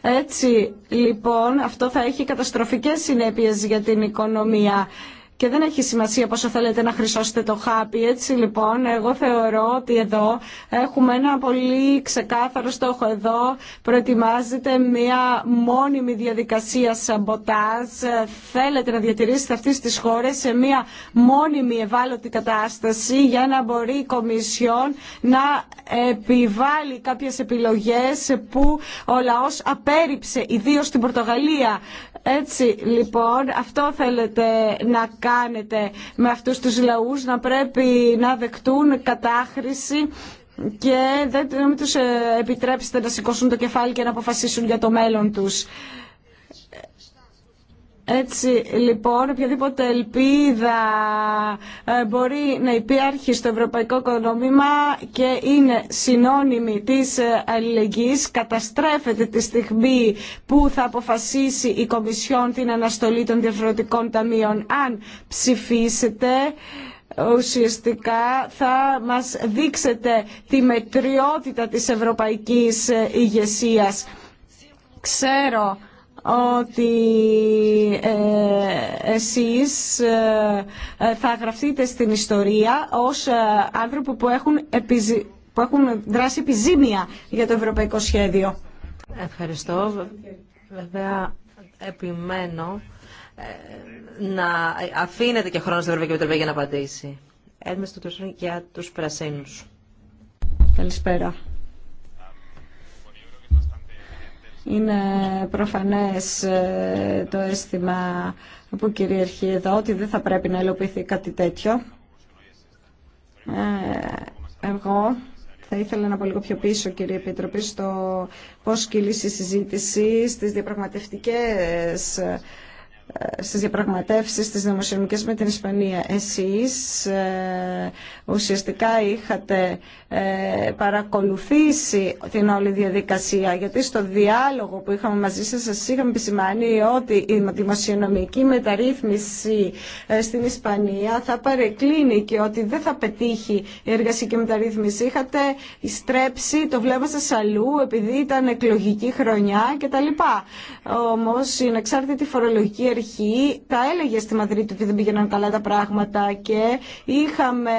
έτσι λοιπόν αυτό θα έχει καταστροφικές συνέπειες για την οικονομία και δεν έχει σημασία πόσο θέλετε να χρυσώσετε το χάπι. Έτσι λοιπόν, εγώ θεωρώ ότι εδώ έχουμε ένα πολύ ξεκάθαρο στόχο. Εδώ προετοιμάζεται μια μόνιμη διαδικασία σαμποτάζ. Θέλετε να διατηρήσετε αυτέ τι χώρε σε μια μόνιμη ευάλωτη κατάσταση για να μπορεί η Κομισιόν να επιβάλλει κάποιε επιλογέ που ο λαό απέρριψε, ιδίω στην Πορτογαλία. Έτσι λοιπόν, αυτό θέλετε να κάνετε με αυτούς τους λαούς να πρέπει να δεκτούν κατάχρηση και δεν, να τους ε, επιτρέψετε να σηκώσουν το κεφάλι και να αποφασίσουν για το μέλλον τους. Έτσι λοιπόν οποιαδήποτε ελπίδα ε, μπορεί να υπήρχε στο ευρωπαϊκό οικονομήμα και είναι συνώνυμη της ε, αλληλεγγύης καταστρέφεται τη στιγμή που θα αποφασίσει η Κομισιόν την αναστολή των διαφορετικών ταμείων. Αν ψηφίσετε ουσιαστικά θα μας δείξετε τη μετριότητα της ευρωπαϊκής ε, ηγεσίας. Ξέρω ότι ε, εσείς ε, θα γραφτείτε στην ιστορία ως ε, άνθρωποι που έχουν, επιζη... που έχουν δράσει επιζήμια για το ευρωπαϊκό σχέδιο. Ευχαριστώ. Βέβαια, επιμένω να αφήνετε και χρόνο στην Ευρωπαϊκή Επιτροπή για να απαντήσει. στο το για τους πρασίνους. Καλησπέρα. Είναι προφανές ε, το αίσθημα που κυριαρχεί εδώ ότι δεν θα πρέπει να ελοπιθεί κάτι τέτοιο. Ε, εγώ θα ήθελα να πω λίγο πιο πίσω, κύριε Επιτροπή, στο πώς κυλήσει η συζήτηση στις διαπραγματευτικές ε, ε, στις διαπραγματεύσεις της δημοσιονομικής με την Ισπανία. Εσείς ε, ουσιαστικά είχατε ε, παρακολουθήσει την όλη διαδικασία γιατί στο διάλογο που είχαμε μαζί σας σας είχαμε επισημάνει ότι η δημοσιονομική μεταρρύθμιση ε, στην Ισπανία θα παρεκκλίνει και ότι δεν θα πετύχει η εργασική μεταρρύθμιση. Είχατε στρέψει το βλέμμα σας αλλού επειδή ήταν εκλογική χρονιά κτλ. Όμως η ανεξάρτητη φορολογική αρχή τα έλεγε στη Μαδρίτη ότι δεν πήγαιναν καλά τα πράγματα και είχαμε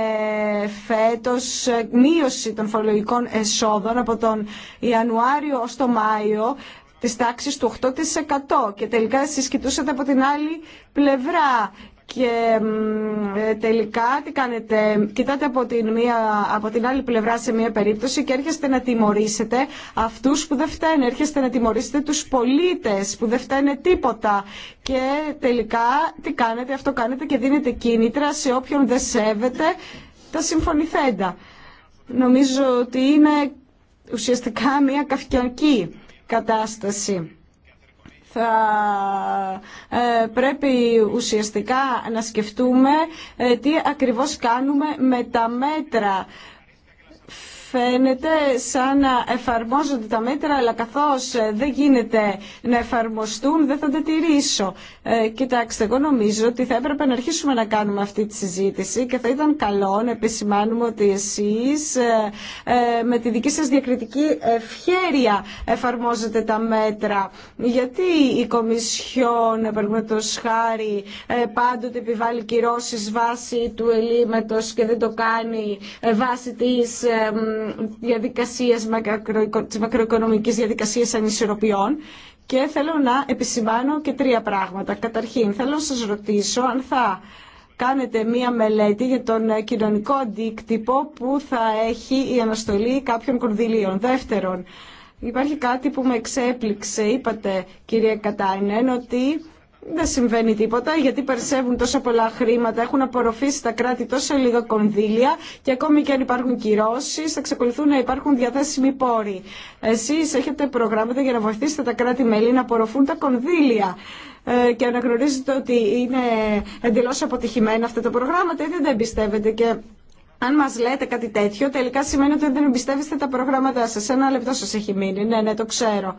φέτος μείωση των φορολογικών εσόδων από τον Ιανουάριο ως τον Μάιο της τάξης του 8% και τελικά συσκητούσατε από την άλλη πλευρά και ε, τελικά τι κάνετε, κοιτάτε από την, μία, από άλλη πλευρά σε μία περίπτωση και έρχεστε να τιμωρήσετε αυτούς που δεν φταίνε, έρχεστε να τιμωρήσετε τους πολίτες που δεν φταίνε τίποτα και τελικά τι κάνετε, αυτό κάνετε και δίνετε κίνητρα σε όποιον δεν σέβεται τα συμφωνηθέντα. Νομίζω ότι είναι ουσιαστικά μία καυκιακή κατάσταση. Ε, πρέπει ουσιαστικά να σκεφτούμε ε, τι ακριβώς κάνουμε με τα μέτρα φαίνεται σαν να εφαρμόζονται τα μέτρα, αλλά καθώς ε, δεν γίνεται να εφαρμοστούν, δεν θα τα τηρήσω. Ε, κοιτάξτε, εγώ νομίζω ότι θα έπρεπε να αρχίσουμε να κάνουμε αυτή τη συζήτηση και θα ήταν καλό να επισημάνουμε ότι εσείς ε, ε, με τη δική σας διακριτική ευχέρεια εφαρμόζετε τα μέτρα. Γιατί η Κομισιόν, παραδείγματος χάρη, πάντοτε επιβάλλει κυρώσεις βάσει του ελίμετος και δεν το κάνει βάσει της διαδικασίας της μακροοικονομικής διαδικασίας ανισορροπιών και θέλω να επισημάνω και τρία πράγματα. Καταρχήν, θέλω να σας ρωτήσω αν θα κάνετε μία μελέτη για τον κοινωνικό αντίκτυπο που θα έχει η αναστολή κάποιων κονδυλίων. Δεύτερον, υπάρχει κάτι που με εξέπληξε, είπατε κυρία Κατάινεν, ότι δεν συμβαίνει τίποτα γιατί περσεύουν τόσα πολλά χρήματα, έχουν απορροφήσει τα κράτη τόσο λίγα κονδύλια και ακόμη και αν υπάρχουν κυρώσει θα εξακολουθούν να υπάρχουν διαθέσιμοι πόροι. Εσεί έχετε προγράμματα για να βοηθήσετε τα κράτη-μέλη να απορροφούν τα κονδύλια ε, και αναγνωρίζετε ότι είναι εντελώ αποτυχημένα αυτά τα προγράμματα ή δεν τα εμπιστεύετε. Και αν μα λέτε κάτι τέτοιο, τελικά σημαίνει ότι δεν εμπιστεύεστε τα προγράμματά σα. Ένα λεπτό σα έχει μείνει. Ναι, ναι, το ξέρω.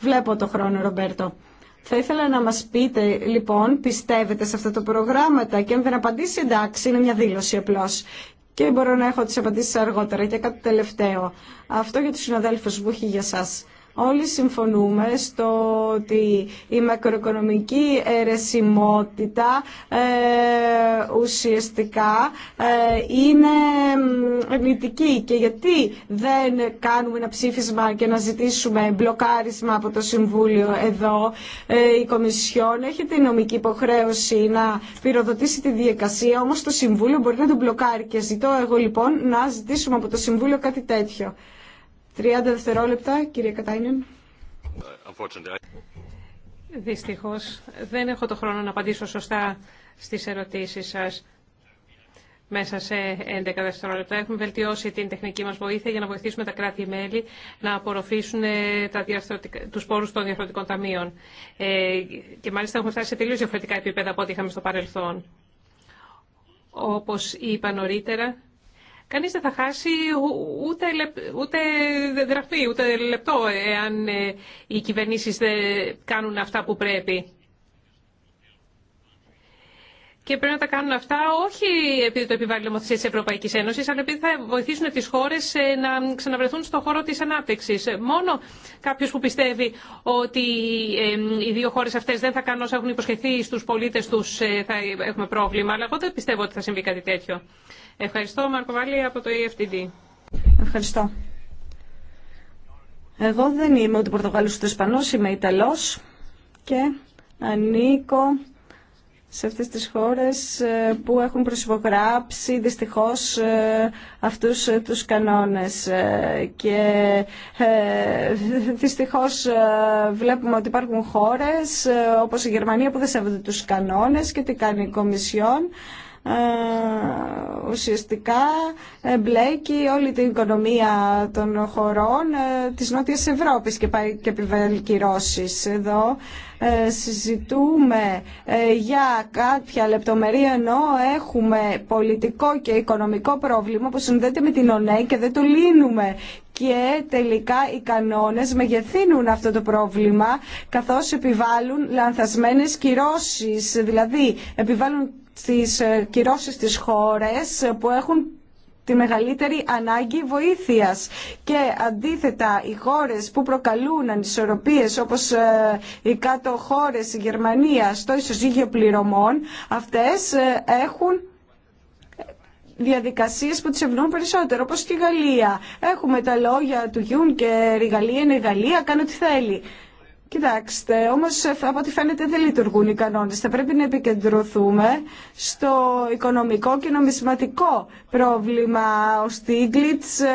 Βλέπω το χρόνο, Ρομπέρτο. Θα ήθελα να μας πείτε λοιπόν, πιστεύετε σε αυτά τα προγράμματα και αν δεν απαντήσει εντάξει, είναι μια δήλωση απλώς. Και μπορώ να έχω τις απαντήσεις αργότερα και κάτι τελευταίο. Αυτό για τους συναδέλφους που έχει για σας. Όλοι συμφωνούμε στο ότι η μακροοικονομική αιρεσιμότητα ε, ουσιαστικά ε, είναι αρνητική και γιατί δεν κάνουμε ένα ψήφισμα και να ζητήσουμε μπλοκάρισμα από το Συμβούλιο εδώ. Ε, η Κομισιόν έχει την νομική υποχρέωση να πυροδοτήσει τη διακασία, όμως το Συμβούλιο μπορεί να τον μπλοκάρει και ζητώ εγώ λοιπόν να ζητήσουμε από το Συμβούλιο κάτι τέτοιο. 30 δευτερόλεπτα, κύριε Κατάινεν. Δυστυχώς δεν έχω το χρόνο να απαντήσω σωστά στις ερωτήσεις σας μέσα σε 11 δευτερόλεπτα. Έχουμε βελτιώσει την τεχνική μας βοήθεια για να βοηθήσουμε τα κράτη-μέλη να απορροφήσουν ε, τα τους πόρους των διαφορετικών ταμείων. Ε, και μάλιστα έχουμε φτάσει σε τελείως διαφορετικά επίπεδα από ό,τι είχαμε στο παρελθόν. Όπως είπα νωρίτερα, Κανείς δεν θα χάσει ούτε, ούτε ούτε λεπτό, εάν ε, οι κυβερνήσεις δεν κάνουν αυτά που πρέπει και πρέπει να τα κάνουν αυτά όχι επειδή το επιβάλλει η νομοθεσία τη Ευρωπαϊκή Ένωση, αλλά επειδή θα βοηθήσουν τι χώρε ε, να ξαναβρεθούν στον χώρο τη ανάπτυξη. Μόνο κάποιο που πιστεύει ότι ε, οι δύο χώρε αυτέ δεν θα κάνουν όσα έχουν υποσχεθεί στου πολίτε του ε, θα έχουμε πρόβλημα. Αλλά εγώ δεν πιστεύω ότι θα συμβεί κάτι τέτοιο. Ευχαριστώ, Μαρκο από το EFTD. Ευχαριστώ. Εγώ δεν είμαι ούτε Πορτογάλο ούτε Ισπανό, είμαι Ιταλό και ανήκω σε αυτές τις χώρες ε, που έχουν προσυπογράψει δυστυχώς ε, αυτούς ε, τους κανόνες και δυστυχώς βλέπουμε ότι υπάρχουν χώρες όπως η Γερμανία που δεν σέβονται τους κανόνες και τι κάνει η Κομισιόν ουσιαστικά μπλέκει όλη την οικονομία των χωρών της Νότιας Ευρώπης και πάει και επιβάλλει εδώ ε, συζητούμε ε, για κάποια λεπτομερία ενώ έχουμε πολιτικό και οικονομικό πρόβλημα που συνδέεται με την ΟΝΕ και δεν το λύνουμε και τελικά οι κανόνες μεγεθύνουν αυτό το πρόβλημα καθώς επιβάλλουν λανθασμένες κυρώσεις, δηλαδή επιβάλλουν τις ε, κυρώσεις της χώρες που έχουν τη μεγαλύτερη ανάγκη βοήθειας και αντίθετα οι χώρες που προκαλούν ανισορροπίες όπως ε, οι κάτω χώρες η Γερμανία στο ισοζύγιο πληρωμών αυτές ε, έχουν διαδικασίες που τις ευνοούν περισσότερο, όπως και η Γαλλία. Έχουμε τα λόγια του Γιούν και η Γαλλία είναι η Γαλλία, κάνει ό,τι θέλει. Κοιτάξτε, όμω, ε, από ό,τι φαίνεται δεν λειτουργούν οι κανόνε. Θα πρέπει να επικεντρωθούμε στο οικονομικό και νομισματικό πρόβλημα. Ο Στίγκλιτς ε,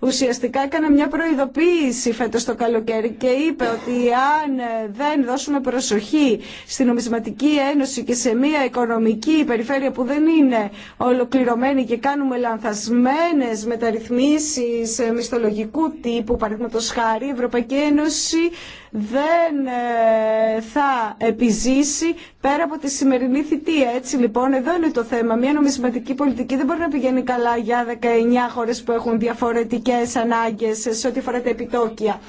ουσιαστικά έκανε μια προειδοποίηση φέτο το καλοκαίρι και είπε ότι αν ε, δεν δώσουμε προσοχή στη νομισματική ένωση και σε μια οικονομική περιφέρεια που δεν είναι ολοκληρωμένη και κάνουμε λανθασμένε μεταρρυθμίσει μισθολογικού τύπου, παραδείγματο χάρη, η Ευρωπαϊκή Ένωση δεν ε, θα επιζήσει πέρα από τη σημερινή θητεία. Έτσι λοιπόν εδώ είναι το θέμα. Μια νομισματική πολιτική δεν μπορεί να πηγαίνει καλά για 19 χώρε που έχουν διαφορετικές ανάγκες σε ό,τι αφορά τα επιτόκια.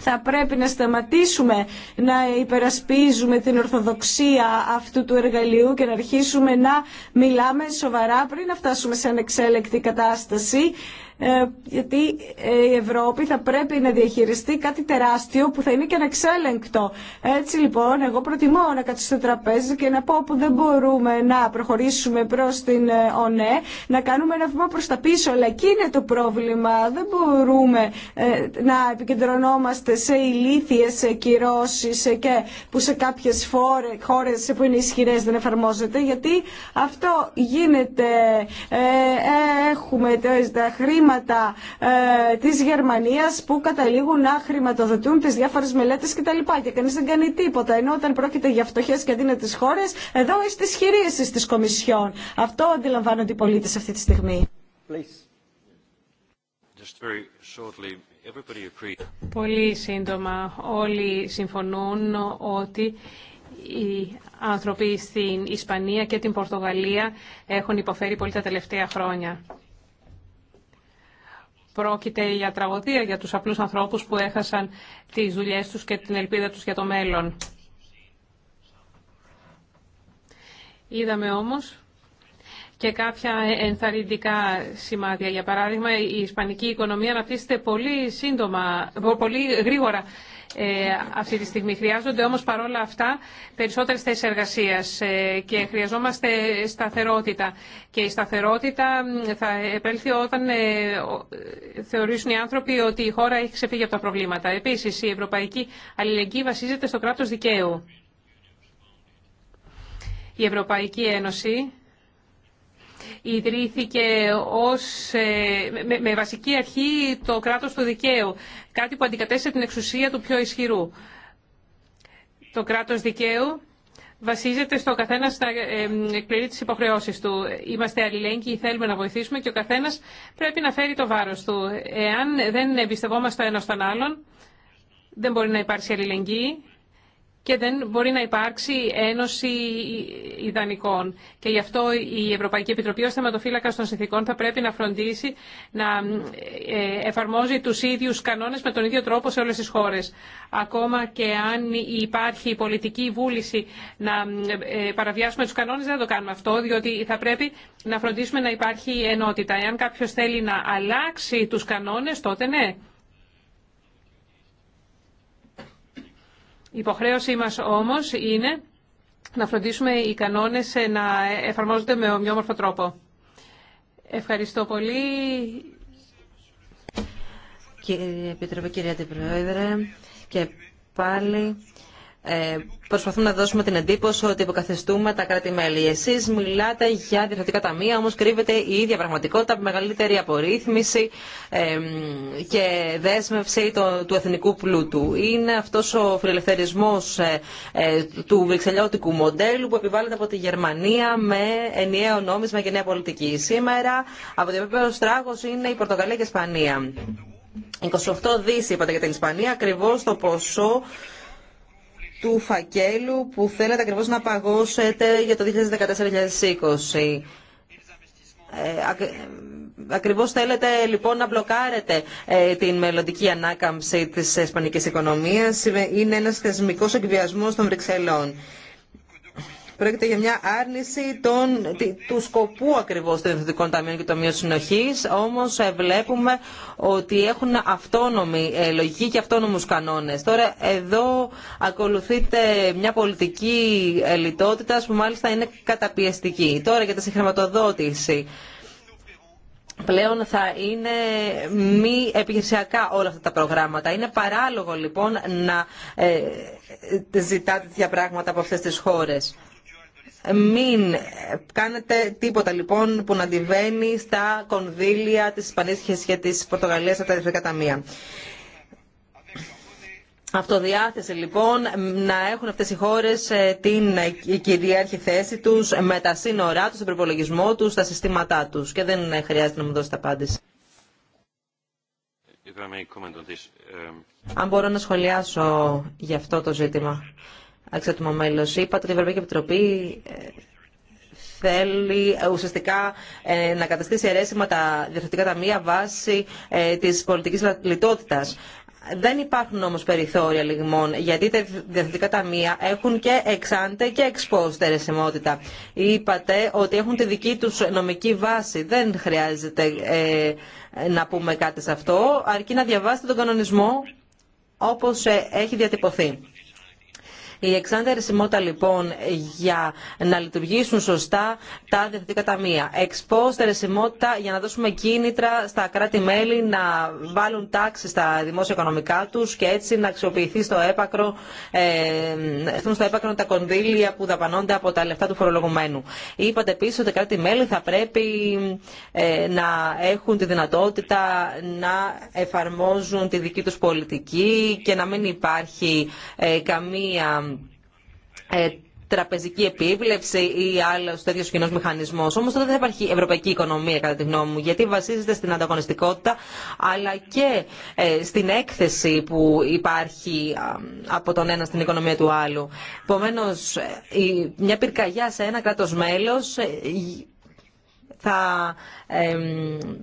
Θα πρέπει να σταματήσουμε να υπερασπίζουμε την ορθοδοξία αυτού του εργαλείου και να αρχίσουμε να μιλάμε σοβαρά πριν να φτάσουμε σε ανεξέλεκτη κατάσταση ε, γιατί ε, η Ευρώπη θα πρέπει να διαχειριστεί κάτι τεράστιο που θα είναι και ανεξέλεγκτο. Έτσι λοιπόν, εγώ προτιμώ να κάτσω στο τραπέζι και να πω που δεν μπορούμε να προχωρήσουμε προς την ε, ΟΝΕ, να κάνουμε ένα βήμα προ τα πίσω, αλλά εκεί είναι το πρόβλημα. Δεν μπορούμε να επικεντρωνόμαστε σε ηλίθιες κυρώσεις και που σε κάποιε χώρε που είναι ισχυρέ δεν εφαρμόζεται, γιατί αυτό γίνεται. Έχουμε τα χρήματα ιδρύματα ε, της Γερμανίας που καταλήγουν να χρηματοδοτούν τις διάφορες μελέτες κτλ. Και κανείς δεν κάνει τίποτα. Ενώ όταν πρόκειται για φτωχέ και αδύνατες χώρες, εδώ είστε ισχυροί εσείς της Κομισιόν. Αυτό αντιλαμβάνονται οι πολίτες αυτή τη στιγμή. Πολύ σύντομα όλοι συμφωνούν ότι οι άνθρωποι στην Ισπανία και την Πορτογαλία έχουν υποφέρει πολύ τα τελευταία χρόνια. Πρόκειται για τραγωδία για τους απλούς ανθρώπους που έχασαν τις δουλειές τους και την ελπίδα τους για το μέλλον. Είδαμε όμως και κάποια ενθαρρυντικά σημάδια. Για παράδειγμα, η ισπανική οικονομία αναπτύσσεται πολύ σύντομα, πολύ γρήγορα ε, αυτή τη στιγμή. Χρειάζονται όμως παρόλα αυτά περισσότερες θέσεις εργασίας ε, και χρειαζόμαστε σταθερότητα. Και η σταθερότητα θα επέλθει όταν ε, θεωρήσουν οι άνθρωποι ότι η χώρα έχει ξεφύγει από τα προβλήματα. Επίσης, η ευρωπαϊκή αλληλεγγύη βασίζεται στο κράτος δικαίου. Η Ευρωπαϊκή Ένωση ιδρύθηκε ως, ε, με, βασική αρχή το κράτος του δικαίου, κάτι που αντικατέστησε την εξουσία του πιο ισχυρού. Το κράτος δικαίου βασίζεται στο καθένα να εκπληρεί τι υποχρεώσει του. Είμαστε αλληλέγγυοι, θέλουμε να βοηθήσουμε και ο καθένα πρέπει να φέρει το βάρο του. Εάν δεν εμπιστευόμαστε ο ένα στον άλλον, δεν μπορεί να υπάρξει αλληλεγγύη και δεν μπορεί να υπάρξει ένωση ιδανικών. Και γι' αυτό η Ευρωπαϊκή Επιτροπή ως θεματοφύλακας των συνθήκων θα πρέπει να φροντίσει να ε, εφαρμόζει τους ίδιους κανόνες με τον ίδιο τρόπο σε όλες τις χώρες. Ακόμα και αν υπάρχει πολιτική βούληση να ε, παραβιάσουμε τους κανόνες δεν θα το κάνουμε αυτό, διότι θα πρέπει να φροντίσουμε να υπάρχει ενότητα. Εάν κάποιο θέλει να αλλάξει τους κανόνες τότε ναι. Η υποχρέωσή μας όμως είναι να φροντίσουμε οι κανόνες να εφαρμόζονται με ομοιόμορφο τρόπο. Ευχαριστώ πολύ. Κύριε Επίτροπε, κύριε Αντιπρόεδρε, και πάλι ε, προσπαθούμε να δώσουμε την εντύπωση ότι υποκαθιστούμε τα κράτη-μέλη. Εσεί μιλάτε για διευθυντικά ταμεία, όμω κρύβεται η ίδια πραγματικότητα, μεγαλύτερη απορρίθμιση και δέσμευση του εθνικού πλούτου. Είναι αυτό ο φιλελευθερισμό ε, ε, του βρυξελιώτικου μοντέλου που επιβάλλεται από τη Γερμανία με ενιαίο νόμισμα και νέα πολιτική. Σήμερα, από την επίπεδο στράγο είναι η Πορτογαλία και η Ισπανία. 28 δις είπατε για την Ισπανία, ακριβώ το ποσό του φακέλου που θέλετε ακριβώς να παγώσετε για το 2014-2020. Ε, ε, ακριβώς θέλετε λοιπόν να μπλοκάρετε ε, την μελλοντική ανάκαμψη της ισπανικής οικονομίας. Είναι ένας θεσμικός εκβιασμός των Βρυξελών. Πρόκειται για μια άρνηση των, του σκοπού ακριβώς των Διευθυντικών Ταμείων και μείων Συνοχής, όμως ε, βλέπουμε ότι έχουν αυτόνομη ε, λογική και αυτόνομους κανόνες. Τώρα εδώ ακολουθείται μια πολιτική ε, λιτότητα που μάλιστα είναι καταπιεστική. Τώρα για τη συγχρηματοδότηση πλέον θα είναι μη επιχειρησιακά όλα αυτά τα προγράμματα. Είναι παράλογο λοιπόν να ε, ζητάτε τέτοια πράγματα από αυτές τις χώρες. Μην κάνετε τίποτα λοιπόν που να αντιβαίνει στα κονδύλια της Ισπανίας και της Πορτογαλίας στα τελευταία ταμεία. Αυτοδιάθεση λοιπόν να έχουν αυτές οι χώρες ε, την ε, κυρίαρχη θέση τους ε, με τα σύνορά τους, τον προπολογισμό τους, τα συστήματά τους και δεν χρειάζεται να μου δώσετε απάντηση. Αν μπορώ να σχολιάσω γι' αυτό το ζήτημα αξιότιμο μέλο. Είπατε ότι η Ευρωπαϊκή Επιτροπή ε, θέλει ε, ουσιαστικά ε, να καταστήσει αιρέσιμα τα διευθυντικά ταμεία βάσει της πολιτικής λιτότητας. Δεν υπάρχουν όμω περιθώρια λιγμών, γιατί τα διαθετικά ταμεία έχουν και εξάντε και εξπόστε ερεσιμότητα. Είπατε ότι έχουν τη δική του νομική βάση. Δεν χρειάζεται να πούμε κάτι σε αυτό, αρκεί να διαβάσετε τον κανονισμό όπως έχει διατυπωθεί. Η εξάντια ερεσιμότητα λοιπόν για να λειτουργήσουν σωστά τα διευθυντικά ταμεία. Εξπόστε ερεσιμότητα για να δώσουμε κίνητρα στα κράτη-μέλη να βάλουν τάξη στα δημόσια οικονομικά του και έτσι να αξιοποιηθεί στο έπακρο, ε, στο έπακρο τα κονδύλια που δαπανώνται από τα λεφτά του φορολογουμένου. Είπατε επίση ότι τα κράτη-μέλη θα πρέπει ε, να έχουν τη δυνατότητα να εφαρμόζουν τη δική του πολιτική και να μην υπάρχει ε, καμία ε, τραπεζική επίβλεψη ή άλλο τέτοιο κοινό μηχανισμό. Όμω τότε δεν θα υπάρχει ευρωπαϊκή οικονομία, κατά τη γνώμη μου, γιατί βασίζεται στην ανταγωνιστικότητα, αλλά και ε, στην έκθεση που υπάρχει από τον ένα στην οικονομία του άλλου. Επομένω, ε, μια πυρκαγιά σε ένα κράτο μέλο θα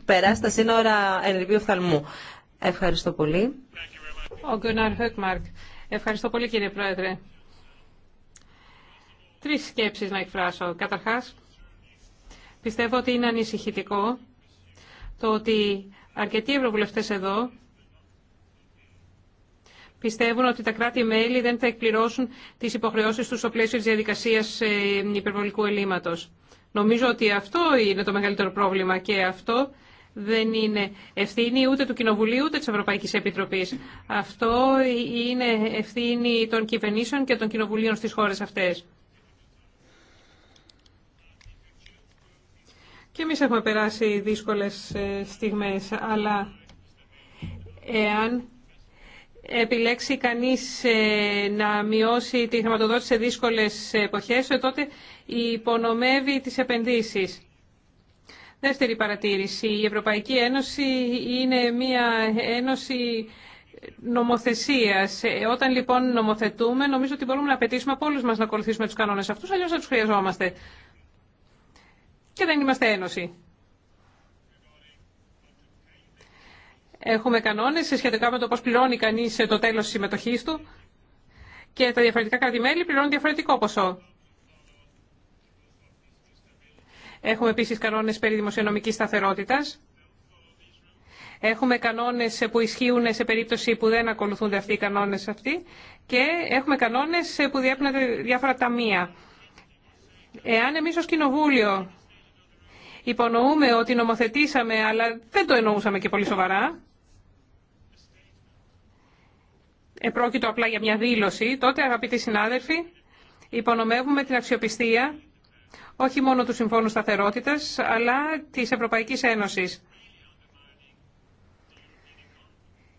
περάσει τα σύνορα ενεργείου οφθαλμού. Ευχαριστώ πολύ. Ευχαριστώ πολύ κύριε Πρόεδρε. Τρεις σκέψεις να εκφράσω. Καταρχάς, πιστεύω ότι είναι ανησυχητικό το ότι αρκετοί ευρωβουλευτές εδώ πιστεύουν ότι τα κράτη-μέλη δεν θα εκπληρώσουν τις υποχρεώσεις τους στο πλαίσιο της διαδικασίας ε, υπερβολικού ελλείμματος. Νομίζω ότι αυτό είναι το μεγαλύτερο πρόβλημα και αυτό δεν είναι ευθύνη ούτε του Κοινοβουλίου ούτε της Ευρωπαϊκής Επιτροπής. Αυτό είναι ευθύνη των κυβερνήσεων και των κοινοβουλίων στις χώρες αυτές. Και εμείς έχουμε περάσει δύσκολες ε, στιγμές, αλλά εάν επιλέξει κανείς ε, να μειώσει τη χρηματοδότηση σε δύσκολες εποχές, ε, τότε υπονομεύει τις επενδύσεις. Δεύτερη παρατήρηση. Η Ευρωπαϊκή Ένωση είναι μια ένωση νομοθεσίας. Όταν λοιπόν νομοθετούμε, νομίζω ότι μπορούμε να απαιτήσουμε από όλους μας να ακολουθήσουμε τους κανόνες αυτούς, αλλιώς δεν τους χρειαζόμαστε και δεν είμαστε ένωση. Έχουμε κανόνες σχετικά με το πώς πληρώνει κανείς το τέλος της συμμετοχής του και τα διαφορετικά πληρώνουν διαφορετικό ποσό. Έχουμε επίσης κανόνες περί δημοσιονομικής σταθερότητας. Έχουμε κανόνες που ισχύουν σε περίπτωση που δεν ακολουθούνται αυτοί οι κανόνες αυτοί και έχουμε κανόνες που διέπνονται διάφορα ταμεία. Εάν εμείς ως Κοινοβούλιο Υπονοούμε ότι νομοθετήσαμε, αλλά δεν το εννοούσαμε και πολύ σοβαρά. Επρόκειτο απλά για μια δήλωση. Τότε, αγαπητοί συνάδελφοι, υπονομεύουμε την αξιοπιστία όχι μόνο του Συμφώνου Σταθερότητας, αλλά της Ευρωπαϊκής Ένωσης.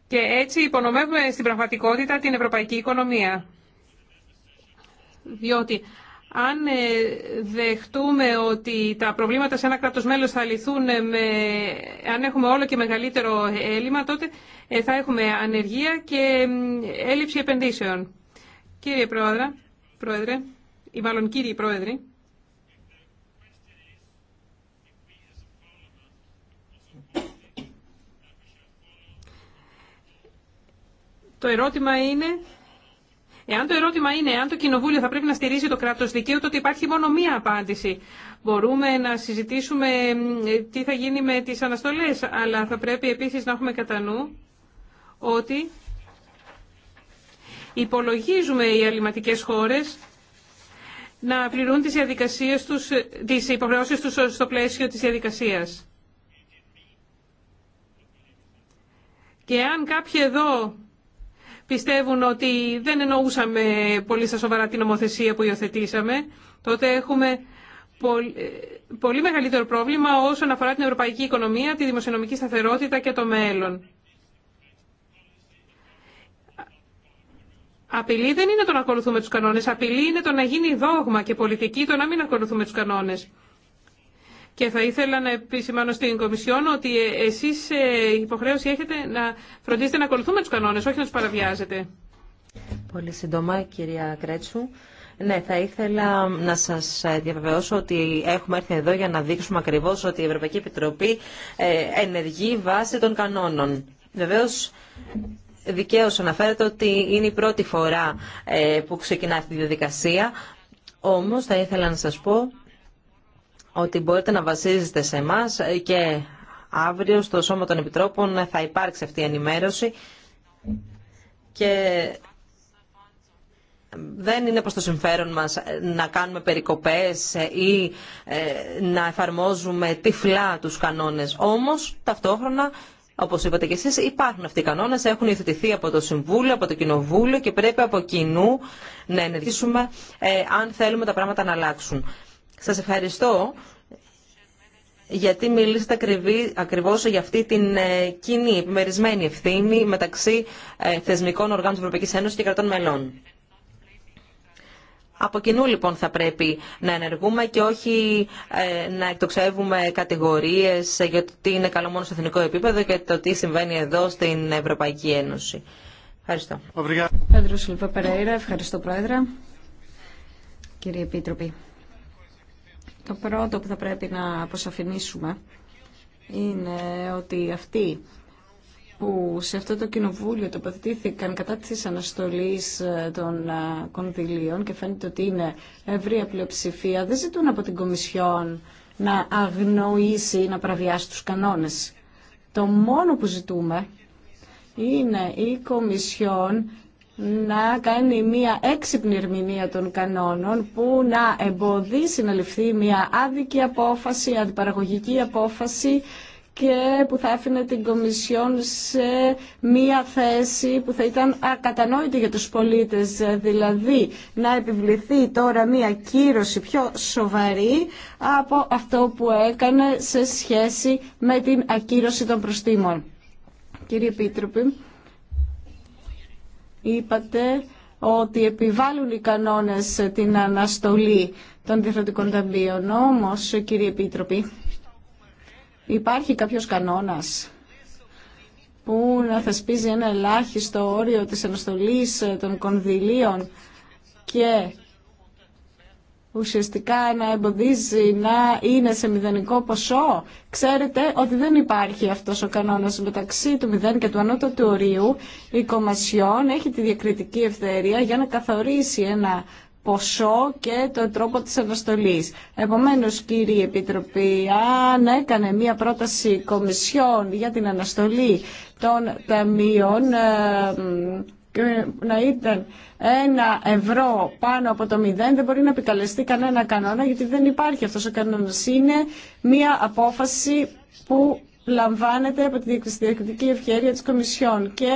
Και έτσι υπονομεύουμε στην πραγματικότητα την ευρωπαϊκή οικονομία. Διότι αν ε, δεχτούμε ότι τα προβλήματα σε ένα κράτος μέλος θα λυθούν ε, με, αν έχουμε όλο και μεγαλύτερο έλλειμμα, τότε ε, θα έχουμε ανεργία και έλλειψη επενδύσεων. Κύριε Πρόεδρε, Πρόεδρε ή μάλλον κύριοι Πρόεδροι, το ερώτημα είναι Εάν το ερώτημα είναι αν το Κοινοβούλιο θα πρέπει να στηρίζει το κράτο δικαίου, τότε υπάρχει μόνο μία απάντηση. Μπορούμε να συζητήσουμε τι θα γίνει με τι αναστολέ, αλλά θα πρέπει επίση να έχουμε κατά νου ότι υπολογίζουμε οι αλληματικέ χώρες να πληρούν τις, διαδικασίες τους, τις υποχρεώσεις στο πλαίσιο της διαδικασίας. Και αν κάποιοι εδώ πιστεύουν ότι δεν εννοούσαμε πολύ στα σοβαρά την νομοθεσία που υιοθετήσαμε, τότε έχουμε ε, πολύ μεγαλύτερο πρόβλημα όσον αφορά την ευρωπαϊκή οικονομία, τη δημοσιονομική σταθερότητα και το μέλλον. Απειλή δεν είναι το να ακολουθούμε τους κανόνες, απειλή είναι το να γίνει δόγμα και πολιτική το να μην ακολουθούμε τους κανόνες. Και θα ήθελα να επισημάνω στην Κομισιόν ότι εσείς ε, υποχρέωση έχετε να φροντίσετε να ακολουθούμε τους κανόνες, όχι να του παραβιάζετε. Πολύ σύντομα, κυρία Κρέτσου. Ναι, θα ήθελα να σας ε, διαβεβαιώσω ότι έχουμε έρθει εδώ για να δείξουμε ακριβώς ότι η Ευρωπαϊκή Επιτροπή ε, ενεργεί βάσει των κανόνων. Βεβαίως, δικαίως αναφέρεται ότι είναι η πρώτη φορά που ξεκινά αυτή τη διαδικασία. Όμως, θα ήθελα να σας πω ότι μπορείτε να βασίζεστε σε εμά και αύριο στο Σώμα των Επιτρόπων θα υπάρξει αυτή η ενημέρωση και δεν είναι προς το συμφέρον μας να κάνουμε περικοπές ή ε, να εφαρμόζουμε τυφλά τους κανόνες. Όμως, ταυτόχρονα, όπως είπατε και εσείς, υπάρχουν αυτοί οι κανόνες, έχουν υιοθετηθεί από το Συμβούλιο, από το Κοινοβούλιο και πρέπει από κοινού να ενεργήσουμε ε, αν θέλουμε τα πράγματα να αλλάξουν. Σας ευχαριστώ γιατί μιλήσατε ακριβώς για αυτή την ε, κοινή επιμερισμένη ευθύνη μεταξύ ε, θεσμικών οργάνων της Ευρωπαϊκής Ένωσης και κρατών μελών. Από κοινού λοιπόν θα πρέπει να ενεργούμε και όχι ε, να εκτοξεύουμε κατηγορίες για το τι είναι καλό μόνο στο εθνικό επίπεδο και το τι συμβαίνει εδώ στην Ευρωπαϊκή Ένωση. Ευχαριστώ. ευχαριστώ Επίτροπη. Το πρώτο που θα πρέπει να αποσαφηνίσουμε είναι ότι αυτοί που σε αυτό το κοινοβούλιο τοποθετήθηκαν κατά της αναστολής ε, των ε, κονδυλίων και φαίνεται ότι είναι ευρία πλειοψηφία, δεν ζητούν από την Κομισιόν να αγνοήσει ή να παραβιάσει τους κανόνες. Το μόνο που ζητούμε είναι η Κομισιόν να κάνει μια έξυπνη ερμηνεία των κανόνων που να εμποδίσει να ληφθεί μια άδικη απόφαση, αντιπαραγωγική απόφαση και που θα άφηνε την Κομισιόν σε μία θέση που θα ήταν ακατανόητη για τους πολίτες, δηλαδή να επιβληθεί τώρα μία κύρωση πιο σοβαρή από αυτό που έκανε σε σχέση με την ακύρωση των προστήμων. Κύριε Επίτροπη, είπατε ότι επιβάλλουν οι κανόνες την αναστολή των διαφορετικών ταμπίων. Όμως, κύριε Επίτροπη, υπάρχει κάποιος κανόνας που να θεσπίζει ένα ελάχιστο όριο της αναστολής των κονδυλίων και ουσιαστικά να εμποδίζει να είναι σε μηδενικό ποσό. Ξέρετε ότι δεν υπάρχει αυτός ο κανόνας μεταξύ του μηδέν και του ανώτατου ορίου. Η Κομμασιόν έχει τη διακριτική ευθερία για να καθορίσει ένα ποσό και το τρόπο της αναστολής. Επομένως, κύριε Επιτροπή, αν έκανε μία πρόταση κομισιόν για την αναστολή των ταμείων, ε, να ήταν ένα ευρώ πάνω από το μηδέν δεν μπορεί να επικαλεστεί κανένα κανόνα γιατί δεν υπάρχει αυτός ο κανόνας. Είναι μία απόφαση που λαμβάνεται από τη διακριτική ευχαίρεια της Κομισιόν και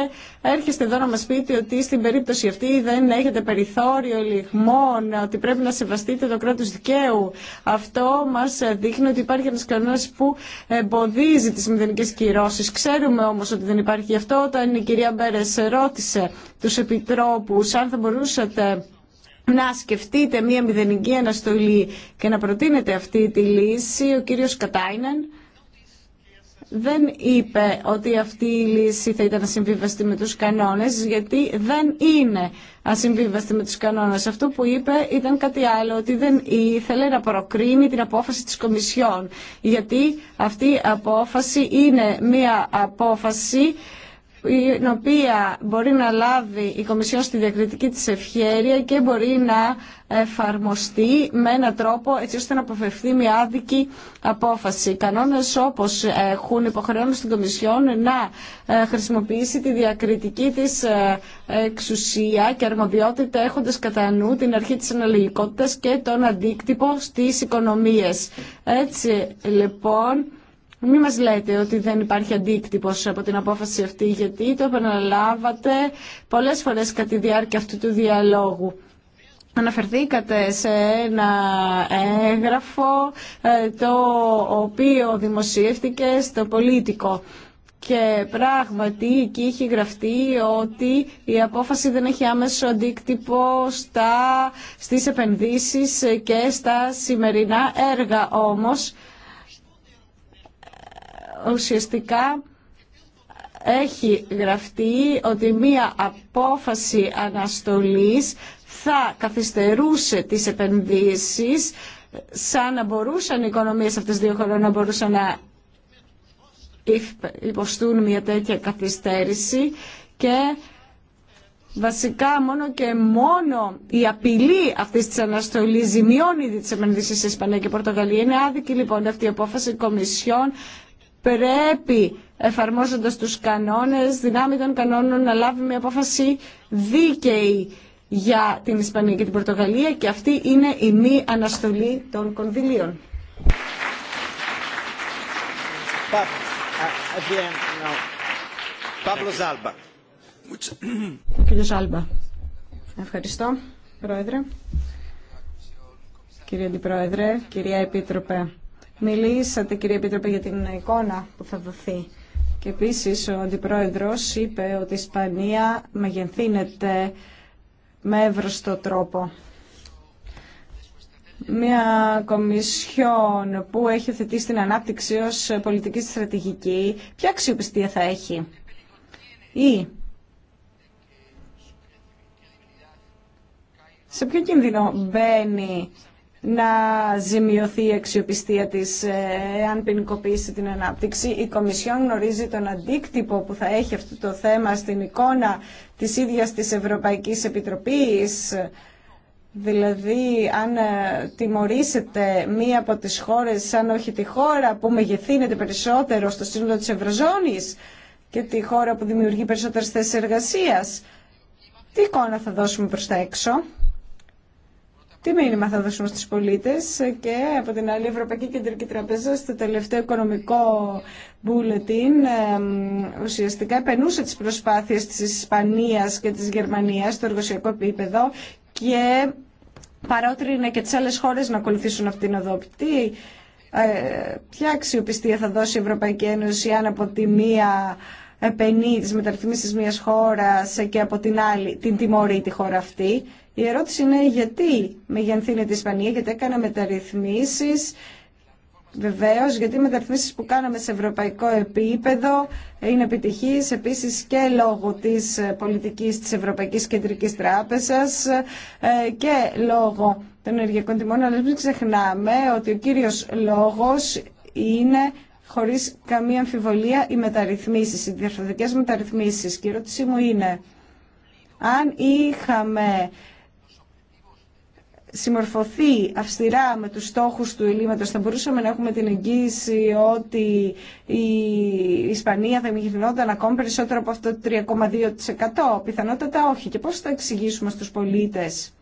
έρχεστε εδώ να μας πείτε ότι στην περίπτωση αυτή δεν έχετε περιθώριο λιγμών, ότι πρέπει να σεβαστείτε το κράτος δικαίου. Αυτό μας δείχνει ότι υπάρχει ένας κανόνας που εμποδίζει τις μηδενικές κυρώσεις. Ξέρουμε όμως ότι δεν υπάρχει αυτό όταν η κυρία Μπέρες ρώτησε τους επιτρόπους αν θα μπορούσατε να σκεφτείτε μία μηδενική αναστολή και να προτείνετε αυτή τη λύση, ο κύριος Κατάινεν δεν είπε ότι αυτή η λύση θα ήταν ασυμβίβαστη με τους κανόνες, γιατί δεν είναι ασυμβίβαστη με τους κανόνες. Αυτό που είπε ήταν κάτι άλλο, ότι δεν ήθελε να προκρίνει την απόφαση της Κομισιόν, γιατί αυτή η απόφαση είναι μία απόφαση η οποία μπορεί να λάβει η Κομισιόν στη διακριτική της ευχέρεια και μπορεί να εφαρμοστεί με έναν τρόπο έτσι ώστε να αποφευθεί μια άδικη απόφαση. κανόνες όπως έχουν υποχρεώνει στην Κομισιόν να ε, χρησιμοποιήσει τη διακριτική της ε, εξουσία και αρμοδιότητα έχοντας κατά νου την αρχή της αναλογικότητας και τον αντίκτυπο στις οικονομίες. Έτσι λοιπόν μην μας λέτε ότι δεν υπάρχει αντίκτυπος από την απόφαση αυτή, γιατί το επαναλάβατε πολλές φορές κατά τη διάρκεια αυτού του διαλόγου. Αναφερθήκατε σε ένα έγγραφο ε, το οποίο δημοσιεύτηκε στο πολίτικο και πράγματι εκεί έχει γραφτεί ότι η απόφαση δεν έχει άμεσο αντίκτυπο στα, στις επενδύσεις και στα σημερινά έργα όμως ουσιαστικά έχει γραφτεί ότι μία απόφαση αναστολής θα καθυστερούσε τις επενδύσεις σαν να μπορούσαν οι οικονομίες αυτές δύο χωρών να μπορούσαν να υποστούν μια τέτοια καθυστέρηση και βασικά μόνο και μόνο η απειλή αυτή τη αναστολή ζημιώνει τι επενδύσει σε Ισπανία και Πορτογαλία. Είναι άδικη λοιπόν αυτή η απόφαση. κομισιών πρέπει εφαρμόζοντας τους κανόνες, δυνάμει των κανόνων να λάβει μια απόφαση δίκαιη για την Ισπανία και την Πορτογαλία και αυτή είναι η μη αναστολή των κονδυλίων. Κύριος Άλμπα. Ευχαριστώ, Πρόεδρε. Κύριε Αντιπρόεδρε, κυρία Επίτροπε. Μιλήσατε, κύριε Επίτροπε, για την εικόνα που θα δοθεί. Και επίσης ο Αντιπρόεδρος είπε ότι η Ισπανία μεγενθύνεται με εύρωστο τρόπο. Μια κομισιόν που έχει θετήσει την ανάπτυξη ως πολιτική στρατηγική, ποια αξιοπιστία θα έχει ή σε ποιο κίνδυνο μπαίνει να ζημιωθεί η αξιοπιστία της αν ε, ποινικοποιήσει την ανάπτυξη. Η Κομισιόν γνωρίζει τον αντίκτυπο που θα έχει αυτό το θέμα στην εικόνα της ίδιας της Ευρωπαϊκής Επιτροπής. Δηλαδή, αν ε, τιμωρήσετε μία από τις χώρες, αν όχι τη χώρα που μεγεθύνεται περισσότερο στο σύνολο της Ευρωζώνης και τη χώρα που δημιουργεί περισσότερες θέσεις εργασίας, τι εικόνα θα δώσουμε προς τα έξω τι μήνυμα θα δώσουμε στους πολίτες και από την άλλη Ευρωπαϊκή Κεντρική Τραπέζα στο τελευταίο οικονομικό bulletin ουσιαστικά επενούσε τις προσπάθειες της Ισπανίας και της Γερμανίας στο εργοσιακό επίπεδο και παρότρινε και τις άλλες χώρες να ακολουθήσουν αυτήν την οδό. Ε, ποια αξιοπιστία θα δώσει η Ευρωπαϊκή Ένωση αν από τη μία επενεί τις μεταρρυθμίσεις μιας χώρας και από την άλλη την τιμωρεί τη χώρα αυτή η ερώτηση είναι γιατί μεγενθύνεται η Ισπανία, γιατί έκανα μεταρρυθμίσεις Βεβαίω, γιατί οι μεταρρυθμίσει που κάναμε σε ευρωπαϊκό επίπεδο είναι επιτυχεί επίση και λόγω τη πολιτική τη Ευρωπαϊκή Κεντρική Τράπεζα ε, και λόγω των ενεργειακών τιμών. Αλλά μην ξεχνάμε ότι ο κύριο λόγο είναι χωρί καμία αμφιβολία οι μεταρρυθμίσει, οι διαρθρωτικέ μεταρρυθμίσει. Και η ερώτησή μου είναι, αν είχαμε συμμορφωθεί αυστηρά με τους στόχους του ελλείμματος θα μπορούσαμε να έχουμε την εγγύηση ότι η Ισπανία θα γινόταν ακόμη περισσότερο από αυτό το 3,2% πιθανότατα όχι και πώς θα εξηγήσουμε στους πολίτες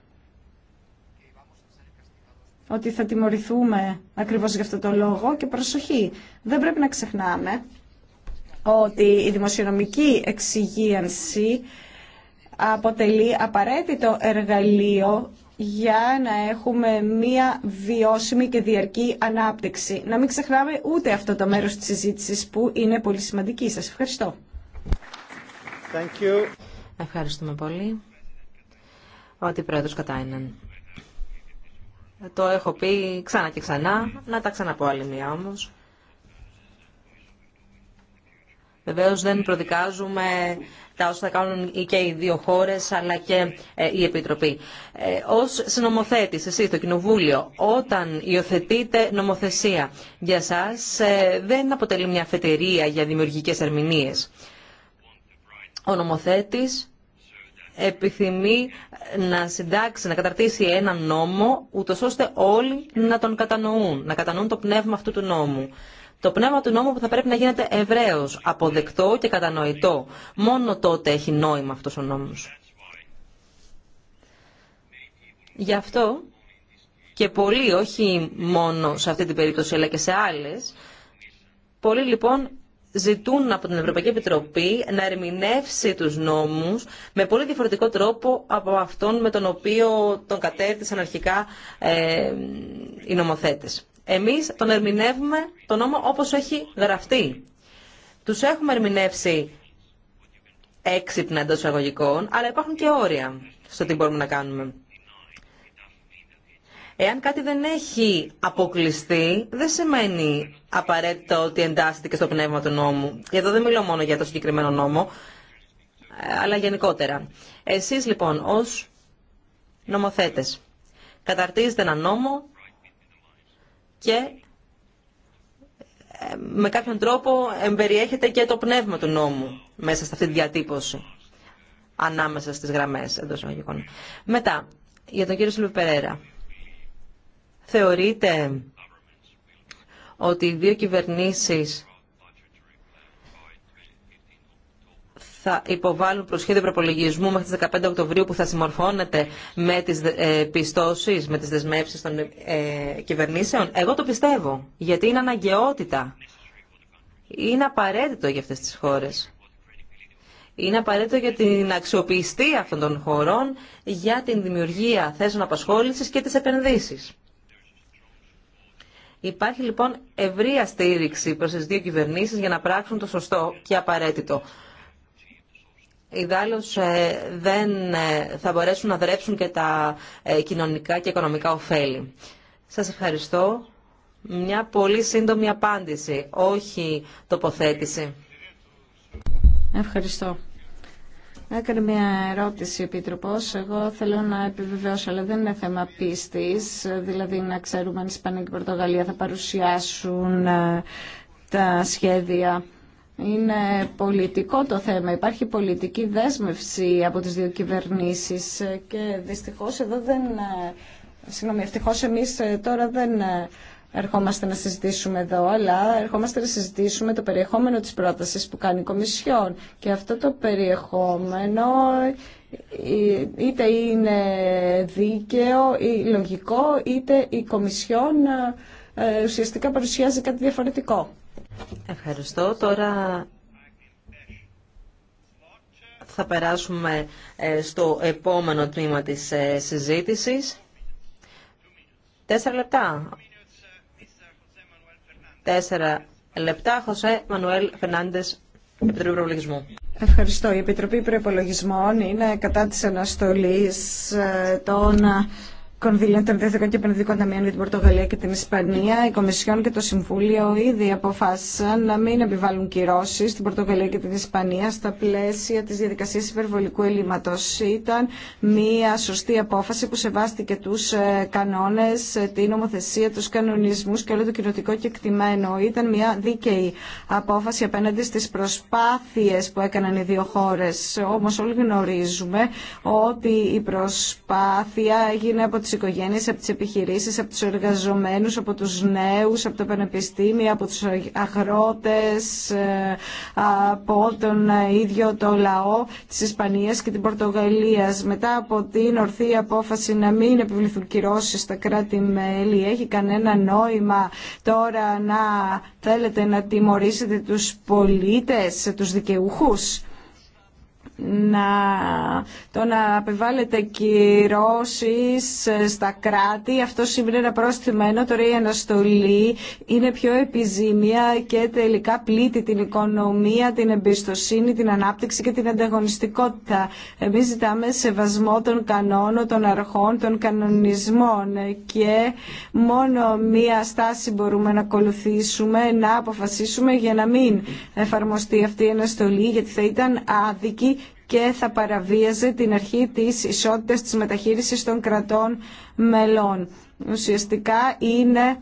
ότι θα τιμωρηθούμε ακριβώς γι' αυτό το λόγο και προσοχή δεν πρέπει να ξεχνάμε ότι η δημοσιονομική εξυγίανση αποτελεί απαραίτητο εργαλείο για να έχουμε μία βιώσιμη και διαρκή ανάπτυξη. Να μην ξεχνάμε ούτε αυτό το μέρος της συζήτησης που είναι πολύ σημαντική. Σας ευχαριστώ. Thank Ευχαριστούμε πολύ. Ότι Αντιπρόεδρος Κατάινεν. Το έχω πει ξανά και ξανά, να τα ξαναπώ άλλη μία όμως. Βεβαίως δεν προδικάζουμε τα θα κάνουν και οι δύο χώρε αλλά και ε, η Επιτροπή. Ε, Ω συνομοθέτη, εσεί το Κοινοβούλιο, όταν υιοθετείτε νομοθεσία για εσά, δεν αποτελεί μια αφετηρία για δημιουργικέ ερμηνείε. Ο νομοθέτης επιθυμεί να συντάξει, να καταρτήσει ένα νόμο, ούτως ώστε όλοι να τον κατανοούν, να κατανοούν το πνεύμα αυτού του νόμου. Το πνεύμα του νόμου που θα πρέπει να γίνεται ευρέω, αποδεκτό και κατανοητό. Μόνο τότε έχει νόημα αυτό ο νόμο. Γι' αυτό και πολλοί, όχι μόνο σε αυτή την περίπτωση αλλά και σε άλλες, πολλοί λοιπόν ζητούν από την Ευρωπαϊκή Επιτροπή να ερμηνεύσει τους νόμους με πολύ διαφορετικό τρόπο από αυτόν με τον οποίο τον κατέρτισαν αρχικά ε, οι νομοθέτες. Εμείς τον ερμηνεύουμε τον νόμο όπως έχει γραφτεί. Τους έχουμε ερμηνεύσει έξυπνα εντό εισαγωγικών, αλλά υπάρχουν και όρια στο τι μπορούμε να κάνουμε. Εάν κάτι δεν έχει αποκλειστεί, δεν σημαίνει απαραίτητα ότι εντάσσεται στο πνεύμα του νόμου. Και εδώ δεν μιλώ μόνο για το συγκεκριμένο νόμο, αλλά γενικότερα. Εσείς λοιπόν ως νομοθέτες καταρτίζετε ένα νόμο και ε, με κάποιον τρόπο εμπεριέχεται και το πνεύμα του νόμου μέσα σε αυτή τη διατύπωση ανάμεσα στις γραμμές εντός εισαγωγικών. Μετά, για τον κύριο Σιλβιπερέρα. Θεωρείτε ότι οι δύο κυβερνήσεις θα υποβάλουν προσχέδιο προπολογισμού μέχρι τις 15 Οκτωβρίου που θα συμμορφώνεται με τις ε, πιστώσεις, με τις δεσμεύσεις των ε, κυβερνήσεων. Εγώ το πιστεύω, γιατί είναι αναγκαιότητα. Είναι απαραίτητο για αυτές τις χώρες. Είναι απαραίτητο για την αξιοπιστία αυτών των χωρών, για την δημιουργία θέσεων απασχόλησης και τις επενδύσεις. Υπάρχει λοιπόν ευρία στήριξη προς τις δύο κυβερνήσεις για να πράξουν το σωστό και απαραίτητο. Ιδάλλως ε, δεν ε, θα μπορέσουν να δρέψουν και τα ε, κοινωνικά και οικονομικά ωφέλη. Σας ευχαριστώ. Μια πολύ σύντομη απάντηση, όχι τοποθέτηση. Ευχαριστώ. Έκανε μια ερώτηση, Επίτροπος. Εγώ θέλω να επιβεβαιώσω, αλλά δεν είναι θέμα πίστης, δηλαδή να ξέρουμε αν η Ισπανία και η Πορτογαλία θα παρουσιάσουν τα σχέδια είναι πολιτικό το θέμα. Υπάρχει πολιτική δέσμευση από τις δύο κυβερνήσεις και δυστυχώς εδώ δεν... Συγγνώμη, ευτυχώς εμείς τώρα δεν ερχόμαστε να συζητήσουμε εδώ, αλλά ερχόμαστε να συζητήσουμε το περιεχόμενο της πρότασης που κάνει η Κομισιόν. Και αυτό το περιεχόμενο είτε είναι δίκαιο ή λογικό, είτε η Κομισιόν ε, ουσιαστικά παρουσιάζει κάτι διαφορετικό. Ευχαριστώ. Τώρα θα περάσουμε ε, στο επόμενο τμήμα της ε, συζήτησης. Τέσσερα λεπτά. Τέσσερα λεπτά. Χωσέ Μανουέλ Φερνάντες, Επιτροπή Προπολογισμού. Ευχαριστώ. Η Επιτροπή Προπολογισμών είναι κατά της αναστολής ε, των κονδυλίων των Διεθνικών και Επενδυτικών Ταμείων για την Πορτογαλία και την Ισπανία, η Κομισιόν και το Συμβούλιο ήδη αποφάσισαν να μην επιβάλλουν κυρώσει στην Πορτογαλία και την Ισπανία στα πλαίσια τη διαδικασία υπερβολικού ελλείμματο. Ήταν μια σωστή απόφαση που σεβάστηκε του ε, κανόνε, ε, την νομοθεσία, του κανονισμού και όλο το κοινοτικό κεκτημένο. Ήταν μια δίκαιη απόφαση απέναντι στι προσπάθειε που έκαναν οι δύο χώρε. Όμω όλοι γνωρίζουμε ότι η προσπάθεια έγινε από τι τις οικογένειες, από τις επιχειρήσεις, από τους εργαζομένους, από τους νέους, από το πανεπιστήμιο, από τους αγρότες, ε, από τον ίδιο το λαό της Ισπανίας και την Πορτογαλίας. Μετά από την ορθή απόφαση να μην επιβληθούν κυρώσεις στα κράτη-μέλη, έχει κανένα νόημα τώρα να θέλετε να τιμωρήσετε τους πολίτες, τους δικαιούχους να, το να επιβάλλεται κυρώσεις στα κράτη, αυτό σημαίνει ένα πρόστιμο ενώ τώρα η αναστολή είναι πιο επιζήμια και τελικά πλήττει την οικονομία, την εμπιστοσύνη, την ανάπτυξη και την ανταγωνιστικότητα. Εμεί ζητάμε σεβασμό των κανόνων, των αρχών, των κανονισμών και μόνο μία στάση μπορούμε να ακολουθήσουμε, να αποφασίσουμε για να μην εφαρμοστεί αυτή η αναστολή, γιατί θα ήταν άδικη και θα παραβίαζε την αρχή της ισότητας της μεταχείρισης των κρατών μελών. Ουσιαστικά είναι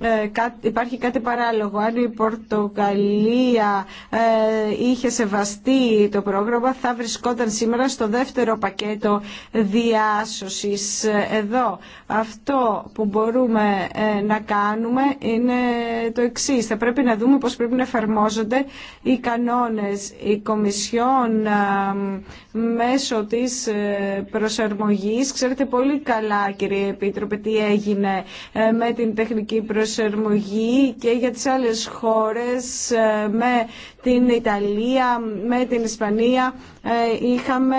ε, υπάρχει κάτι παράλογο. Αν η Πορτογαλία ε, είχε σεβαστεί το πρόγραμμα θα βρισκόταν σήμερα στο δεύτερο πακέτο διάσωσης εδώ. Αυτό που μπορούμε ε, να κάνουμε είναι το εξής. Θα πρέπει να δούμε πώς πρέπει να εφαρμόζονται οι κανόνες. Η Κομισιόν μέσω της προσαρμογής ξέρετε πολύ καλά κύριε Επίτροπε τι έγινε με την τεχνική προσαρμογή και για τις άλλες χώρες ε, με την Ιταλία, με την Ισπανία ε, είχαμε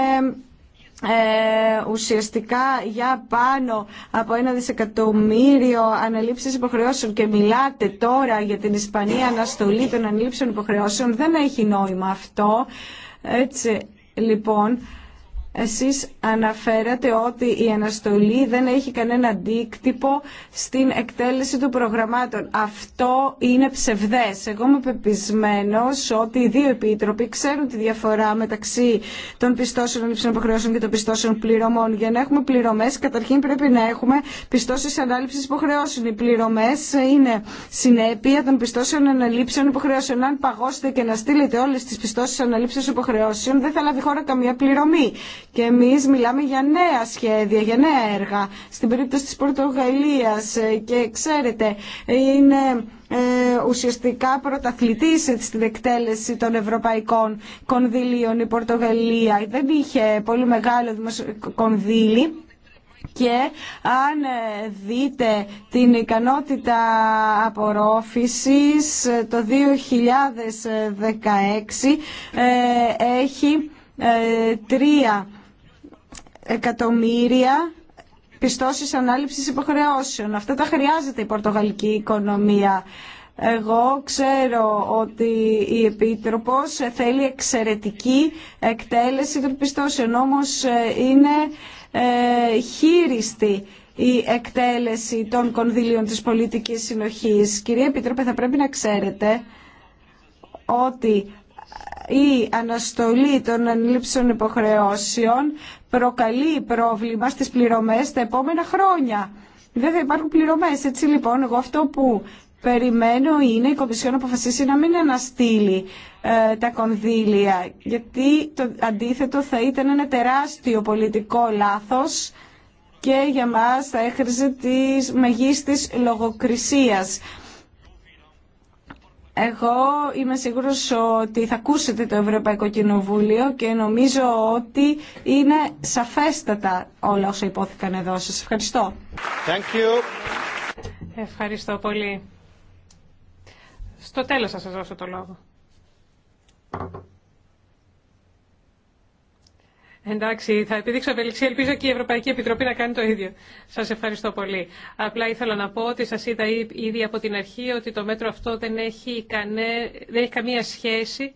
ε, ουσιαστικά για πάνω από ένα δισεκατομμύριο αναλήψεις υποχρεώσεων και μιλάτε τώρα για την Ισπανία αναστολή των αναλήψεων υποχρεώσεων δεν έχει νόημα αυτό έτσι λοιπόν εσείς αναφέρατε ότι η αναστολή δεν έχει κανένα αντίκτυπο στην εκτέλεση των προγραμμάτων. Αυτό είναι ψευδές. Εγώ είμαι πεπισμένος ότι οι δύο επίτροποι ξέρουν τη διαφορά μεταξύ των πιστώσεων ανάληψης υποχρεώσεων και των πιστώσεων πληρωμών. Για να έχουμε πληρωμές, καταρχήν πρέπει να έχουμε πιστώσεις ανάληψης υποχρεώσεων. Οι πληρωμές είναι συνέπεια των πιστώσεων αναλήψεων υποχρεώσεων. Αν παγώσετε και να στείλετε όλες τις πιστώσεις αναλήψεων υποχρεώσεων, δεν θα λάβει χώρα καμία πληρωμή. Και εμεί μιλάμε για νέα σχέδια, για νέα έργα. Στην περίπτωση της Πορτογαλίας ε, και ξέρετε είναι ε, ουσιαστικά πρωταθλητής στην εκτέλεση των ευρωπαϊκών κονδυλίων η Πορτογαλία. Δεν είχε πολύ μεγάλο κονδύλι και αν ε, δείτε την ικανότητα απορρόφησης το 2016 έχει τρία εκατομμύρια πιστώσεις ανάληψης υποχρεώσεων. Αυτά τα χρειάζεται η πορτογαλική οικονομία. Εγώ ξέρω ότι η Επίτροπος θέλει εξαιρετική εκτέλεση των πιστώσεων, όμως ε, είναι ε, χείριστη η εκτέλεση των κονδύλιων της πολιτικής συνοχής. Κυρία Επίτροπε, θα πρέπει να ξέρετε ότι η αναστολή των ανλήψεων υποχρεώσεων προκαλεί πρόβλημα στις πληρωμές τα επόμενα χρόνια. Δεν θα υπάρχουν πληρωμές. Έτσι λοιπόν, εγώ αυτό που περιμένω είναι η Κομισιόν να αποφασίσει να μην αναστείλει ε, τα κονδύλια. Γιατί το αντίθετο θα ήταν ένα τεράστιο πολιτικό λάθος και για μας θα έχριζε της μεγίστης λογοκρισίας. Εγώ είμαι σίγουρος ότι θα ακούσετε το Ευρωπαϊκό Κοινοβούλιο και νομίζω ότι είναι σαφέστατα όλα όσα υπόθηκαν εδώ. Σας ευχαριστώ. Thank Ευχαριστώ πολύ. Στο τέλος θα σας δώσω το λόγο. Εντάξει, θα επιδείξω ευελιξία. Ελπίζω και η Ευρωπαϊκή Επιτροπή να κάνει το ίδιο. Σα ευχαριστώ πολύ. Απλά ήθελα να πω ότι σα είδα ήδη από την αρχή ότι το μέτρο αυτό δεν έχει, κανέ, δεν έχει καμία σχέση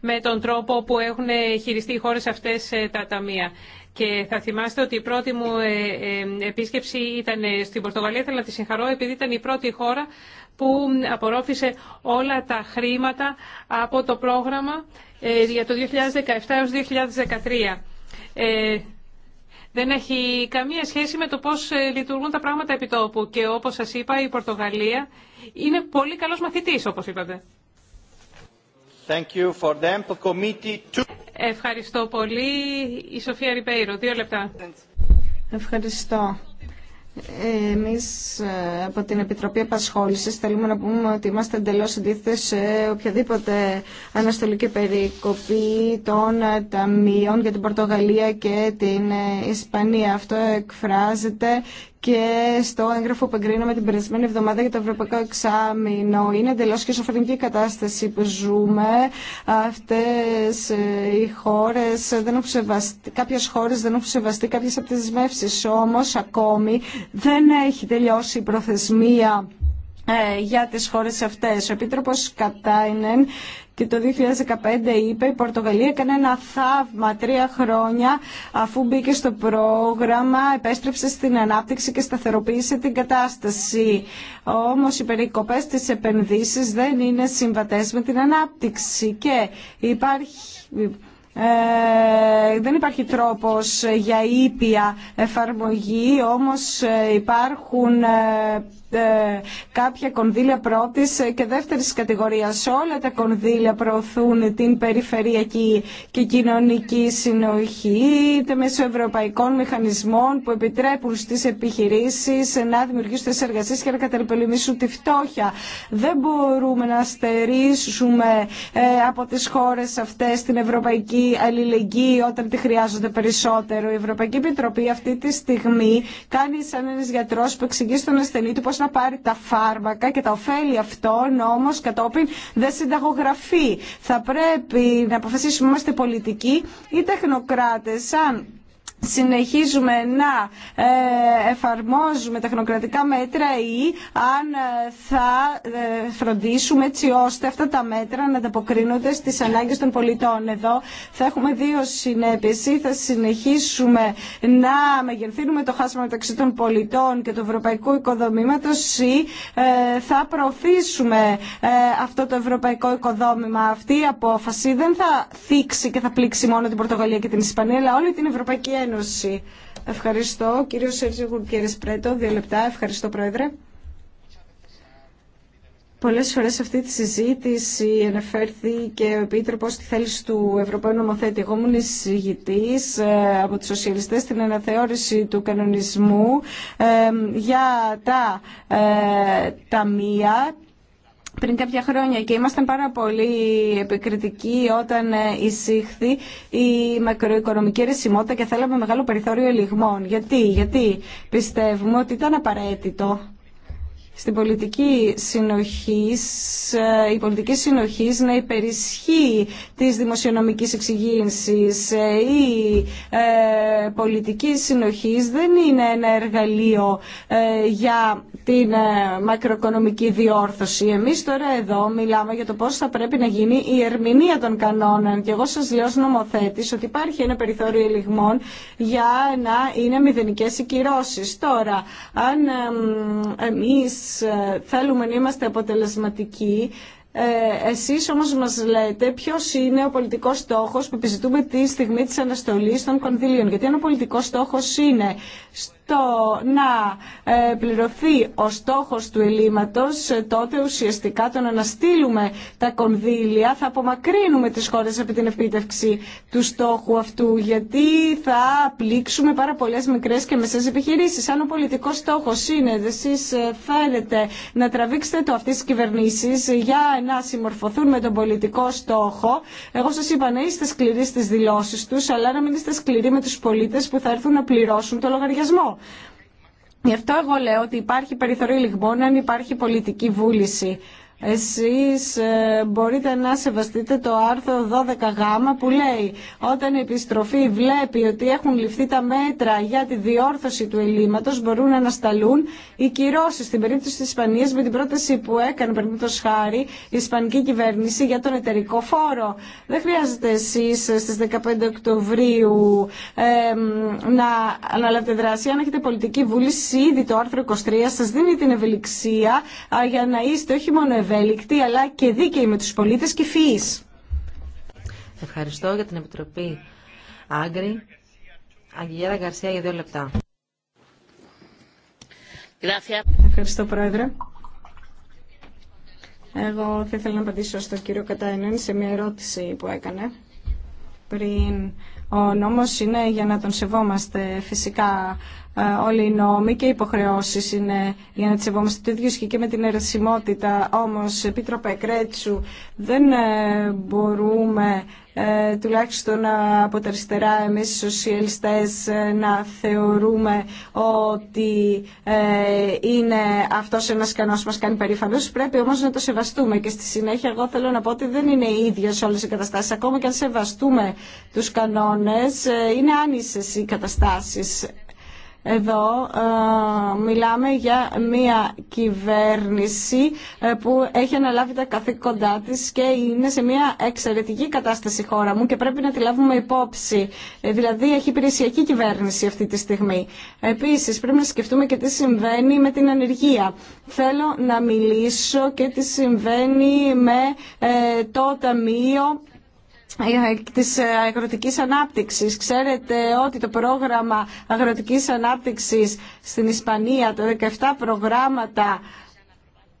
με τον τρόπο που έχουν χειριστεί οι χώρες αυτές ε, τα ταμεία. Και θα θυμάστε ότι η πρώτη μου ε, ε, επίσκεψη ήταν στην Πορτογαλία. Θέλω να τη συγχαρώ επειδή ήταν η πρώτη χώρα που απορρόφησε όλα τα χρήματα από το πρόγραμμα ε, για το 2017 έως 2013. Ε, δεν έχει καμία σχέση με το πώς ε, λειτουργούν τα πράγματα επιτόπου. Και όπως σας είπα, η Πορτογαλία είναι πολύ καλός μαθητής, όπως είπατε. Thank you for Committee Ευχαριστώ πολύ. Η Σοφία Ριπέιρο, δύο λεπτά. Ευχαριστώ. Εμείς ε, από την Επιτροπή Επασχόλησης θέλουμε να πούμε ότι είμαστε εντελώς αντίθετοι σε οποιαδήποτε αναστολική περικοπή των ταμείων για την Πορτογαλία και την ε, Ισπανία. Αυτό εκφράζεται και στο έγγραφο που εγκρίναμε την περασμένη εβδομάδα για το Ευρωπαϊκό Εξάμεινο. Είναι εντελώ και σοφρονική κατάσταση που ζούμε. Αυτέ ε, οι χώρε δεν έχουν σεβαστεί, κάποιε χώρε δεν έχουν σεβαστεί κάποιε από τι δεσμεύσει. Όμω ακόμη δεν έχει τελειώσει η προθεσμία ε, για τις χώρες αυτές. Ο Επίτροπος Κατάινεν και το 2015 είπε η Πορτογαλία έκανε ένα θαύμα τρία χρόνια αφού μπήκε στο πρόγραμμα, επέστρεψε στην ανάπτυξη και σταθεροποίησε την κατάσταση. Όμως οι περικοπές της επενδύσεις δεν είναι συμβατές με την ανάπτυξη και υπάρχει... Ε, δεν υπάρχει τρόπος για ήπια εφαρμογή, όμως ε, υπάρχουν ε, ε, κάποια κονδύλια πρώτης και δεύτερης κατηγορίας. Όλα τα κονδύλια προωθούν την περιφερειακή και κοινωνική συνοχή, είτε μέσω ευρωπαϊκών μηχανισμών που επιτρέπουν στις επιχειρήσεις να δημιουργήσουν τις εργασίες και να καταπολεμήσουν τη φτώχεια. Δεν μπορούμε να στερήσουμε ε, από τις χώρες αυτές την ευρωπαϊκή αλληλεγγύη όταν τη χρειάζονται περισσότερο. Η Ευρωπαϊκή Επιτροπή αυτή τη στιγμή κάνει σαν ένα γιατρό που εξηγεί στον ασθενή του να πάρει τα φάρμακα και τα ωφέλη αυτών όμως κατόπιν δεν συνταγογραφεί. Θα πρέπει να αποφασίσουμε είμαστε πολιτικοί ή τεχνοκράτε Αν συνεχίζουμε να ε, εφαρμόζουμε τεχνοκρατικά μέτρα ή αν ε, θα ε, φροντίσουμε έτσι ώστε αυτά τα μέτρα να ανταποκρίνονται στις ανάγκες των πολιτών. Εδώ θα έχουμε δύο συνέπειες ή θα συνεχίσουμε να μεγενθύνουμε το χάσμα μεταξύ των πολιτών και του ευρωπαϊκού οικοδομήματος ή θα προωθήσουμε αυτό το ευρωπαϊκό οικοδόμημα. Αυτή η απόφαση δεν θα θίξει και θα πλήξει μόνο την Πορτογαλία και την Ισπανία αλλά όλη την Ευρωπαϊκή Ένωση. Ευχαριστώ. Κύριο Σέρτζιο κύριε Πρέτο, δύο λεπτά. Ευχαριστώ, Πρόεδρε. Πολλές φορές αυτή τη συζήτηση και ο Επίτροπο στη θέληση του Ευρωπαίου Νομοθέτη. Εγώ ήμουν ε, από τους Σοσιαλιστέ στην αναθεώρηση του κανονισμού ε, για τα ε, ταμεία πριν κάποια χρόνια και ήμασταν πάρα πολύ επικριτικοί όταν ε, εισήχθη η μακροοικονομική ρεσιμότητα και θέλαμε μεγάλο περιθώριο ελιγμών. Γιατί, γιατί πιστεύουμε ότι ήταν απαραίτητο στην πολιτική συνοχής, ε, η πολιτική συνοχής να υπερισχύει της δημοσιονομικής εξυγίανσης. Ε, η ε, πολιτική συνοχής δεν είναι ένα εργαλείο ε, για την μακροοικονομική διόρθωση. Εμείς τώρα εδώ μιλάμε για το πώς θα πρέπει να γίνει η ερμηνεία των κανόνων και εγώ σας λέω ως νομοθέτης ότι υπάρχει ένα περιθώριο ελιγμών για να είναι μηδενικές οι κυρώσεις. Τώρα, αν εμείς ε, θέλουμε να είμαστε αποτελεσματικοί, ε, εσείς όμως μας λέτε ποιος είναι ο πολιτικός στόχος που επιζητούμε τη στιγμή της αναστολής των κονδυλίων. Γιατί αν ο πολιτικός στόχος είναι το να ε, πληρωθεί ο στόχος του ελλείμματος, ε, τότε ουσιαστικά το να αναστείλουμε τα κονδύλια θα απομακρύνουμε τις χώρες από την επίτευξη του στόχου αυτού, γιατί θα πλήξουμε πάρα πολλές μικρές και μεσές επιχειρήσεις. Αν ο πολιτικός στόχος είναι, εσείς ε, φαίνεται να τραβήξετε το αυτές τις κυβερνήσεις για να συμμορφωθούν με τον πολιτικό στόχο, εγώ σας είπα να είστε σκληροί στις δηλώσεις τους, αλλά να μην είστε σκληροί με τους πολίτες που θα έρθουν να πληρώσουν το λογαριασμό. Γι' αυτό εγώ λέω ότι υπάρχει περιθωρίο λιγμών αν υπάρχει πολιτική βούληση. Εσείς ε, μπορείτε να σεβαστείτε το άρθρο 12γ που λέει όταν η επιστροφή βλέπει ότι έχουν ληφθεί τα μέτρα για τη διόρθωση του ελλείμματος μπορούν να ανασταλούν οι κυρώσεις. Στην περίπτωση της Ισπανίας με την πρόταση που έκανε περίπτωση χάρη η Ισπανική κυβέρνηση για τον εταιρικό φόρο. Δεν χρειάζεται εσείς ε, στις 15 Οκτωβρίου ε, να αναλάβετε δράση. Αν έχετε πολιτική βούληση ήδη το άρθρο 23 σας δίνει την ευελιξία για να είστε όχι μόνο ευέλικτη αλλά και δίκαιη με τους πολίτες και φυείς. Ευχαριστώ για την Επιτροπή Άγκρη. Αγγιέρα Γκαρσία για δύο λεπτά. Ευχαριστώ Πρόεδρε. Εγώ θα ήθελα να απαντήσω στον κύριο Κατάινεν σε μια ερώτηση που έκανε πριν. Ο νόμος είναι για να τον σεβόμαστε φυσικά ε, όλοι οι νόμοι και οι υποχρεώσει είναι για να τι σεβόμαστε. Το ίδιο ισχύει και με την ερασιμότητα. Όμως, Επίτροπε Κρέτσου, δεν ε, μπορούμε ε, τουλάχιστον από τα αριστερά εμείς οι σοσιαλιστές να θεωρούμε ότι είναι αυτό ένας κανός που μας κάνει περήφανος. Πρέπει όμως να το σεβαστούμε και στη συνέχεια εγώ θέλω να πω ότι δεν είναι ίδιο σε όλες οι καταστάσεις. Ακόμα και αν σεβαστούμε τους κανόνες είναι άνισες οι καταστάσεις εδώ ε, μιλάμε για μια κυβέρνηση ε, που έχει αναλάβει τα καθήκοντά της και είναι σε μια εξαιρετική κατάσταση η χώρα μου και πρέπει να τη λάβουμε υπόψη. Ε, δηλαδή έχει υπηρεσιακή κυβέρνηση αυτή τη στιγμή. Επίσης πρέπει να σκεφτούμε και τι συμβαίνει με την ανεργία. Θέλω να μιλήσω και τι συμβαίνει με το Ταμείο της ε, αγροτικής ανάπτυξης. Ξέρετε ότι το πρόγραμμα αγροτικής ανάπτυξης στην Ισπανία, τα 17 προγράμματα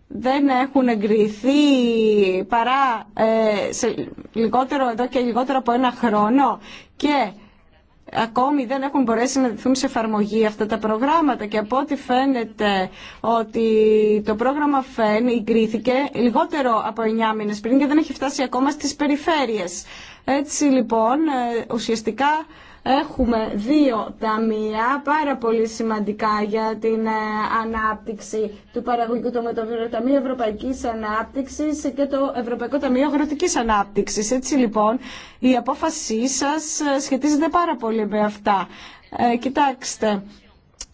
δεν έχουν εγκριθεί παρά ε, λιγότερο εδώ και λιγότερο από ένα χρόνο και ακόμη δεν έχουν μπορέσει να δεθούν σε εφαρμογή αυτά τα προγράμματα και από ό,τι φαίνεται ότι το πρόγραμμα ΦΕΝ εγκρίθηκε λιγότερο από 9 μήνες πριν και δεν έχει φτάσει ακόμα στις περιφέρειες. Έτσι λοιπόν ε, ουσιαστικά Έχουμε δύο ταμεία πάρα πολύ σημαντικά για την ε, ανάπτυξη του παραγωγικού τομέα, το Ταμείο Ευρωπαϊκής Ανάπτυξης και το Ευρωπαϊκό Ταμείο Αγροτικής Ανάπτυξης. Έτσι λοιπόν η απόφασή σας ε, σχετίζεται πάρα πολύ με αυτά. Ε, κοιτάξτε,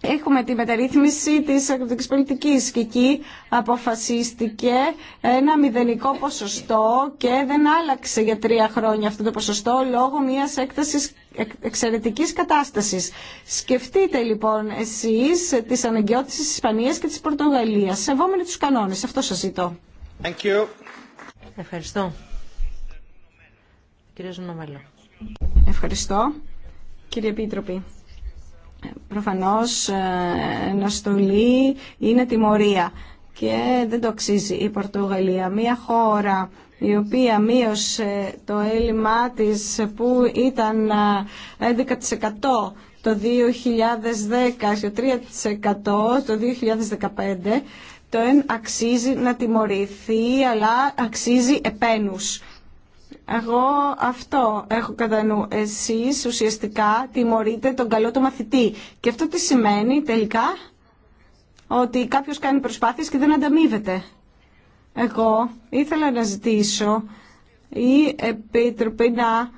Έχουμε τη μεταρρύθμιση της αγροτικής πολιτικής και εκεί αποφασίστηκε ένα μηδενικό ποσοστό και δεν άλλαξε για τρία χρόνια αυτό το ποσοστό λόγω μιας έκτασης εξαιρετικής κατάστασης. Σκεφτείτε λοιπόν εσείς τις αναγκαιότητες της Ισπανίας και της Πορτογαλίας, σεβόμενοι τους κανόνες. Αυτό σας ζητώ. Ευχαριστώ. Κύριε Ζωνομέλο. Ευχαριστώ. Κύριε Επίτροπη προφανώς αναστολή ε, είναι τιμωρία και δεν το αξίζει η Πορτογαλία. Μία χώρα η οποία μείωσε το έλλειμμά της που ήταν 11% ε, το 2010 και 3% το 2015, το εν αξίζει να τιμωρηθεί, αλλά αξίζει επένους. Εγώ αυτό έχω κατά νου. Εσείς ουσιαστικά τιμωρείτε τον καλό το μαθητή. Και αυτό τι σημαίνει τελικά ότι κάποιος κάνει προσπάθειες και δεν ανταμείβεται. Εγώ ήθελα να ζητήσω η Επίτροποι να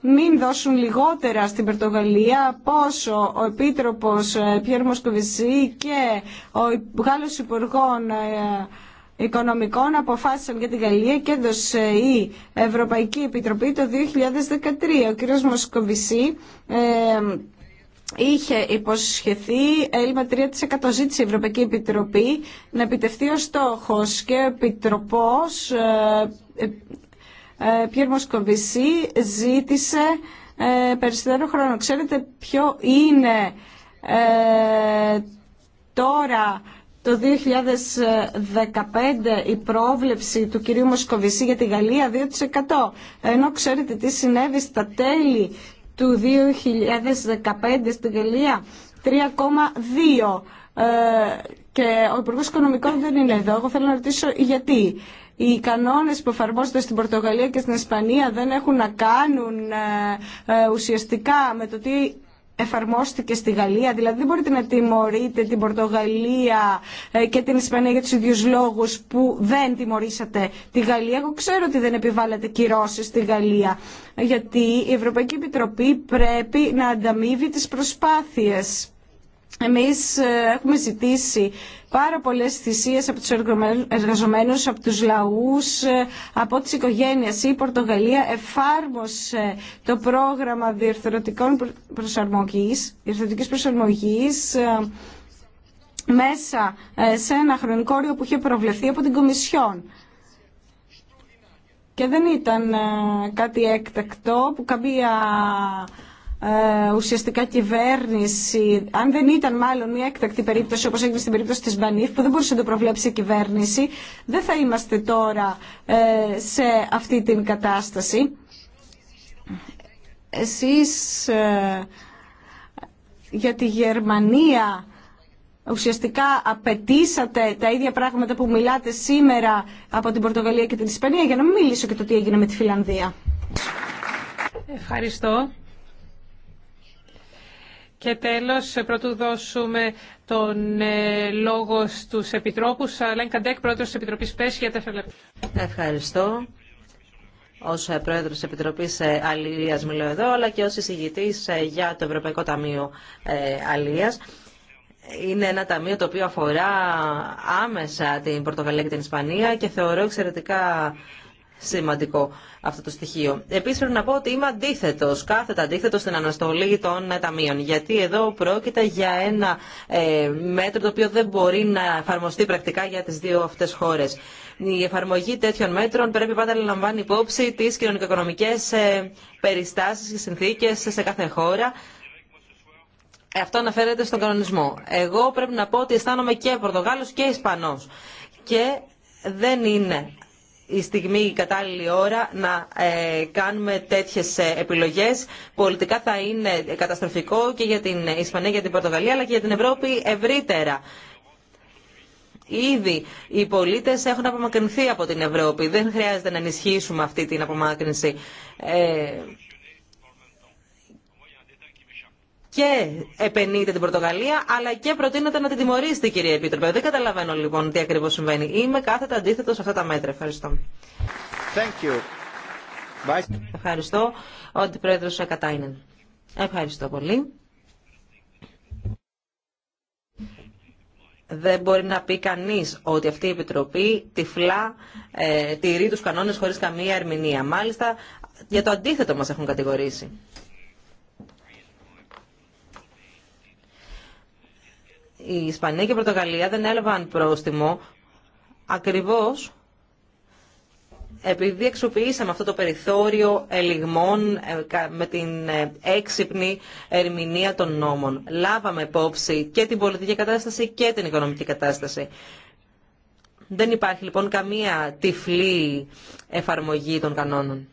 μην δώσουν λιγότερα στην Περτογαλία πόσο ο Επίτροπος ε, Πιέρ Μοσκοβισή και ο Γάλλος Υπουργών ε, οικονομικών αποφάσεων για την Γαλλία και έδωσε η Ευρωπαϊκή Επιτροπή το 2013. Ο κ. Μοσκοβισή ε, είχε υποσχεθεί έλλειμμα 3% ζήτησε η Ευρωπαϊκή Επιτροπή να επιτευχθεί ο στόχος και ο Επιτροπός ε, ε, ε Πιέρ Μοσκοβισή ζήτησε ε, περισσότερο χρόνο. Ξέρετε ποιο είναι τώρα το 2015 η πρόβλεψη του κυρίου Μοσκοβισή για τη Γαλλία 2%. Ενώ ξέρετε τι συνέβη στα τέλη του 2015 στη Γαλλία 3,2%. Ε, και ο Υπουργός Οικονομικών δεν είναι εδώ. Εγώ θέλω να ρωτήσω γιατί. Οι κανόνες που εφαρμόζονται στην Πορτογαλία και στην Ισπανία δεν έχουν να κάνουν ε, ε, ουσιαστικά με το τι εφαρμόστηκε στη Γαλλία. Δηλαδή δεν μπορείτε να τιμωρείτε την Πορτογαλία ε, και την Ισπανία για τους ίδιους λόγους που δεν τιμωρήσατε τη Γαλλία. Εγώ ξέρω ότι δεν επιβάλλατε κυρώσεις στη Γαλλία γιατί η Ευρωπαϊκή Επιτροπή πρέπει να ανταμείβει τις προσπάθειες εμείς ε, έχουμε ζητήσει πάρα πολλές θυσίες από τους εργαζομένους, από τους λαούς, ε, από τις οικογένειες. Η Πορτογαλία εφάρμοσε το πρόγραμμα διορθωτικών προσαρμογής, διορθωτικής προσαρμογής ε, μέσα σε ένα χρονικό όριο που είχε προβλεφθεί από την Κομισιόν. Και δεν ήταν κάτι έκτακτο που καμία ε, ουσιαστικά κυβέρνηση, αν δεν ήταν μάλλον μια έκτακτη περίπτωση όπως έγινε στην περίπτωση της Μπανίφ που δεν μπορούσε να το προβλέψει η κυβέρνηση, δεν θα είμαστε τώρα ε, σε αυτή την κατάσταση. Εσείς ε, για τη Γερμανία ουσιαστικά απαιτήσατε τα ίδια πράγματα που μιλάτε σήμερα από την Πορτογαλία και την Ισπανία για να μην μιλήσω και το τι έγινε με τη Φιλανδία. Ευχαριστώ. Και τέλος, πρωτού δώσουμε τον ε, λόγο στους επιτρόπους, Αλέν Καντέκ, πρόεδρος της Επιτροπής ΠΕΣ, για τέσσερα Ευχαριστώ. Ως ε, πρόεδρος της Επιτροπής ε, Αλληλείας μιλώ εδώ, αλλά και ως εισηγητής για το Ευρωπαϊκό Ταμείο Αλληλείας. Είναι ένα ταμείο το οποίο αφορά άμεσα την Πορτογαλία και την Ισπανία και θεωρώ εξαιρετικά σημαντικό αυτό το στοιχείο. Επίση πρέπει να πω ότι είμαι αντίθετο, κάθετα αντίθετο στην αναστολή των ε, ταμείων, γιατί εδώ πρόκειται για ένα ε, μέτρο το οποίο δεν μπορεί να εφαρμοστεί πρακτικά για τι δύο αυτέ χώρε. Η εφαρμογή τέτοιων μέτρων πρέπει πάντα να λαμβάνει υπόψη τι κοινωνικο-οικονομικές ε, περιστάσεις και συνθήκε σε κάθε χώρα. Αυτό αναφέρεται στον κανονισμό. Εγώ πρέπει να πω ότι αισθάνομαι και Πορτογάλος και Ισπανός. Και δεν είναι η στιγμή, η κατάλληλη ώρα να ε, κάνουμε τέτοιες ε, επιλογές. Πολιτικά θα είναι καταστροφικό και για την Ισπανία, για την Πορτογαλία, αλλά και για την Ευρώπη ευρύτερα. Ήδη οι πολίτε έχουν απομακρυνθεί από την Ευρώπη. Δεν χρειάζεται να ενισχύσουμε αυτή την απομάκρυνση. Ε, και επενείται την Πορτογαλία, αλλά και προτείνεται να την τιμωρήσετε, κυρία Επίτροπε. Δεν καταλαβαίνω λοιπόν τι ακριβώ συμβαίνει. Είμαι κάθετα αντίθετο σε αυτά τα μέτρα. Ευχαριστώ. Thank you. Ευχαριστώ. Ο Αντιπρόεδρος Κατάινεν. Ευχαριστώ πολύ. Δεν μπορεί να πει κανείς ότι αυτή η Επιτροπή τυφλά ε, τηρεί τους κανόνες χωρίς καμία ερμηνεία. Μάλιστα, για το αντίθετο μας έχουν κατηγορήσει. η Ισπανία και η Πορτογαλία δεν έλαβαν πρόστιμο ακριβώς επειδή εξοποιήσαμε αυτό το περιθώριο ελιγμών ε, με την ε, έξυπνη ερμηνεία των νόμων. Λάβαμε υπόψη και την πολιτική κατάσταση και την οικονομική κατάσταση. Δεν υπάρχει λοιπόν καμία τυφλή εφαρμογή των κανόνων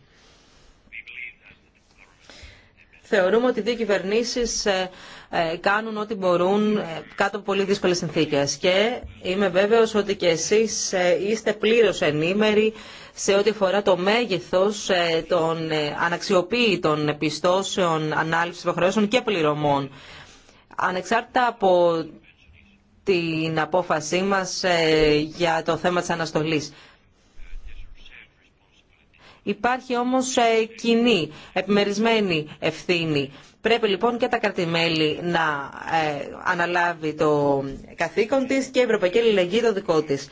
θεωρούμε ότι οι δύο κυβερνήσει ε, ε, κάνουν ό,τι μπορούν ε, κάτω από πολύ δύσκολε συνθήκε. Και είμαι βέβαιο ότι και εσεί είστε πλήρω ενήμεροι σε ό,τι αφορά το μέγεθο των αναξιοποίητων πιστώσεων ανάληψη υποχρεώσεων και πληρωμών. Ανεξάρτητα από την απόφασή μας για το θέμα της αναστολής. Υπάρχει όμως ε, κοινή, επιμερισμένη ευθύνη. Πρέπει λοιπόν και τα κρατημέλη να ε, αναλάβει το καθήκον της και η Ευρωπαϊκή Ελληνική το δικό της.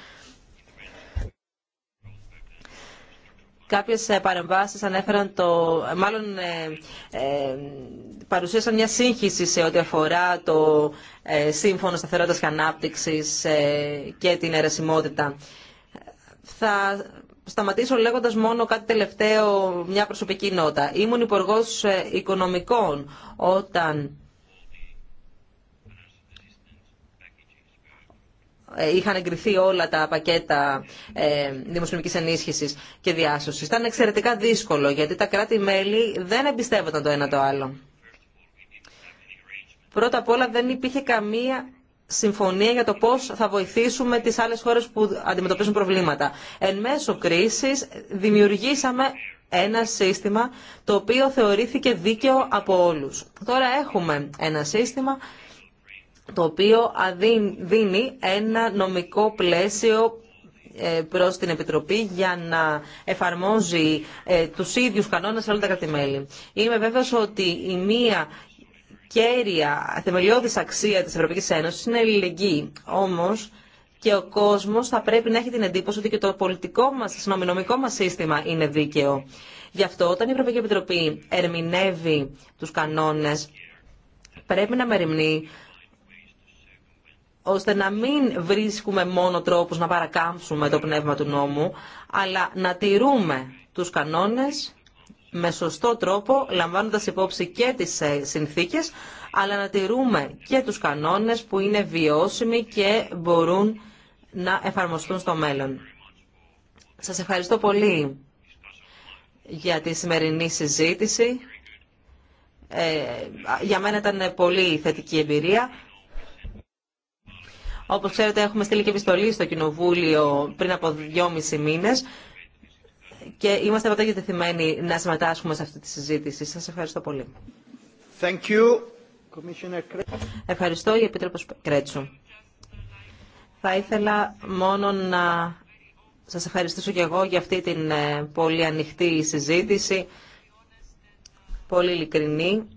Κάποιες ε, παρεμβάσεις ανέφεραν το... Μάλλον παρουσίασαν μια σύγχυση σε ό,τι αφορά το Σύμφωνο Σταθερότητας και Ανάπτυξης και την αιρεσιμότητα. Θα σταματήσω λέγοντας μόνο κάτι τελευταίο, μια προσωπική νότα. Ήμουν υπουργό ε, Οικονομικών όταν ε, είχαν εγκριθεί όλα τα πακέτα ε, δημοσιονομικής ενίσχυσης και διάσωση. Ήταν εξαιρετικά δύσκολο γιατί τα κράτη-μέλη δεν εμπιστεύονταν το ένα το άλλο. Πρώτα απ' όλα δεν υπήρχε καμία συμφωνία για το πώς θα βοηθήσουμε τις άλλες χώρες που αντιμετωπίζουν προβλήματα. Εν μέσω κρίσης δημιουργήσαμε ένα σύστημα το οποίο θεωρήθηκε δίκαιο από όλους. Τώρα έχουμε ένα σύστημα το οποίο δίνει ένα νομικό πλαίσιο ε, προς την Επιτροπή για να εφαρμόζει ε, τους ίδιους κανόνες σε όλα τα κρατημέλη. Είμαι βέβαιος ότι η μία κέρια, θεμελιώδη αξία της Ευρωπαϊκής Ένωσης είναι η αλληλεγγύη. Όμω, και ο κόσμος θα πρέπει να έχει την εντύπωση ότι και το πολιτικό μας, το συνομινομικό μας σύστημα είναι δίκαιο. Γι' αυτό όταν η Ευρωπαϊκή Επιτροπή ερμηνεύει τους κανόνες πρέπει να μεριμνεί ώστε να μην βρίσκουμε μόνο τρόπους να παρακάμψουμε το πνεύμα του νόμου, αλλά να τηρούμε τους κανόνες με σωστό τρόπο, λαμβάνοντας υπόψη και τις ε, συνθήκες, αλλά να τηρούμε και τους κανόνες που είναι βιώσιμοι και μπορούν να εφαρμοστούν στο μέλλον. Σας ευχαριστώ πολύ για τη σημερινή συζήτηση. Ε, για μένα ήταν πολύ θετική εμπειρία. Όπως ξέρετε έχουμε στείλει και επιστολή στο Κοινοβούλιο πριν από δυόμιση μήνες και είμαστε πάντα διατεθειμένοι να συμμετάσχουμε σε αυτή τη συζήτηση. Σας ευχαριστώ πολύ. Thank you. Ευχαριστώ, η Επίτροπος Κρέτσου. Θα ήθελα μόνο να σας ευχαριστήσω και εγώ για αυτή την ε, πολύ ανοιχτή συζήτηση, πολύ ειλικρινή,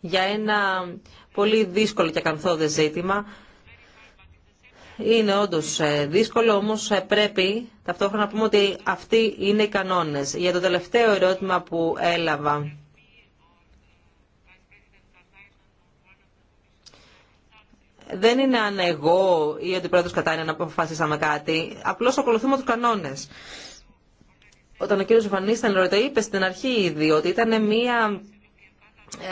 για ένα πολύ δύσκολο και καθόδε ζήτημα είναι όντω ε, δύσκολο, όμω ε, πρέπει ταυτόχρονα να πούμε ότι αυτοί είναι οι κανόνες. Για το τελευταίο ερώτημα που έλαβα, δεν είναι αν εγώ ή ο αντιπρόεδρος Κατάνια να αποφασίσαμε κάτι, απλώς ακολουθούμε του κανόνες. Όταν ο κύριος Βανίσταν ρωτή είπε στην αρχή ήδη ότι ήταν μια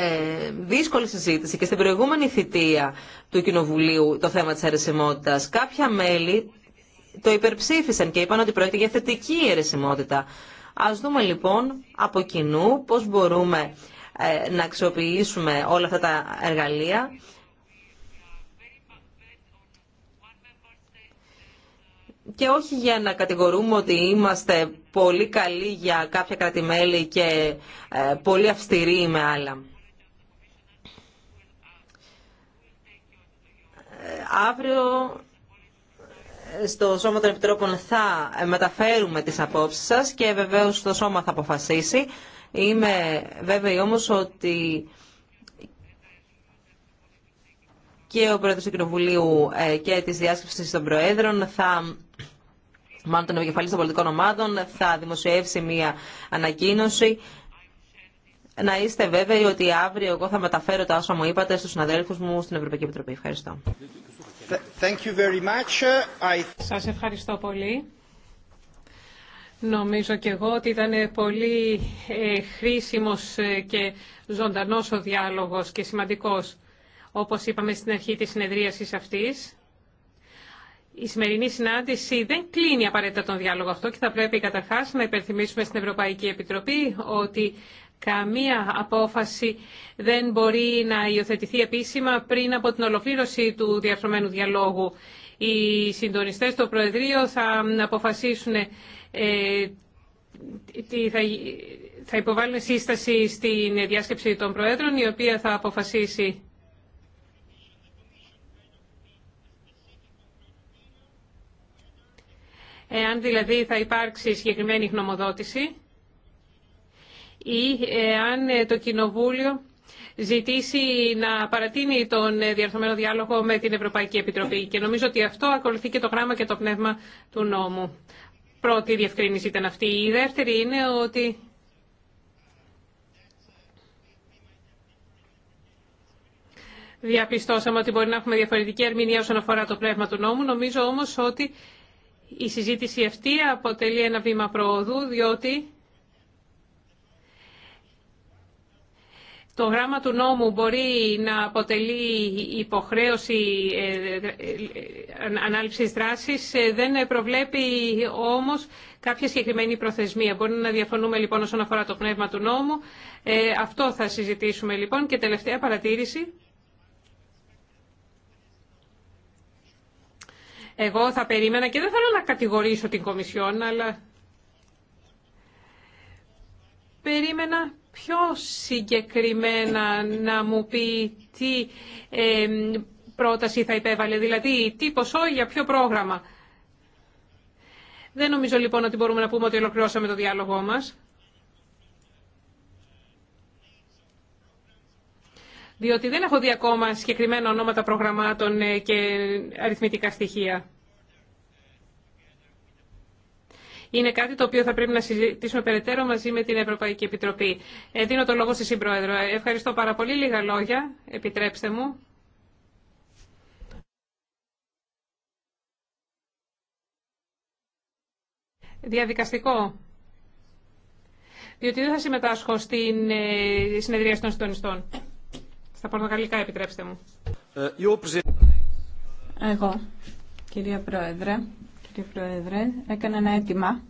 ε, δύσκολη συζήτηση και στην προηγούμενη θητεία του Κοινοβουλίου το θέμα της αιρεσιμότητας. Κάποια μέλη το υπερψήφισαν και είπαν ότι πρόκειται για θετική αιρεσιμότητα. Ας δούμε λοιπόν από κοινού πώς μπορούμε ε, να αξιοποιήσουμε όλα αυτά τα εργαλεία και όχι για να κατηγορούμε ότι είμαστε πολύ καλοί για κάποια κράτη-μέλη και ε, πολύ αυστηροί με άλλα. Ε, αύριο ε, στο Σώμα των Επιτρόπων θα μεταφέρουμε τις απόψεις σας και βεβαίως το Σώμα θα αποφασίσει. Είμαι βέβαιη όμως ότι και ο Πρόεδρος του Κοινοβουλίου ε, και της διάσκεψης των Προέδρων θα μάλλον των επικεφαλής των πολιτικών ομάδων, θα δημοσιεύσει μία ανακοίνωση. Να είστε βέβαιοι ότι αύριο εγώ θα μεταφέρω τα όσα μου είπατε στους συναδέλφους μου στην Ευρωπαϊκή Επιτροπή. Ευχαριστώ. Thank you Σας ευχαριστώ πολύ. Νομίζω και εγώ ότι ήταν πολύ ε, χρήσιμος ε, και ζωντανός ο διάλογος και σημαντικός. Όπως είπαμε στην αρχή της συνεδρίασης αυτής, η σημερινή συνάντηση δεν κλείνει απαραίτητα τον διάλογο αυτό και θα πρέπει καταρχάς να υπενθυμίσουμε στην Ευρωπαϊκή Επιτροπή ότι καμία απόφαση δεν μπορεί να υιοθετηθεί επίσημα πριν από την ολοκλήρωση του διαφρομένου διαλόγου. Οι συντονιστές στο Προεδρείο θα αποφασίσουν ε, θα, θα υποβάλουν σύσταση στην διάσκεψη των Προέδρων η οποία θα αποφασίσει εάν δηλαδή θα υπάρξει συγκεκριμένη γνωμοδότηση ή εάν το Κοινοβούλιο ζητήσει να παρατείνει τον διαρθωμένο διάλογο με την Ευρωπαϊκή Επιτροπή. Και νομίζω ότι αυτό ακολουθεί και το γράμμα και το πνεύμα του νόμου. Πρώτη διευκρίνηση ήταν αυτή. Η δεύτερη είναι ότι διαπιστώσαμε ότι μπορεί να έχουμε διαφορετική ερμηνεία όσον αφορά το πνεύμα του νόμου. Νομίζω όμως ότι η συζήτηση αυτή αποτελεί ένα βήμα προοδού, διότι το γράμμα του νόμου μπορεί να αποτελεί υποχρέωση ε, ε, ε, ανάληψης δράσης, δεν προβλέπει όμως κάποια συγκεκριμένη προθεσμία. Μπορεί να διαφωνούμε λοιπόν όσον αφορά το πνεύμα του νόμου. Αυτό θα συζητήσουμε λοιπόν και τελευταία παρατήρηση. Εγώ θα περίμενα και δεν θέλω να κατηγορήσω την Κομισιόν, αλλά περίμενα πιο συγκεκριμένα να μου πει τι πρόταση θα υπέβαλε, δηλαδή τι ποσό για ποιο πρόγραμμα. Δεν νομίζω λοιπόν ότι μπορούμε να πούμε ότι ολοκληρώσαμε το διάλογό μας. διότι δεν έχω δει ακόμα συγκεκριμένα ονόματα προγραμμάτων ε, και αριθμητικά στοιχεία. Είναι κάτι το οποίο θα πρέπει να συζητήσουμε περαιτέρω μαζί με την Ευρωπαϊκή Επιτροπή. Ε, δίνω το λόγο στη Συμπρόεδρο. Ε, ευχαριστώ πάρα πολύ. Λίγα λόγια. Επιτρέψτε μου. Διαδικαστικό. Διότι δεν θα συμμετάσχω στην ε, συνεδρία των συντονιστών. Στα πορτογαλικά, επιτρέψτε μου. Ε, Εγώ, κυρία Πρόεδρε, κύριε Πρόεδρε, έκανα ένα αίτημα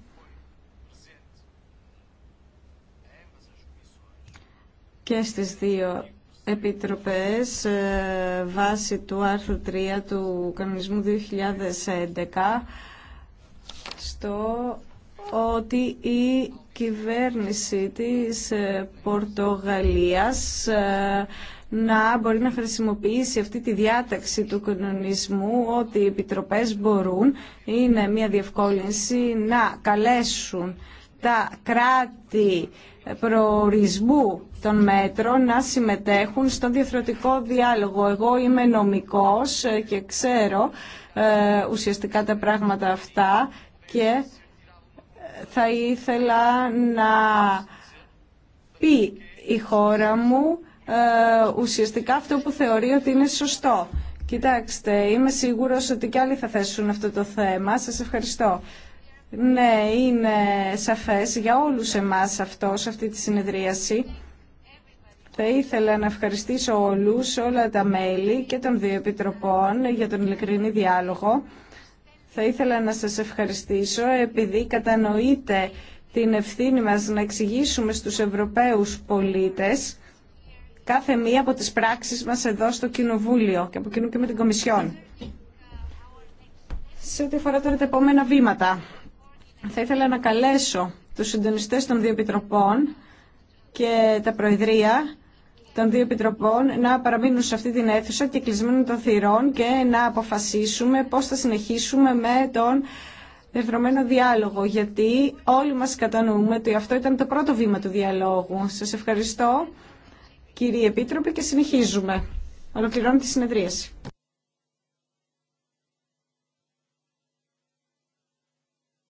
και στις δύο επιτροπές ε, βάσει του άρθρου 3 του κανονισμού 2011 στο ότι η κυβέρνηση της ε, Πορτογαλίας να μπορεί να χρησιμοποιήσει αυτή τη διάταξη του κοινωνισμού ότι οι επιτροπές μπορούν, είναι μια διευκόλυνση, να καλέσουν τα κράτη προορισμού των μέτρων να συμμετέχουν στον διαθροτικό διάλογο. Εγώ είμαι νομικός και ξέρω ε, ουσιαστικά τα πράγματα αυτά και θα ήθελα να πει η χώρα μου ε, ουσιαστικά αυτό που θεωρεί ότι είναι σωστό. Κοιτάξτε, είμαι σίγουρος ότι κι άλλοι θα θέσουν αυτό το θέμα. Σας ευχαριστώ. Ναι, είναι σαφές για όλους εμάς αυτό, σε αυτή τη συνεδρίαση. Θα ήθελα να ευχαριστήσω όλους, όλα τα μέλη και των δύο επιτροπών για τον ειλικρινή διάλογο. Θα ήθελα να σας ευχαριστήσω επειδή κατανοείτε την ευθύνη μας να εξηγήσουμε στους Ευρωπαίους πολίτες κάθε μία από τις πράξεις μας εδώ στο Κοινοβούλιο και από κοινού και με την Κομισιόν. Σε ό,τι αφορά τώρα τα επόμενα βήματα, θα ήθελα να καλέσω τους συντονιστές των δύο επιτροπών και τα Προεδρία των δύο επιτροπών να παραμείνουν σε αυτή την αίθουσα και κλεισμένων των θυρών και να αποφασίσουμε πώς θα συνεχίσουμε με τον δευρωμένο διάλογο, γιατί όλοι μας κατανοούμε ότι αυτό ήταν το πρώτο βήμα του διαλόγου. Σας ευχαριστώ κύριε Επίτροπε, και συνεχίζουμε. Ολοκληρώνω τη συνεδρίαση.